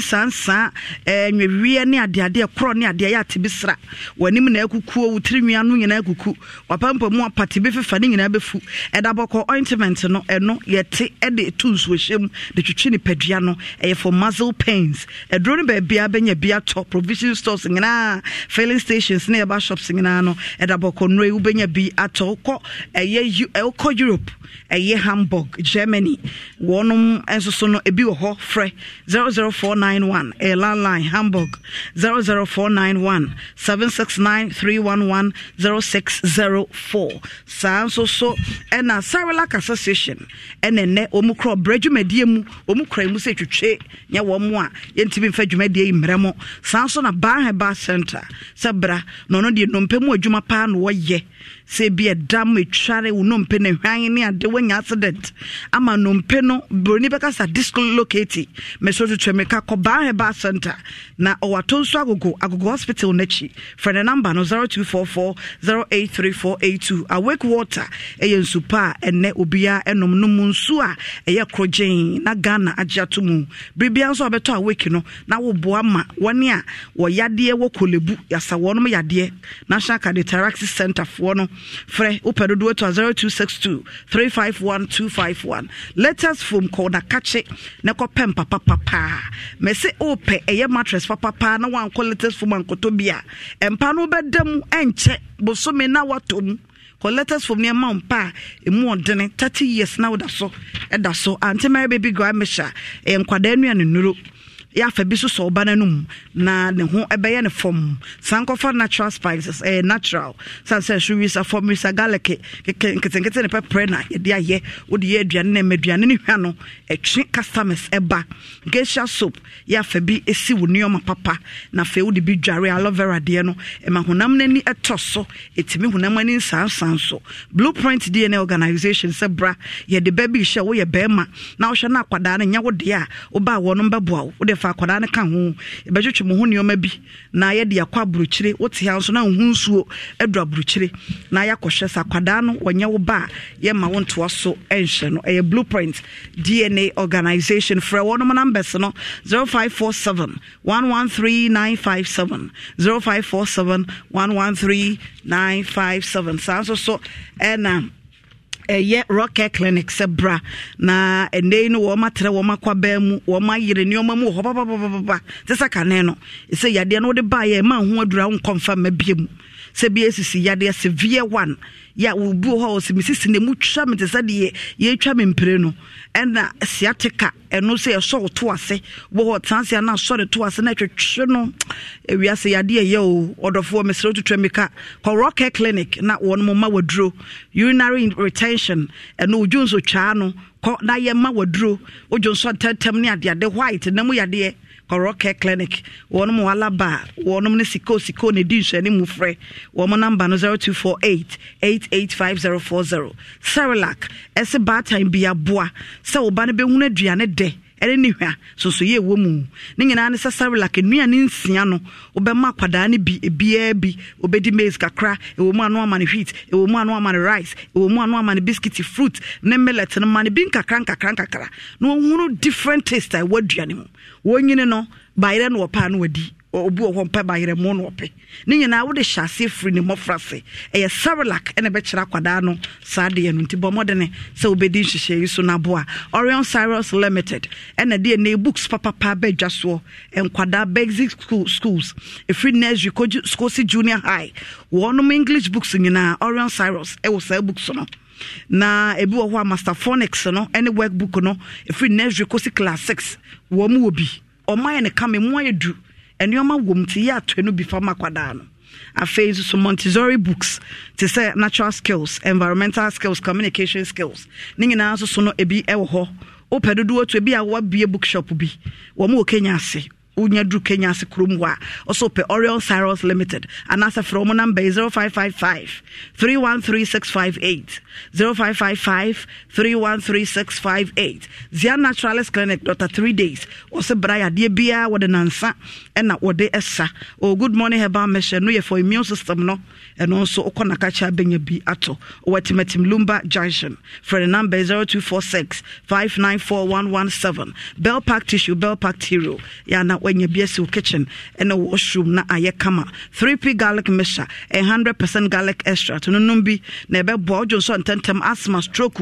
Eh, nwawie ne adeadeɛ korɔ ne adeɛ yɛ ate bi sra w'anim na akukuo wo tirinwia no nyinaa akuku wapampamu apate bi fefa ne nyinaa bɛfu ɛda bɔkɔ ointment no ɛno yɛte de to nsuohyɛ mu de twitwi nipadua no ɛyɛ for muscle pains ɛduro no baabia bɛnya bi atɔ provision stores nyinaa filling stations ne yɛba shops nyinaa no ɛda bɔkɔ nnuro yi wobɛnya bi atɔ wokɔ ɛyɛ ɛwokɔ europe ɛyɛ hamburg germany wɔnom nso so no ebi wɔ hɔ frɛ 00491 ɛlan National Line, Hamburg 00491 769 311 0604. Saa nso so ɛna Saralac Association ɛna ɛnɛ wɔn korɔ brɛ dwumadie mu wɔn korɔ emu sɛ twitwe nyɛ wɔn mu a yɛntumi mfa dwumadie yi mmerɛ mo. Saa nso Center sabra bra na ɔno deɛ nnompe mu adwuma paa na sɛ ebi ɛdam ɛtware wo nnompe no hwan ne ade woanya accident ama nnompe no buroni bɛka sa dislocate mɛso totwɛ meka kɔbaa heba center na ɔwato nso agogo agogo hospital n'akyi frɛ ne number no 0244 083482 awake water ɛyɛ nsu pa a ɛnɛ obiaa ɛnom no mu nsu a ɛyɛ korogyen na ghana agye ato mu biribiara nso a wɔbɛtɔ awake no na woboa ma wɔne a wɔyadeɛ wɔ kolebu yasa wɔnom yadeɛ national cardiothoracic centerfoɔ no frɛ wopɛ dodoɔ to a 0262 351 251 letters fom kɔ nakakye na kɔpɛ mpapa papaa mɛse wopɛ ɛyɛ mattress papapaa na woankɔ letters fom ankɔtɔ bi a ɛmpa no wobɛda mu ɛnkyɛ bosome na woatɔ mu collectors from near Mount Pa, a more than thirty years na That's so, and that's so. Auntie Mary Baby Grandmisha, and Quadenia and Nuru yɛafa bi so ɔba no anom na ne ho ɛbɛyɛ ne fam saa nkɔfa natural spices eh, natural sane sɛ so wisa fam wisa garlic nketenkete ne pɛprɛ na yɛde ayɛ wode yɛ aduane na maduane no hwa no ɛtwe customers ɛba gesia soap yɛafa bi ɛsi wo nneɔma papa na afei wode bi dware aloe vera deɛ no ɛma honam no ani ɛtɔ so ɛtumi honam ani nsansan so blueprint dna organization sɛ bra yɛde ba bi hyɛ woyɛ bɛrima na wohwɛ no akwadaa no nyɛ wo deɛ a wobaa wɔ no mbɛboa wo fa akwadaa no ka ho mo ho bi na yɛde akɔ aburokyire wote ha nso na nhu nsuo aburokyire na yɛakɔhwɛ sɛ akwadaa no wɔnyɛ wo ba a yɛma wo ntoa so no ɛyɛ blueprint dna organisation frɛ wɔnom numbers no 0547 113957 0547 113957 saa nso so ɛna ɛyɛ rocket clinic sɛ bra na ɛnɛ no wɔma trɛ wɔma kwabaa mu wɔma yere nneɔma mu wɔ hɔ papapapapa te sɛ kane no sɛ yadeɛ no wode baeɛ ma ho adura wo nkɔmfa ma bie mu sɛ bi ɛsisi yadeɛ severe one yɛ wobuo hɔ wɔ sɛ mesisi na mu twa me te sɛ deɛ yɛtwa me mpire no ɛna uh, siateka ɛno sɛ yɛsɔ wo to ase wɔ hɔ transea no asɔre to ase na ɛtwetwe no awiase e yɛade ɛyɛ o ɔdɔfoɔ mesrɛ wototwa mi ka kɔworɔ care clinic na wɔno mo ma waduro urinary retention ɛno wodwo nso twaa no kɔ na yɛma waduro wodwo nso ne adeade white na mu yɛdeɛ kɔrɔ care clinic wɔnom walaba wɔnom ne siko siko ne di nhwɛne mu frɛ wɔn namba no 0248 885040 cerelac ɛsɛ baatan bi aboa sɛ wo ba no bɛhunu aduane dɛ ɛne ne hwa soso yɛ ɛwɔ mu ne nyinaa ne sɛ sarelak nnuane nsia no wobɛma akwadaa no bi ebiaa bi wobɛdi maize kakra ɛwɔ mu ano ama no wheat ɛwɔ mu ano ama no rice ɛwɔ mu ano ama no fruit ne millet no ma bi nkakra nkakra nkakra na wɔhunu different taste a ɛwɔ aduane mu wɔnyini no bayerɛ no wɔpɛ a no wadi obi wɔ hɔ mpɛ bayerɛ mu no ɔpɛ ne nyinaa wode hyɛ aseɛ firi ne mmɔfra ɛyɛ sarelac ɛna ɛbɛkyerɛ akwadaa no saa deɛ no nti bɔ sɛ wobɛdi nhyehyɛyi so no aboa orion cyrus limited ɛna deɛ ne books papapa bɛadwa soɔ nkwadaa basic school, schools ɛfiri nursery kɔsi junior high wɔnom english books nyinaa orion cyrus ɛwɔ saa books no na ebi wɔ hɔ a master phonics no ne workbook no ɛfiri nursery kosi class six wɔn mu wɔ bi ne kame mu ayɛ du nneɛma wɔ mu te yɛ atɔ bi fa ma kwadaa no afei nso so montessori books te sɛ natural skills environmental skills communication skills ne nyinaa nso so no ebi wɔ hɔ wopɛ dodoɔ to ebi a wɔabue bookshop bi wɔn wɔ kenya ase wonya duru kenya ase kurom hɔ a ɔso pɛ cyrus limited anaasɛ frɛ mu namba yi 0555 313658 0555 313658 zia naturalist clinic dr 3 days ɔsɛ bra adeɛ wɔde nansa ɛna wɔde o oh, good morning herbal no yɛ for immune system no ɛno nso wokɔ bi ɔwɔ timatim lumba junction frɛ 0246 594117 bell park tissue bell park yɛana wanya bi asi wo kitchen ɛna wo washroom na ayɛ kama 3p garlic mixture percent garlic extract nonom bi na ɛbɛboa wodwo nso ntɛntɛm asma stroke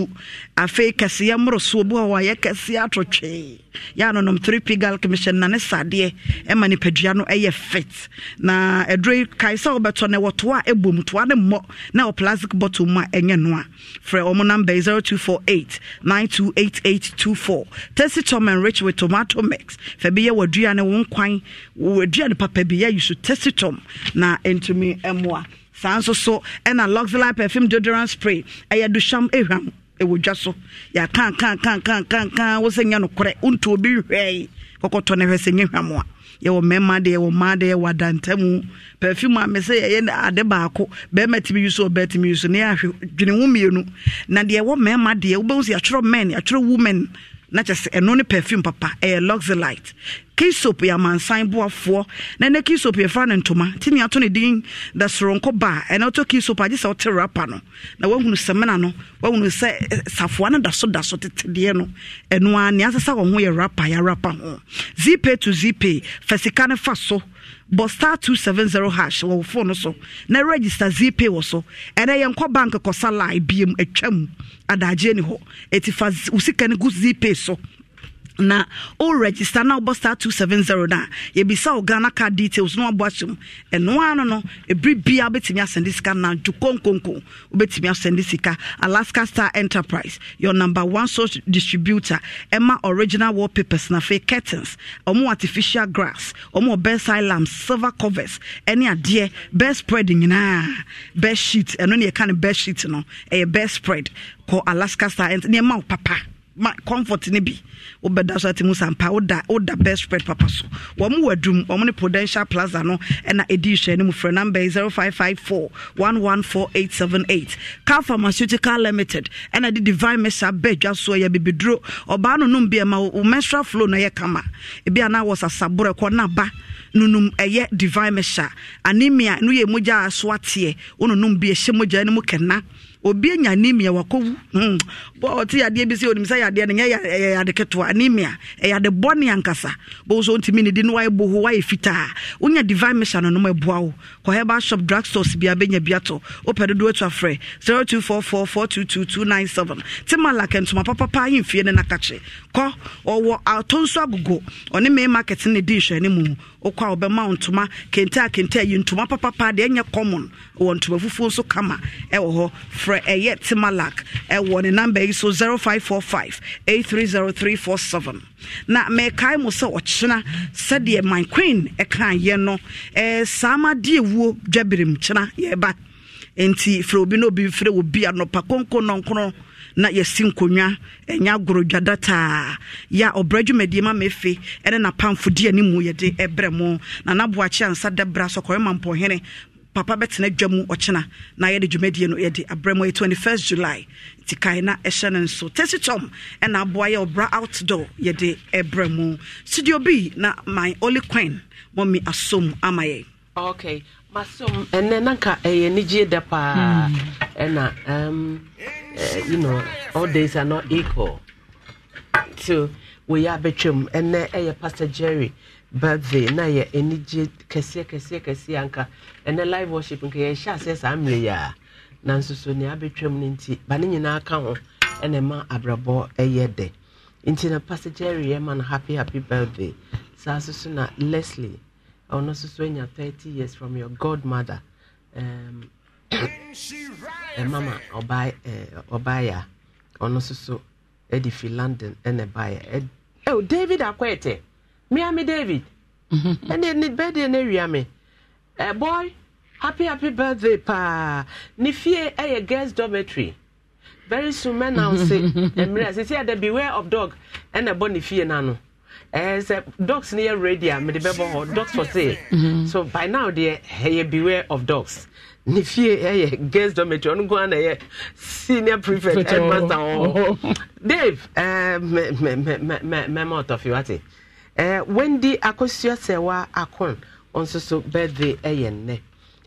afei kɛseɛ mmorosoɔ bi hɔ wɔ ayɛ kɛseɛ atotwee yɛ anonom 3 pigal galk mehyɛ na ne sadeɛ ma nipadua no ɛyɛ fit na ɛdurɛ kae sɛ wobɛtɔ no wɔtoa a mo toa ne mmɔ na oplastic plastic bottle mu a ɛnyɛ no a frɛ ɔmo 0248 928824 tom and rich with tomato mix fa bi yɛ wɔadua ne wo nkwan wɔadua ne papa bi yɛ yusu tom na ɛntumi mmoa saa nso so ɛna luxury perfume deodorant spray ɛyɛ dusham ɛhwam ɛwɔ dwa so yɛakankankankankan wo sɛ nyɛ nokorɛ wontu obi hwɛe kɔkɔtɔ no hwɛ sɛ nyɛ hwam a yɛwɔ mmarima deɛ yɛwɔ mmaa deɛ yɛwɔ adantamu perfume a mesɛ yɛyɛ ade baako bɛrima tumi yi so ɔbɛɛ tumi yi so na yɛahwɛ dwene wo mmienu na deɛ ɛwɔ mmarima deɛ wobɛhu sɛ yɛatwerɛ men yɛatwerɛ women na kyɛ sɛ ɛno ne perfume papa ɛyɛ luxelite kesop yɛ amansan boafoɔ na ɛnɛ kesop yɛfra no ntoma nti neato ne din the soronko ba ɛnɛ wotɔ kesop agye sɛ wote rapa no na woahunu sɛmena no woahunu sɛ safoa no da so da so no ɛno nea asesa wɔ ho yɛ rapa yɛarapa ho zp to zp fa sika no fa so bɔ star 270 hash wɔ wo phone so na register zpay wɔ so ɛnɛ yɛnkɔ bank kɔsa lie biem atwa mu adagyeɛ ni hɔ ɛti fa wo sika no gu zpay so na o register na wobɔ star 270 no a yɛbisa wo ghana card details na wabɔ ahyɛ mu ɛno ara no no ɛbere biaa wobɛtumi asɛnde sika nanto konkonko wobɛtumi asɛnde sika alaska star enterprise your number one source distributor Emma original wallpapers na afei curtains ɔmo artificial grass ɔmo ɔbɛsai lam silver covers ɛne adeɛ best spread nyinaa best sheet ɛno ne yɛka no best sheet no ɛyɛ best spread kɔ alaska star nneɛma wo papa ma comfort ne bi wobɛda so ate sampa woda woda best spread papa so wɔn mu wadum wɔn ne prudential plaza no ɛna edi nhwɛ no mu frɛ number yi zero five five four one one four eight seven eight car pharmaceutical limited ɛna de divine mesha bɛɛ dwa soɔ yɛ bibiduro ɔbaa no nom bi ɛma wo menstrual flow na yɛ kama ebi ana wɔ sasaborɛ kɔ naba nunum ɛyɛ divine mesha, anemia no yɛ mogya aso ateɛ wɔn nom bi ɛhyɛ mogya no mu kɛna. obi anya anemia wakɔwu hmm. ɔte yadeɛ bi sɛ onim sɛ yadeɛ no nyɛ ɛyɛ eh, eh, ade ketewa anemia ɛyɛ eh, ade bɔne ankasa bɛwo sɛ wontumi ne di no wayɛ ho wayɛ fitaa wonya divine mission no nom ɛboa wo kɔ herbal shop drug stores bia bɛnya bi ato wopɛ dodoɔ atu afrɛ 0244422297 te malak ntoma papapa yi mfie ne naka kye kɔ ɔwɔ atɔ nso agogo ɔne main market ne di nhwɛne mu wokɔ a wɔbɛma wo ntoma kente a kente a yi ntoma papapa deɛ ɛnyɛ common wɔ ntoma fufuo nso kama ɛwɔ e hɔ frɛ ɛyɛ e te malak ɛwɔ e ne number yi so 0545 830347 na mekae mu sɛ ɔkyena sɛdeɛ my queen ɛkaeɛ no saa ma de wuo dwaberem kyena yɛba nti frɛ obi na obi frɛ obi anɔpa konko nɔnkono na yɛsi nkonnwa ɛnyɛ agorodwa taa. yɛ a ɔbrɛ dwumadie ma mefe ɛne napamfo di animu yɛde brɛ mu na naboakye ansa sọ sɔkɔrɛ ma mpɔhene papa bɛtena dwa mu ɔkyena na yɛde dwumadie no yɛde abrɛ mu 21st july nti kae na ɛhyɛ no nso tesi tom ɛna aboa yɛ ɔbra outdoor yɛde ɛbrɛ mu studio b na my only queen mɔmi asom ama yɛ okay masom ɛnɛ nanka ɛyɛ anigye da paa hmm. ɛna um, uh, you know all days are not equal so wɔyɛ abɛtwam ɛnɛ ɛyɛ pastor jerry birthday na yɛ anigye kɛseɛ kɛseɛ kɛseɛ anka ɛnɛ live worship nka yɛhyɛ aseɛ saa mmerɛ yi a nanso so nea abɛtwam no nti ba ne nyinaa ka ho ɛna ɛma abrabɔ ɛyɛ dɛ nti na pastor jerry yɛma no happy happy birthday saa so so na leslie ɔno nso so anya 30 years from your godmother um, mama ɔbaa ɔbaa yɛ a ɔno nso so ɛde fi london ɛna ɛbaa yɛ ɛwɔ david akwete mia me david ɛne ne birthday no awia me eh, boy happy happy birthday paa ne fie ɛyɛ girls dormitory very soon mɛ naw se mmerɛ sisi ada beware of dog ɛna ɛbɔ ne fie na no ɛɛ sɛ dogs ne yɛ ready a mede bɛbɔ hɔ dogs for sale so by now deɛ ɛyɛ beware of dogs ne fie ɛyɛ girls dormitory ɔno goa na ɛyɛ senior prefect headmaster wɔ hɔ dave ɛɛ mɛ mɛ mɛ mɛ mɛ mɛ ɔtɔfi wate. Eh, wendi akosua sɛwa akon ɔnso so birthday ɛyɛ eh, nnɛ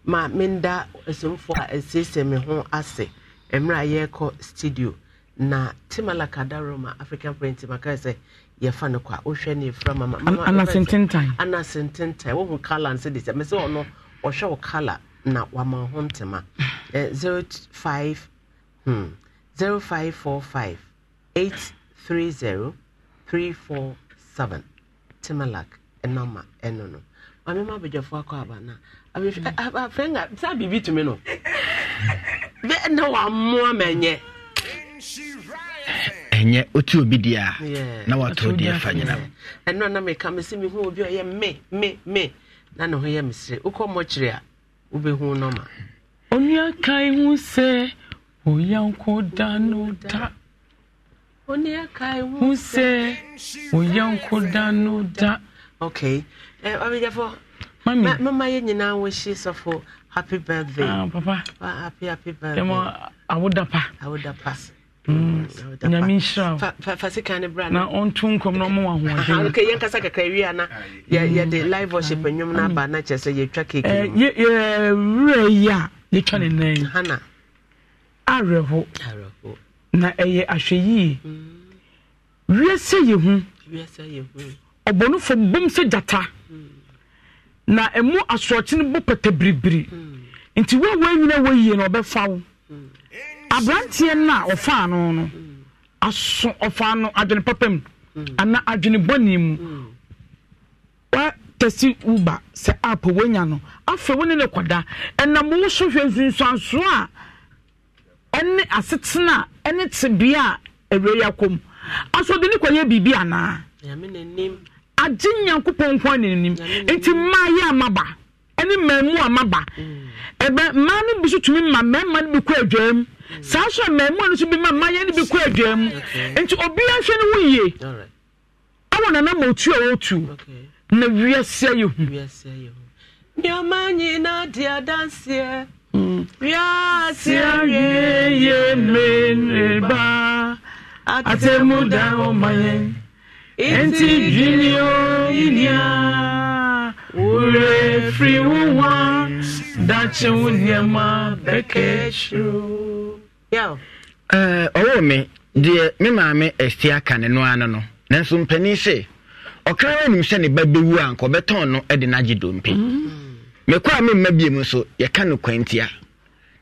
ma menda asomfo a eh, ɛsiesie me ho ase mmerɛ a yɛrekɔ studio na timala kadaroma african print maka sɛ yɛfa no kɔ a wohwɛ no yɛfra mama anasententan anasententan wohu kala nsɛ de sɛ me sɛ ɔno ɔhwɛ wo kala na wama ho ntema 05 hmm, 0545 830 347 timalak ɛnama ɛno no maame ma abadwafo akɔ aba na abɛfrɛ nga saa biribi tumi no bɛ na wammoa ma ɛnyɛ ɛnyɛ otu obi deɛ a na wato deɛ fa nyinam ɛno na meka me sɛ mehu obi ɔyɛ me me me na ne ho yɛ mesere wokɔ mmɔkyere a wobɛhu nɔma ɔnua kae hu sɛ ɔyanko da no da hu wo yɛnko da no da okay ɛmɔ eh, awoda ah, mm. pa nyame nhyira ɔnto nkɔm na ɔma wahoɔdenyɛnkasa eh, yi a yɛtwa ne nan awerɛho na ɛyɛ ahwɛ yie wiase yɛ hu ɔbɔnufo bom sɛ gyata hmm. na ɛmu no bɔ pɛtɛ biribiri hmm. nti wo a wɔanyina wɔyie no ɔbɛfa wo hmm. aberanteɛ no a ɔfaa no no aso ɔfaa no adwene papa mu ana adwene bɔne mu watasi uba sɛ app woanya no afei wo ne ne kɔda ɛnam wo so hwɛ nsunsuansoɔ a ɛne asetena ɛne tebea a awura yi akɔ mu asɔde ne kɔyɛ biribi anaa agye nyankopɔn nko ananim nti mmaa yɛ amaba ɛne mmaamu amaba ɛbɛ mm. mmaa no bi so tumi ma mmarima no bi kɔ adwaa mu mm. saa so a mmaamu no so bi ma mmaayɛ no bi kɔ adwaa mu nti obiara hwɛ no ho yie awɔ nana ma otu a wɔtu na wiase yɛ hu nneɛma nyinaa di adanseɛ. Yasia ye ye meneba atemuda omaye enti o inia ure wuwa ma me no ano no nanso ɔkra nim sɛ ne ba bɛwu a nkɔ bɛtɔn no de n'agye dompe mm. mekɔ a memma biem nso yɛka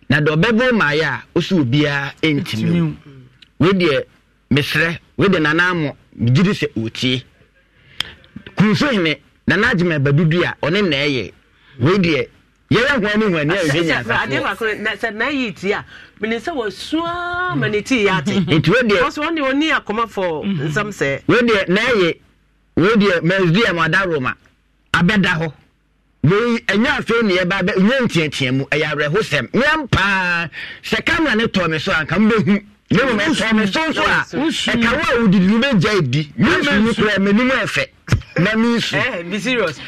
na dɛ ɔbɛbɔ maayɛ a ɔsɛ obiara ntimi wei deɛ mesrɛ wei nana amɔ megyere sɛ ɔtie kunso hene nana agyema badudu a ɔne na ɛyɛ wei deɛ yɛyɛ hwan ne hwan ne a na sɛ nayi ti a mene sɛ wɔsua ma ne tii yɛate nti wei deɛ ɔsɛ ɔne ɔni akoma fɔ mhm. nsɛm sɛ wei na ɛyɛ wei deɛ masdi a mada roma abɛda hɔ wei ɛnyɛ afei ne ɛba bɛ nyɛ nteɛteɛ mu ɛyɛ awerɛho sɛm nyɛ mpaa sɛ kamera ne tɔ me so anka mbɛhu ne mu ɛtɔ me so nso a ɛka wo a wodidi no bɛgya edi mesu no koraa m'anim ɛfɛ na mesu eh, be serious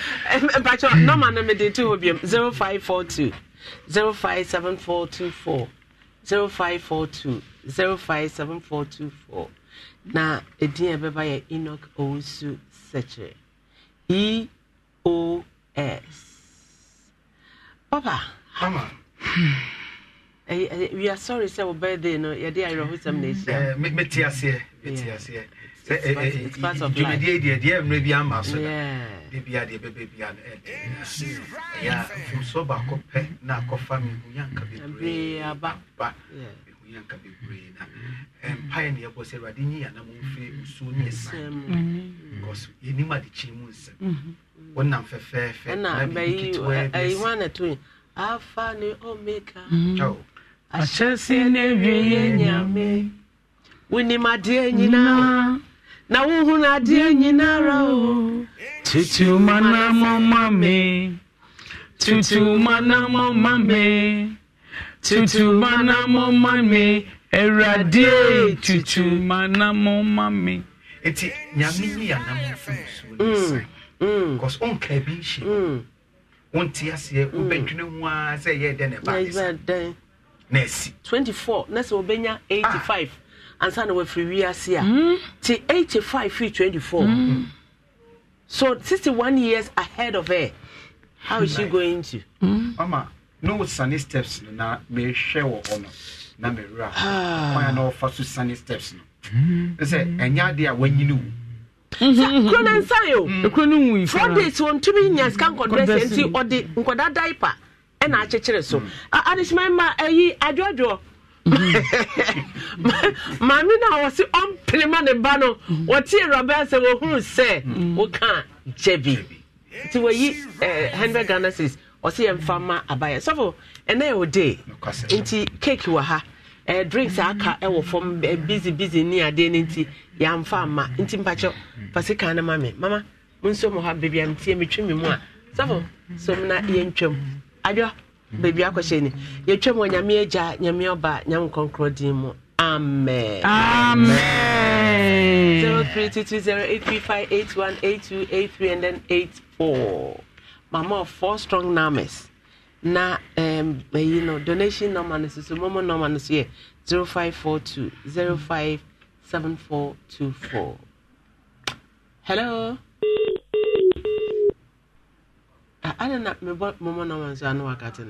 mpakyɛ nɔma no mede to hɔ biom 0542 057424 0542 057424 na ɛdin a ɛbɛba yɛ enoch osu sɛkyerɛ e o S papa mama eh, eh, we are sorry sɛ your birthday no yɛde awerɛhosɛm na ɛhyia mete aseɛ mete aseɛ dwumadie deɛ deɛ mmerɛ bi ama so da bebia deɛ bɛbɛ bia no ɛyɛ mfomsoɔ baakɔ pɛ na akɔfa mehuya nka bebree aba mehuya nka bebree na eh, mpaeɛ ne yɛbɔ sɛ awurade nyi yɛanam mfiri nsuo ne ɛsa because yɛnim adekyee mu nsɛm mm-hmm wonam eh, eh, mm-hmm. fɛfɛɛfɛ oh. na biribi ketewa bi afa ne omega ahyɛnse ne wie nyame wonim adeɛ nyinaa na wohunu adeɛ nyinara o tutuma na mɔma me tutuma na mɔma me tutuma na mɔma me awurade tutuma na mɔma me. eti nyame yi anam fɛn so ne Mm. because ɔnka bi nhyɛ wonte aseɛ wobɛdwene ho a sɛ ɛyɛ dɛn ɛba na asi 24 na sɛ wobɛnya 85 ah. ansa na wafiri wiase a mm. te 85 firi 24 mm. so 61 years ahead of her how is right. she going to mm. mama no sane steps no na mehwɛ wɔ hɔ no na mewura ah. kwan mm. a na ɔfa so sane steps no sɛ ɛnyɛ adeɛ a wanyini wo Mm-hmm. kuro na nsare o mm-hmm. kuro no wu ifo four days wɔn tumi nya sika nkɔdrɛsɛ nti ɔde nkɔda diaper ɛna mm-hmm. akyekyere so adesimɛ mma ɛyi adwoadwoɔ maame na wɔsi ɔmpirima ne ba no wɔte awuraba asɛm ohun sɛ woka jɛbi nti wɔyi ɛɛ eh, hundred ghana cedis ɔsi yɛn fa ma abayɛ sɔfo ɛnna yɛ o nti keeki wɔ ha ɛɛ eh, drinks aka ɛwɔ fam ɛɛ eh, busy busy ni adeɛ ne nti. yɛamfa amma nti mpakyɛw fa sika ma mama nso mu hɔ baabi a metie metwe me mu a sɛfo som na yɛntwam adwa baabi akɔhyɛ ni yɛtwam wɔ nyame agya nyame ɔba nyame nkɔnkorɔ din mu amen amen 03220835818283 and then 84 mama of four strong names. na um, you know donation number no so momo number 0542 05 7424. Hello? adana mebɔ mɔmɔ na wanzu anu wakati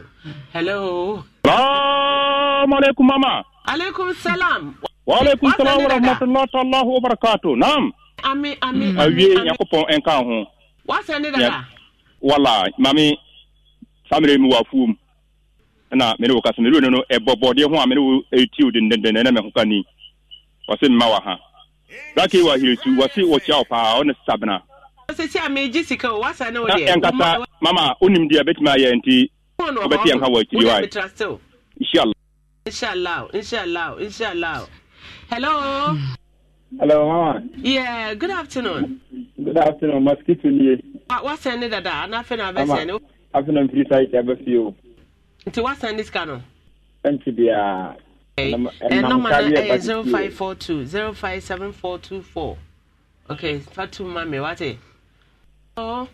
mama. aleykum salaam. wa aleykum salaam wa rahmatulah talahu wa barakatu naam. ami ami mm. ami. awie yakubɔn ɛnkan ho. wasa ne dada. wala maami samire mi wa fuu mu ɛna mɛ ne wo kasi mɛ ne no ɛbɔbɔdeɛ e ho a mɛ ne wo eti o wɔse mma wɔ ha dake wɔ ahiri tu wɔse wɔkyia wɔ paa ɔne sabena ɛnkasa mama wonim deɛ bɛtumi ayɛ nti wobɛte yɛnka wɔ akyiri wa hello hello mama yeah good afternoon good afternoon mosquito nie wasɛn ne dada anafɛ na abɛsɛn ne afɛ na mfiri site abɛfie o nti wasɛn ne sika no okay fatu eh, mami eh? hello.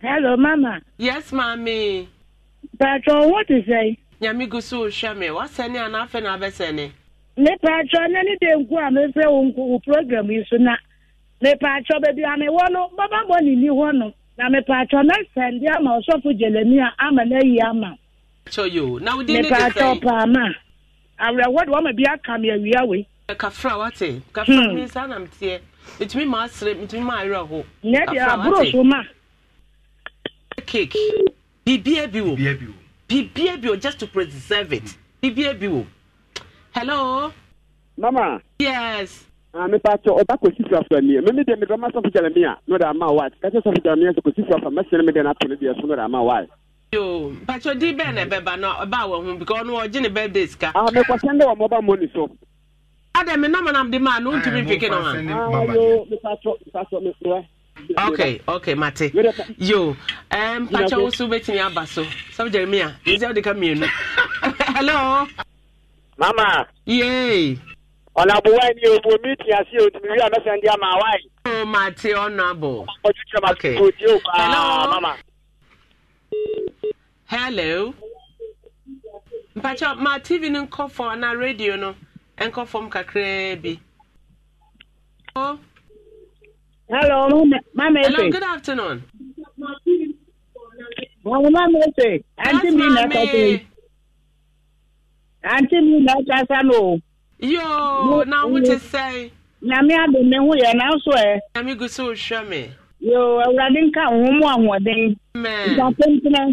hello mama. yes maami. patro what is it. nyame gu so ohwɛ me wasɛne anaafe na abɛsɛ ne. mepatro ne ne a mefrɛ wo program yi na mepatro baabi a mewɔ no ni hɔ no na mepatro na sɛnde ama ɔsɔfo gyelani a ama no ayi ama. awerɛhoɔ de wama bi aka me awia we. kafra wate kafra hmm. me nsa nam teɛ metumi ma asere metumi ma awerɛho nɛ deɛ aboro so ma cake biribia bi wo biribia bi wo just to preserve it biribia bi wo hello mama yes ah, mepatɔ ɔba kɔsi suafo ani meme deɛ mebɛma sɔfo gyalemi a na ɔde ama wae ka kyɛ sɔfo gyalemi a sɛ kɔsi suafo a mɛsene me deɛ no ato no deɛ so na ɔde ama wae yo pàtó di bẹ́ẹ̀ na ẹ̀bẹ̀ bá na ọba àwọn ọ̀hún because ọ̀nà ọ̀gye ni birthday sika. a ah, mẹ kwasi ndé wà mọ ọba mọni so. adam nọmba nam di maa nu ntumi pikin na wa. ayo mi pàtó pàtó mi ah, ah, pẹ́. ok ok mate yo um, pàtó wosu bẹ́tìmí aba so sọ jeremia ǹjẹ́ ọ̀ di ka mìínú. hello. mama. yeee. ọ̀nà àbúwá ni o bu omi tìyà sí o tìmí wíwá mẹ́sàn-án di àmà wáyé. o máa ti ọ̀nà àbọ̀. ọjọ́ ìjọba ti kò hello mpacha ma tv no nkɔfɔ na radio no nkɔfɔ m kakraa bi hello hello mama efe hello good afternoon mama mama efe aunty mi na kɔtɔ aunty mi na kasa no yoo na wo te sɛn nyame ado ne ho yɛ nanso ɛ na gu so wohwɛ me yoo awurade nka wo ho mu ahoɔden nka tentena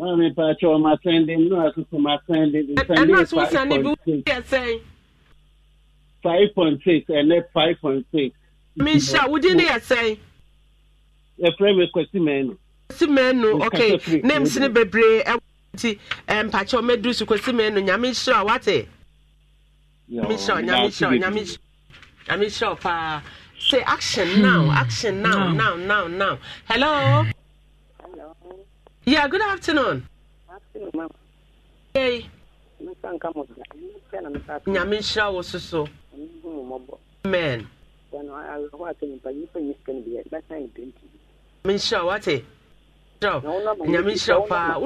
maame paakye ɔma sɛnde nnura soso ma sɛnde nsɛnde eh, eh, eh. five point six five point six ɛnɛ five point six. mihyia wudi ni yɛ sɛn. yɛfrɛ mi kwasi mɛnu. kwasi mɛnu ok names ni bebree ɛwɔ nti mpaakye ɔma edu so kwasi mɛnu nyame nhyira wate. nyame nhyira nyame nhyira nyame nhyira nyame nhyira paa say action now action now now now now hello. Yeah, good afternoon. Afternoon, ma'am. Hey. nyame nhyira wo so so mm-hmm, amen menhyira wo ate nyame nhyira wo paa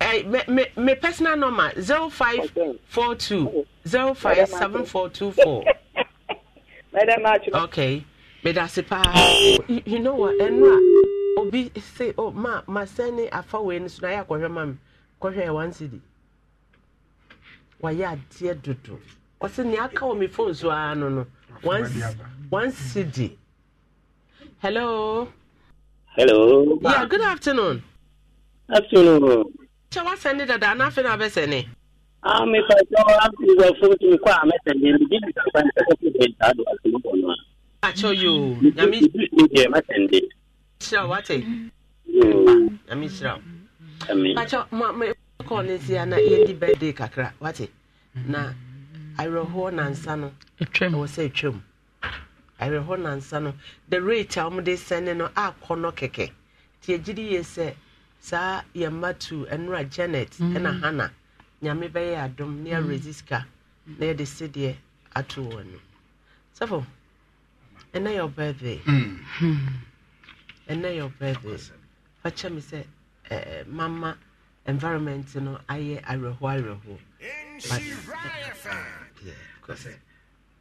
eh, eh, me personal number 0542 057424 okay meda you know what obi se o ma ma sɛne afa wei no so na yɛ akɔhwɛ ma me kɔhwɛ ɛ one cd wayɛ adeɛ dodo ɔsɛ nea aka wɔ me phone so ara no no one cd hello hello yeah good afternoon afternoon kyɛ wasɛne dada anaafe na abɛsɛne Ah, me pasó a pido fruto mi kwa me tendí mi dibi kwa me tendí mi tendí mi tendí mi tendí mi tendí mi tendí mi tendí mi tendí mi tendí kyerɛ wate nyame hyira na ne nsia mm. na yɛdi birthday kakra wate na awerɛhoɔ nansa no ɛwɔ sɛ ɛtwam awerɛhoɔ na no the rate a wɔmde sɛne no a nɔ keke nti yɛgyidi yie sɛ saa yɛmma tu ɛnora janet mm. ɛna hana nyame bɛyɛ adom ne mm. awerɛdi na yɛde sedeɛ ato wɔ no sɛfo ɛnɛ yɛ ɔbirthday ɛnɛ yɛ birthday fakyɛ mi sɛ eh, eh, mama environment no ayɛ awerɛhoɔ awerɛhoɔ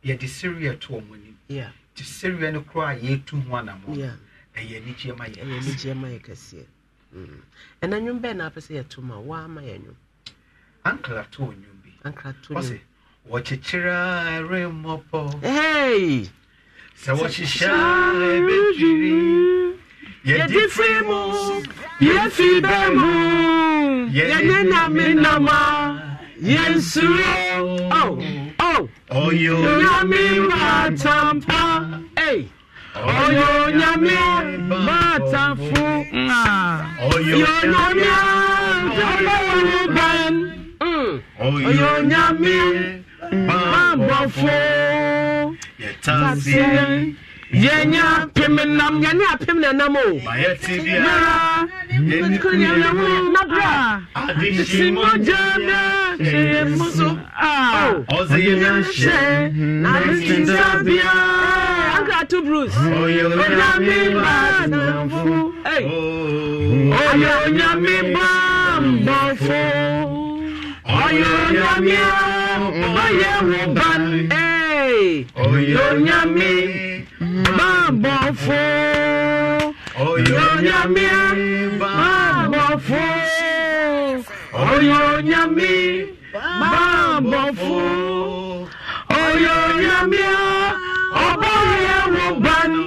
yɛde seria to ɔmo anim nti seria no koraa a yɛtu ho anammɔ ɛyɛ anigyeɛ ma yɛ anigyeɛ ma yɛ kɛseɛ mm. ɛna nnwom bɛɛ na apɛ sɛ yɛto ma waa ma yɛ nnwom ankra to nnwom bi ankra to nnwom wɔkyekyere a ɛremmɔpɔ sɛ wɔhyehyɛ a ɛbɛdwiri yɛdi firi mu yɛfi bɛɛ mu yɛne name nama yɛnsuro ɔyɛ onyame maatampa ɔyɛ onyame maatamfo ɔyɛ onyame ɔbɛyɛne ban ɔyɛ onyame maabɔfo yɛtaseɛ yɛnya pem nam yɛne apem na nam o simojana hyɛmu so ɔzenahyɛ nasintabia ankrato bruce onyame banamfo ɔyɛ onyame bambɔfo ɔyɛ onyame ɔyɛ wɔ ban se yonyami bambɔ fo yonyami bambɔ fo yonyami bambɔ fo yonyami ɔbɔ yɛ wo banu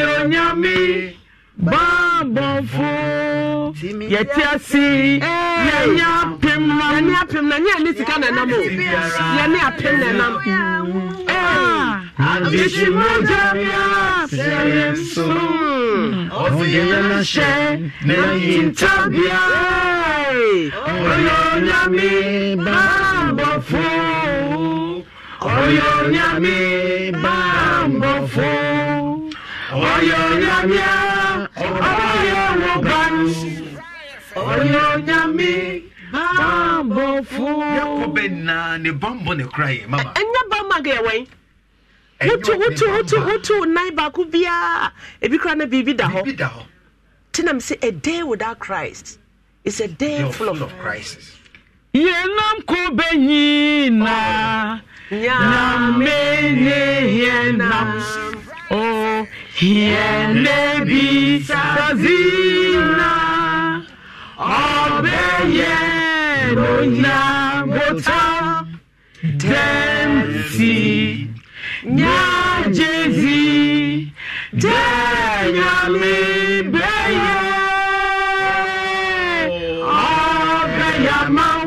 yonyami bambɔnfo yɛte ase yɛne apem nam yɛne apem na nyɛ ne sika na nam o yɛne apem na nam adesimajaria sɛyɛ nso ɔfiyɛna hyɛ na yintabea ɔyɛ onyame bambɔfo ɔyɛ onyame bambɔfo ɔyɛ onyame bambɔfo yɛkɔ bɛ naa ne bambɔ ne kora mama ɛnyɛ bama ga ɛwɛn wotu wotu wotu wotu nan baako biara ebi kora na biribi da hɔ tinam sɛ a day without christ is a day full of crisis yɛnam kɔ bɛnyina nyame ne yɛnam o oh, yɛnɛbisazina ɔbɛyɛ nonyabota dɛmsi nyajezi dɛnyame bɛyɛ ɔbɛyamaw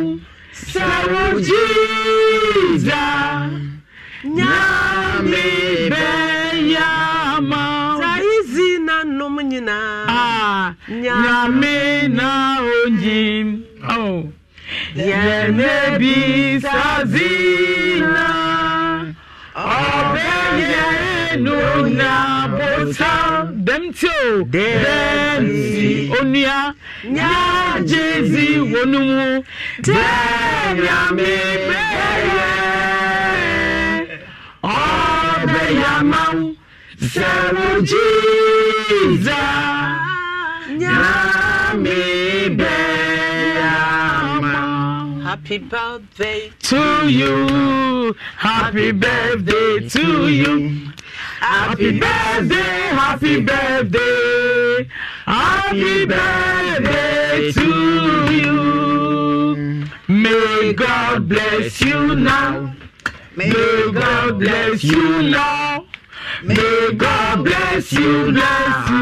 sɛwo jiza nya nyinaa nyame na onyim yɛne oh. bi sazina ɔbɛyɛ no na botam dem ti o dɛm ti onua nyagye zi wɔ no mu dɛm nyame bɛyɛ ɔbɛyɛ amaw sẹ̀wọ̀n jíza nyàmì bẹ́yàmà. Happy birthday to you. Happy birthday to you. Happy birthday, happy birthday, happy birthday to you. May God bless you now. May God bless you now. May God bless you, bless you.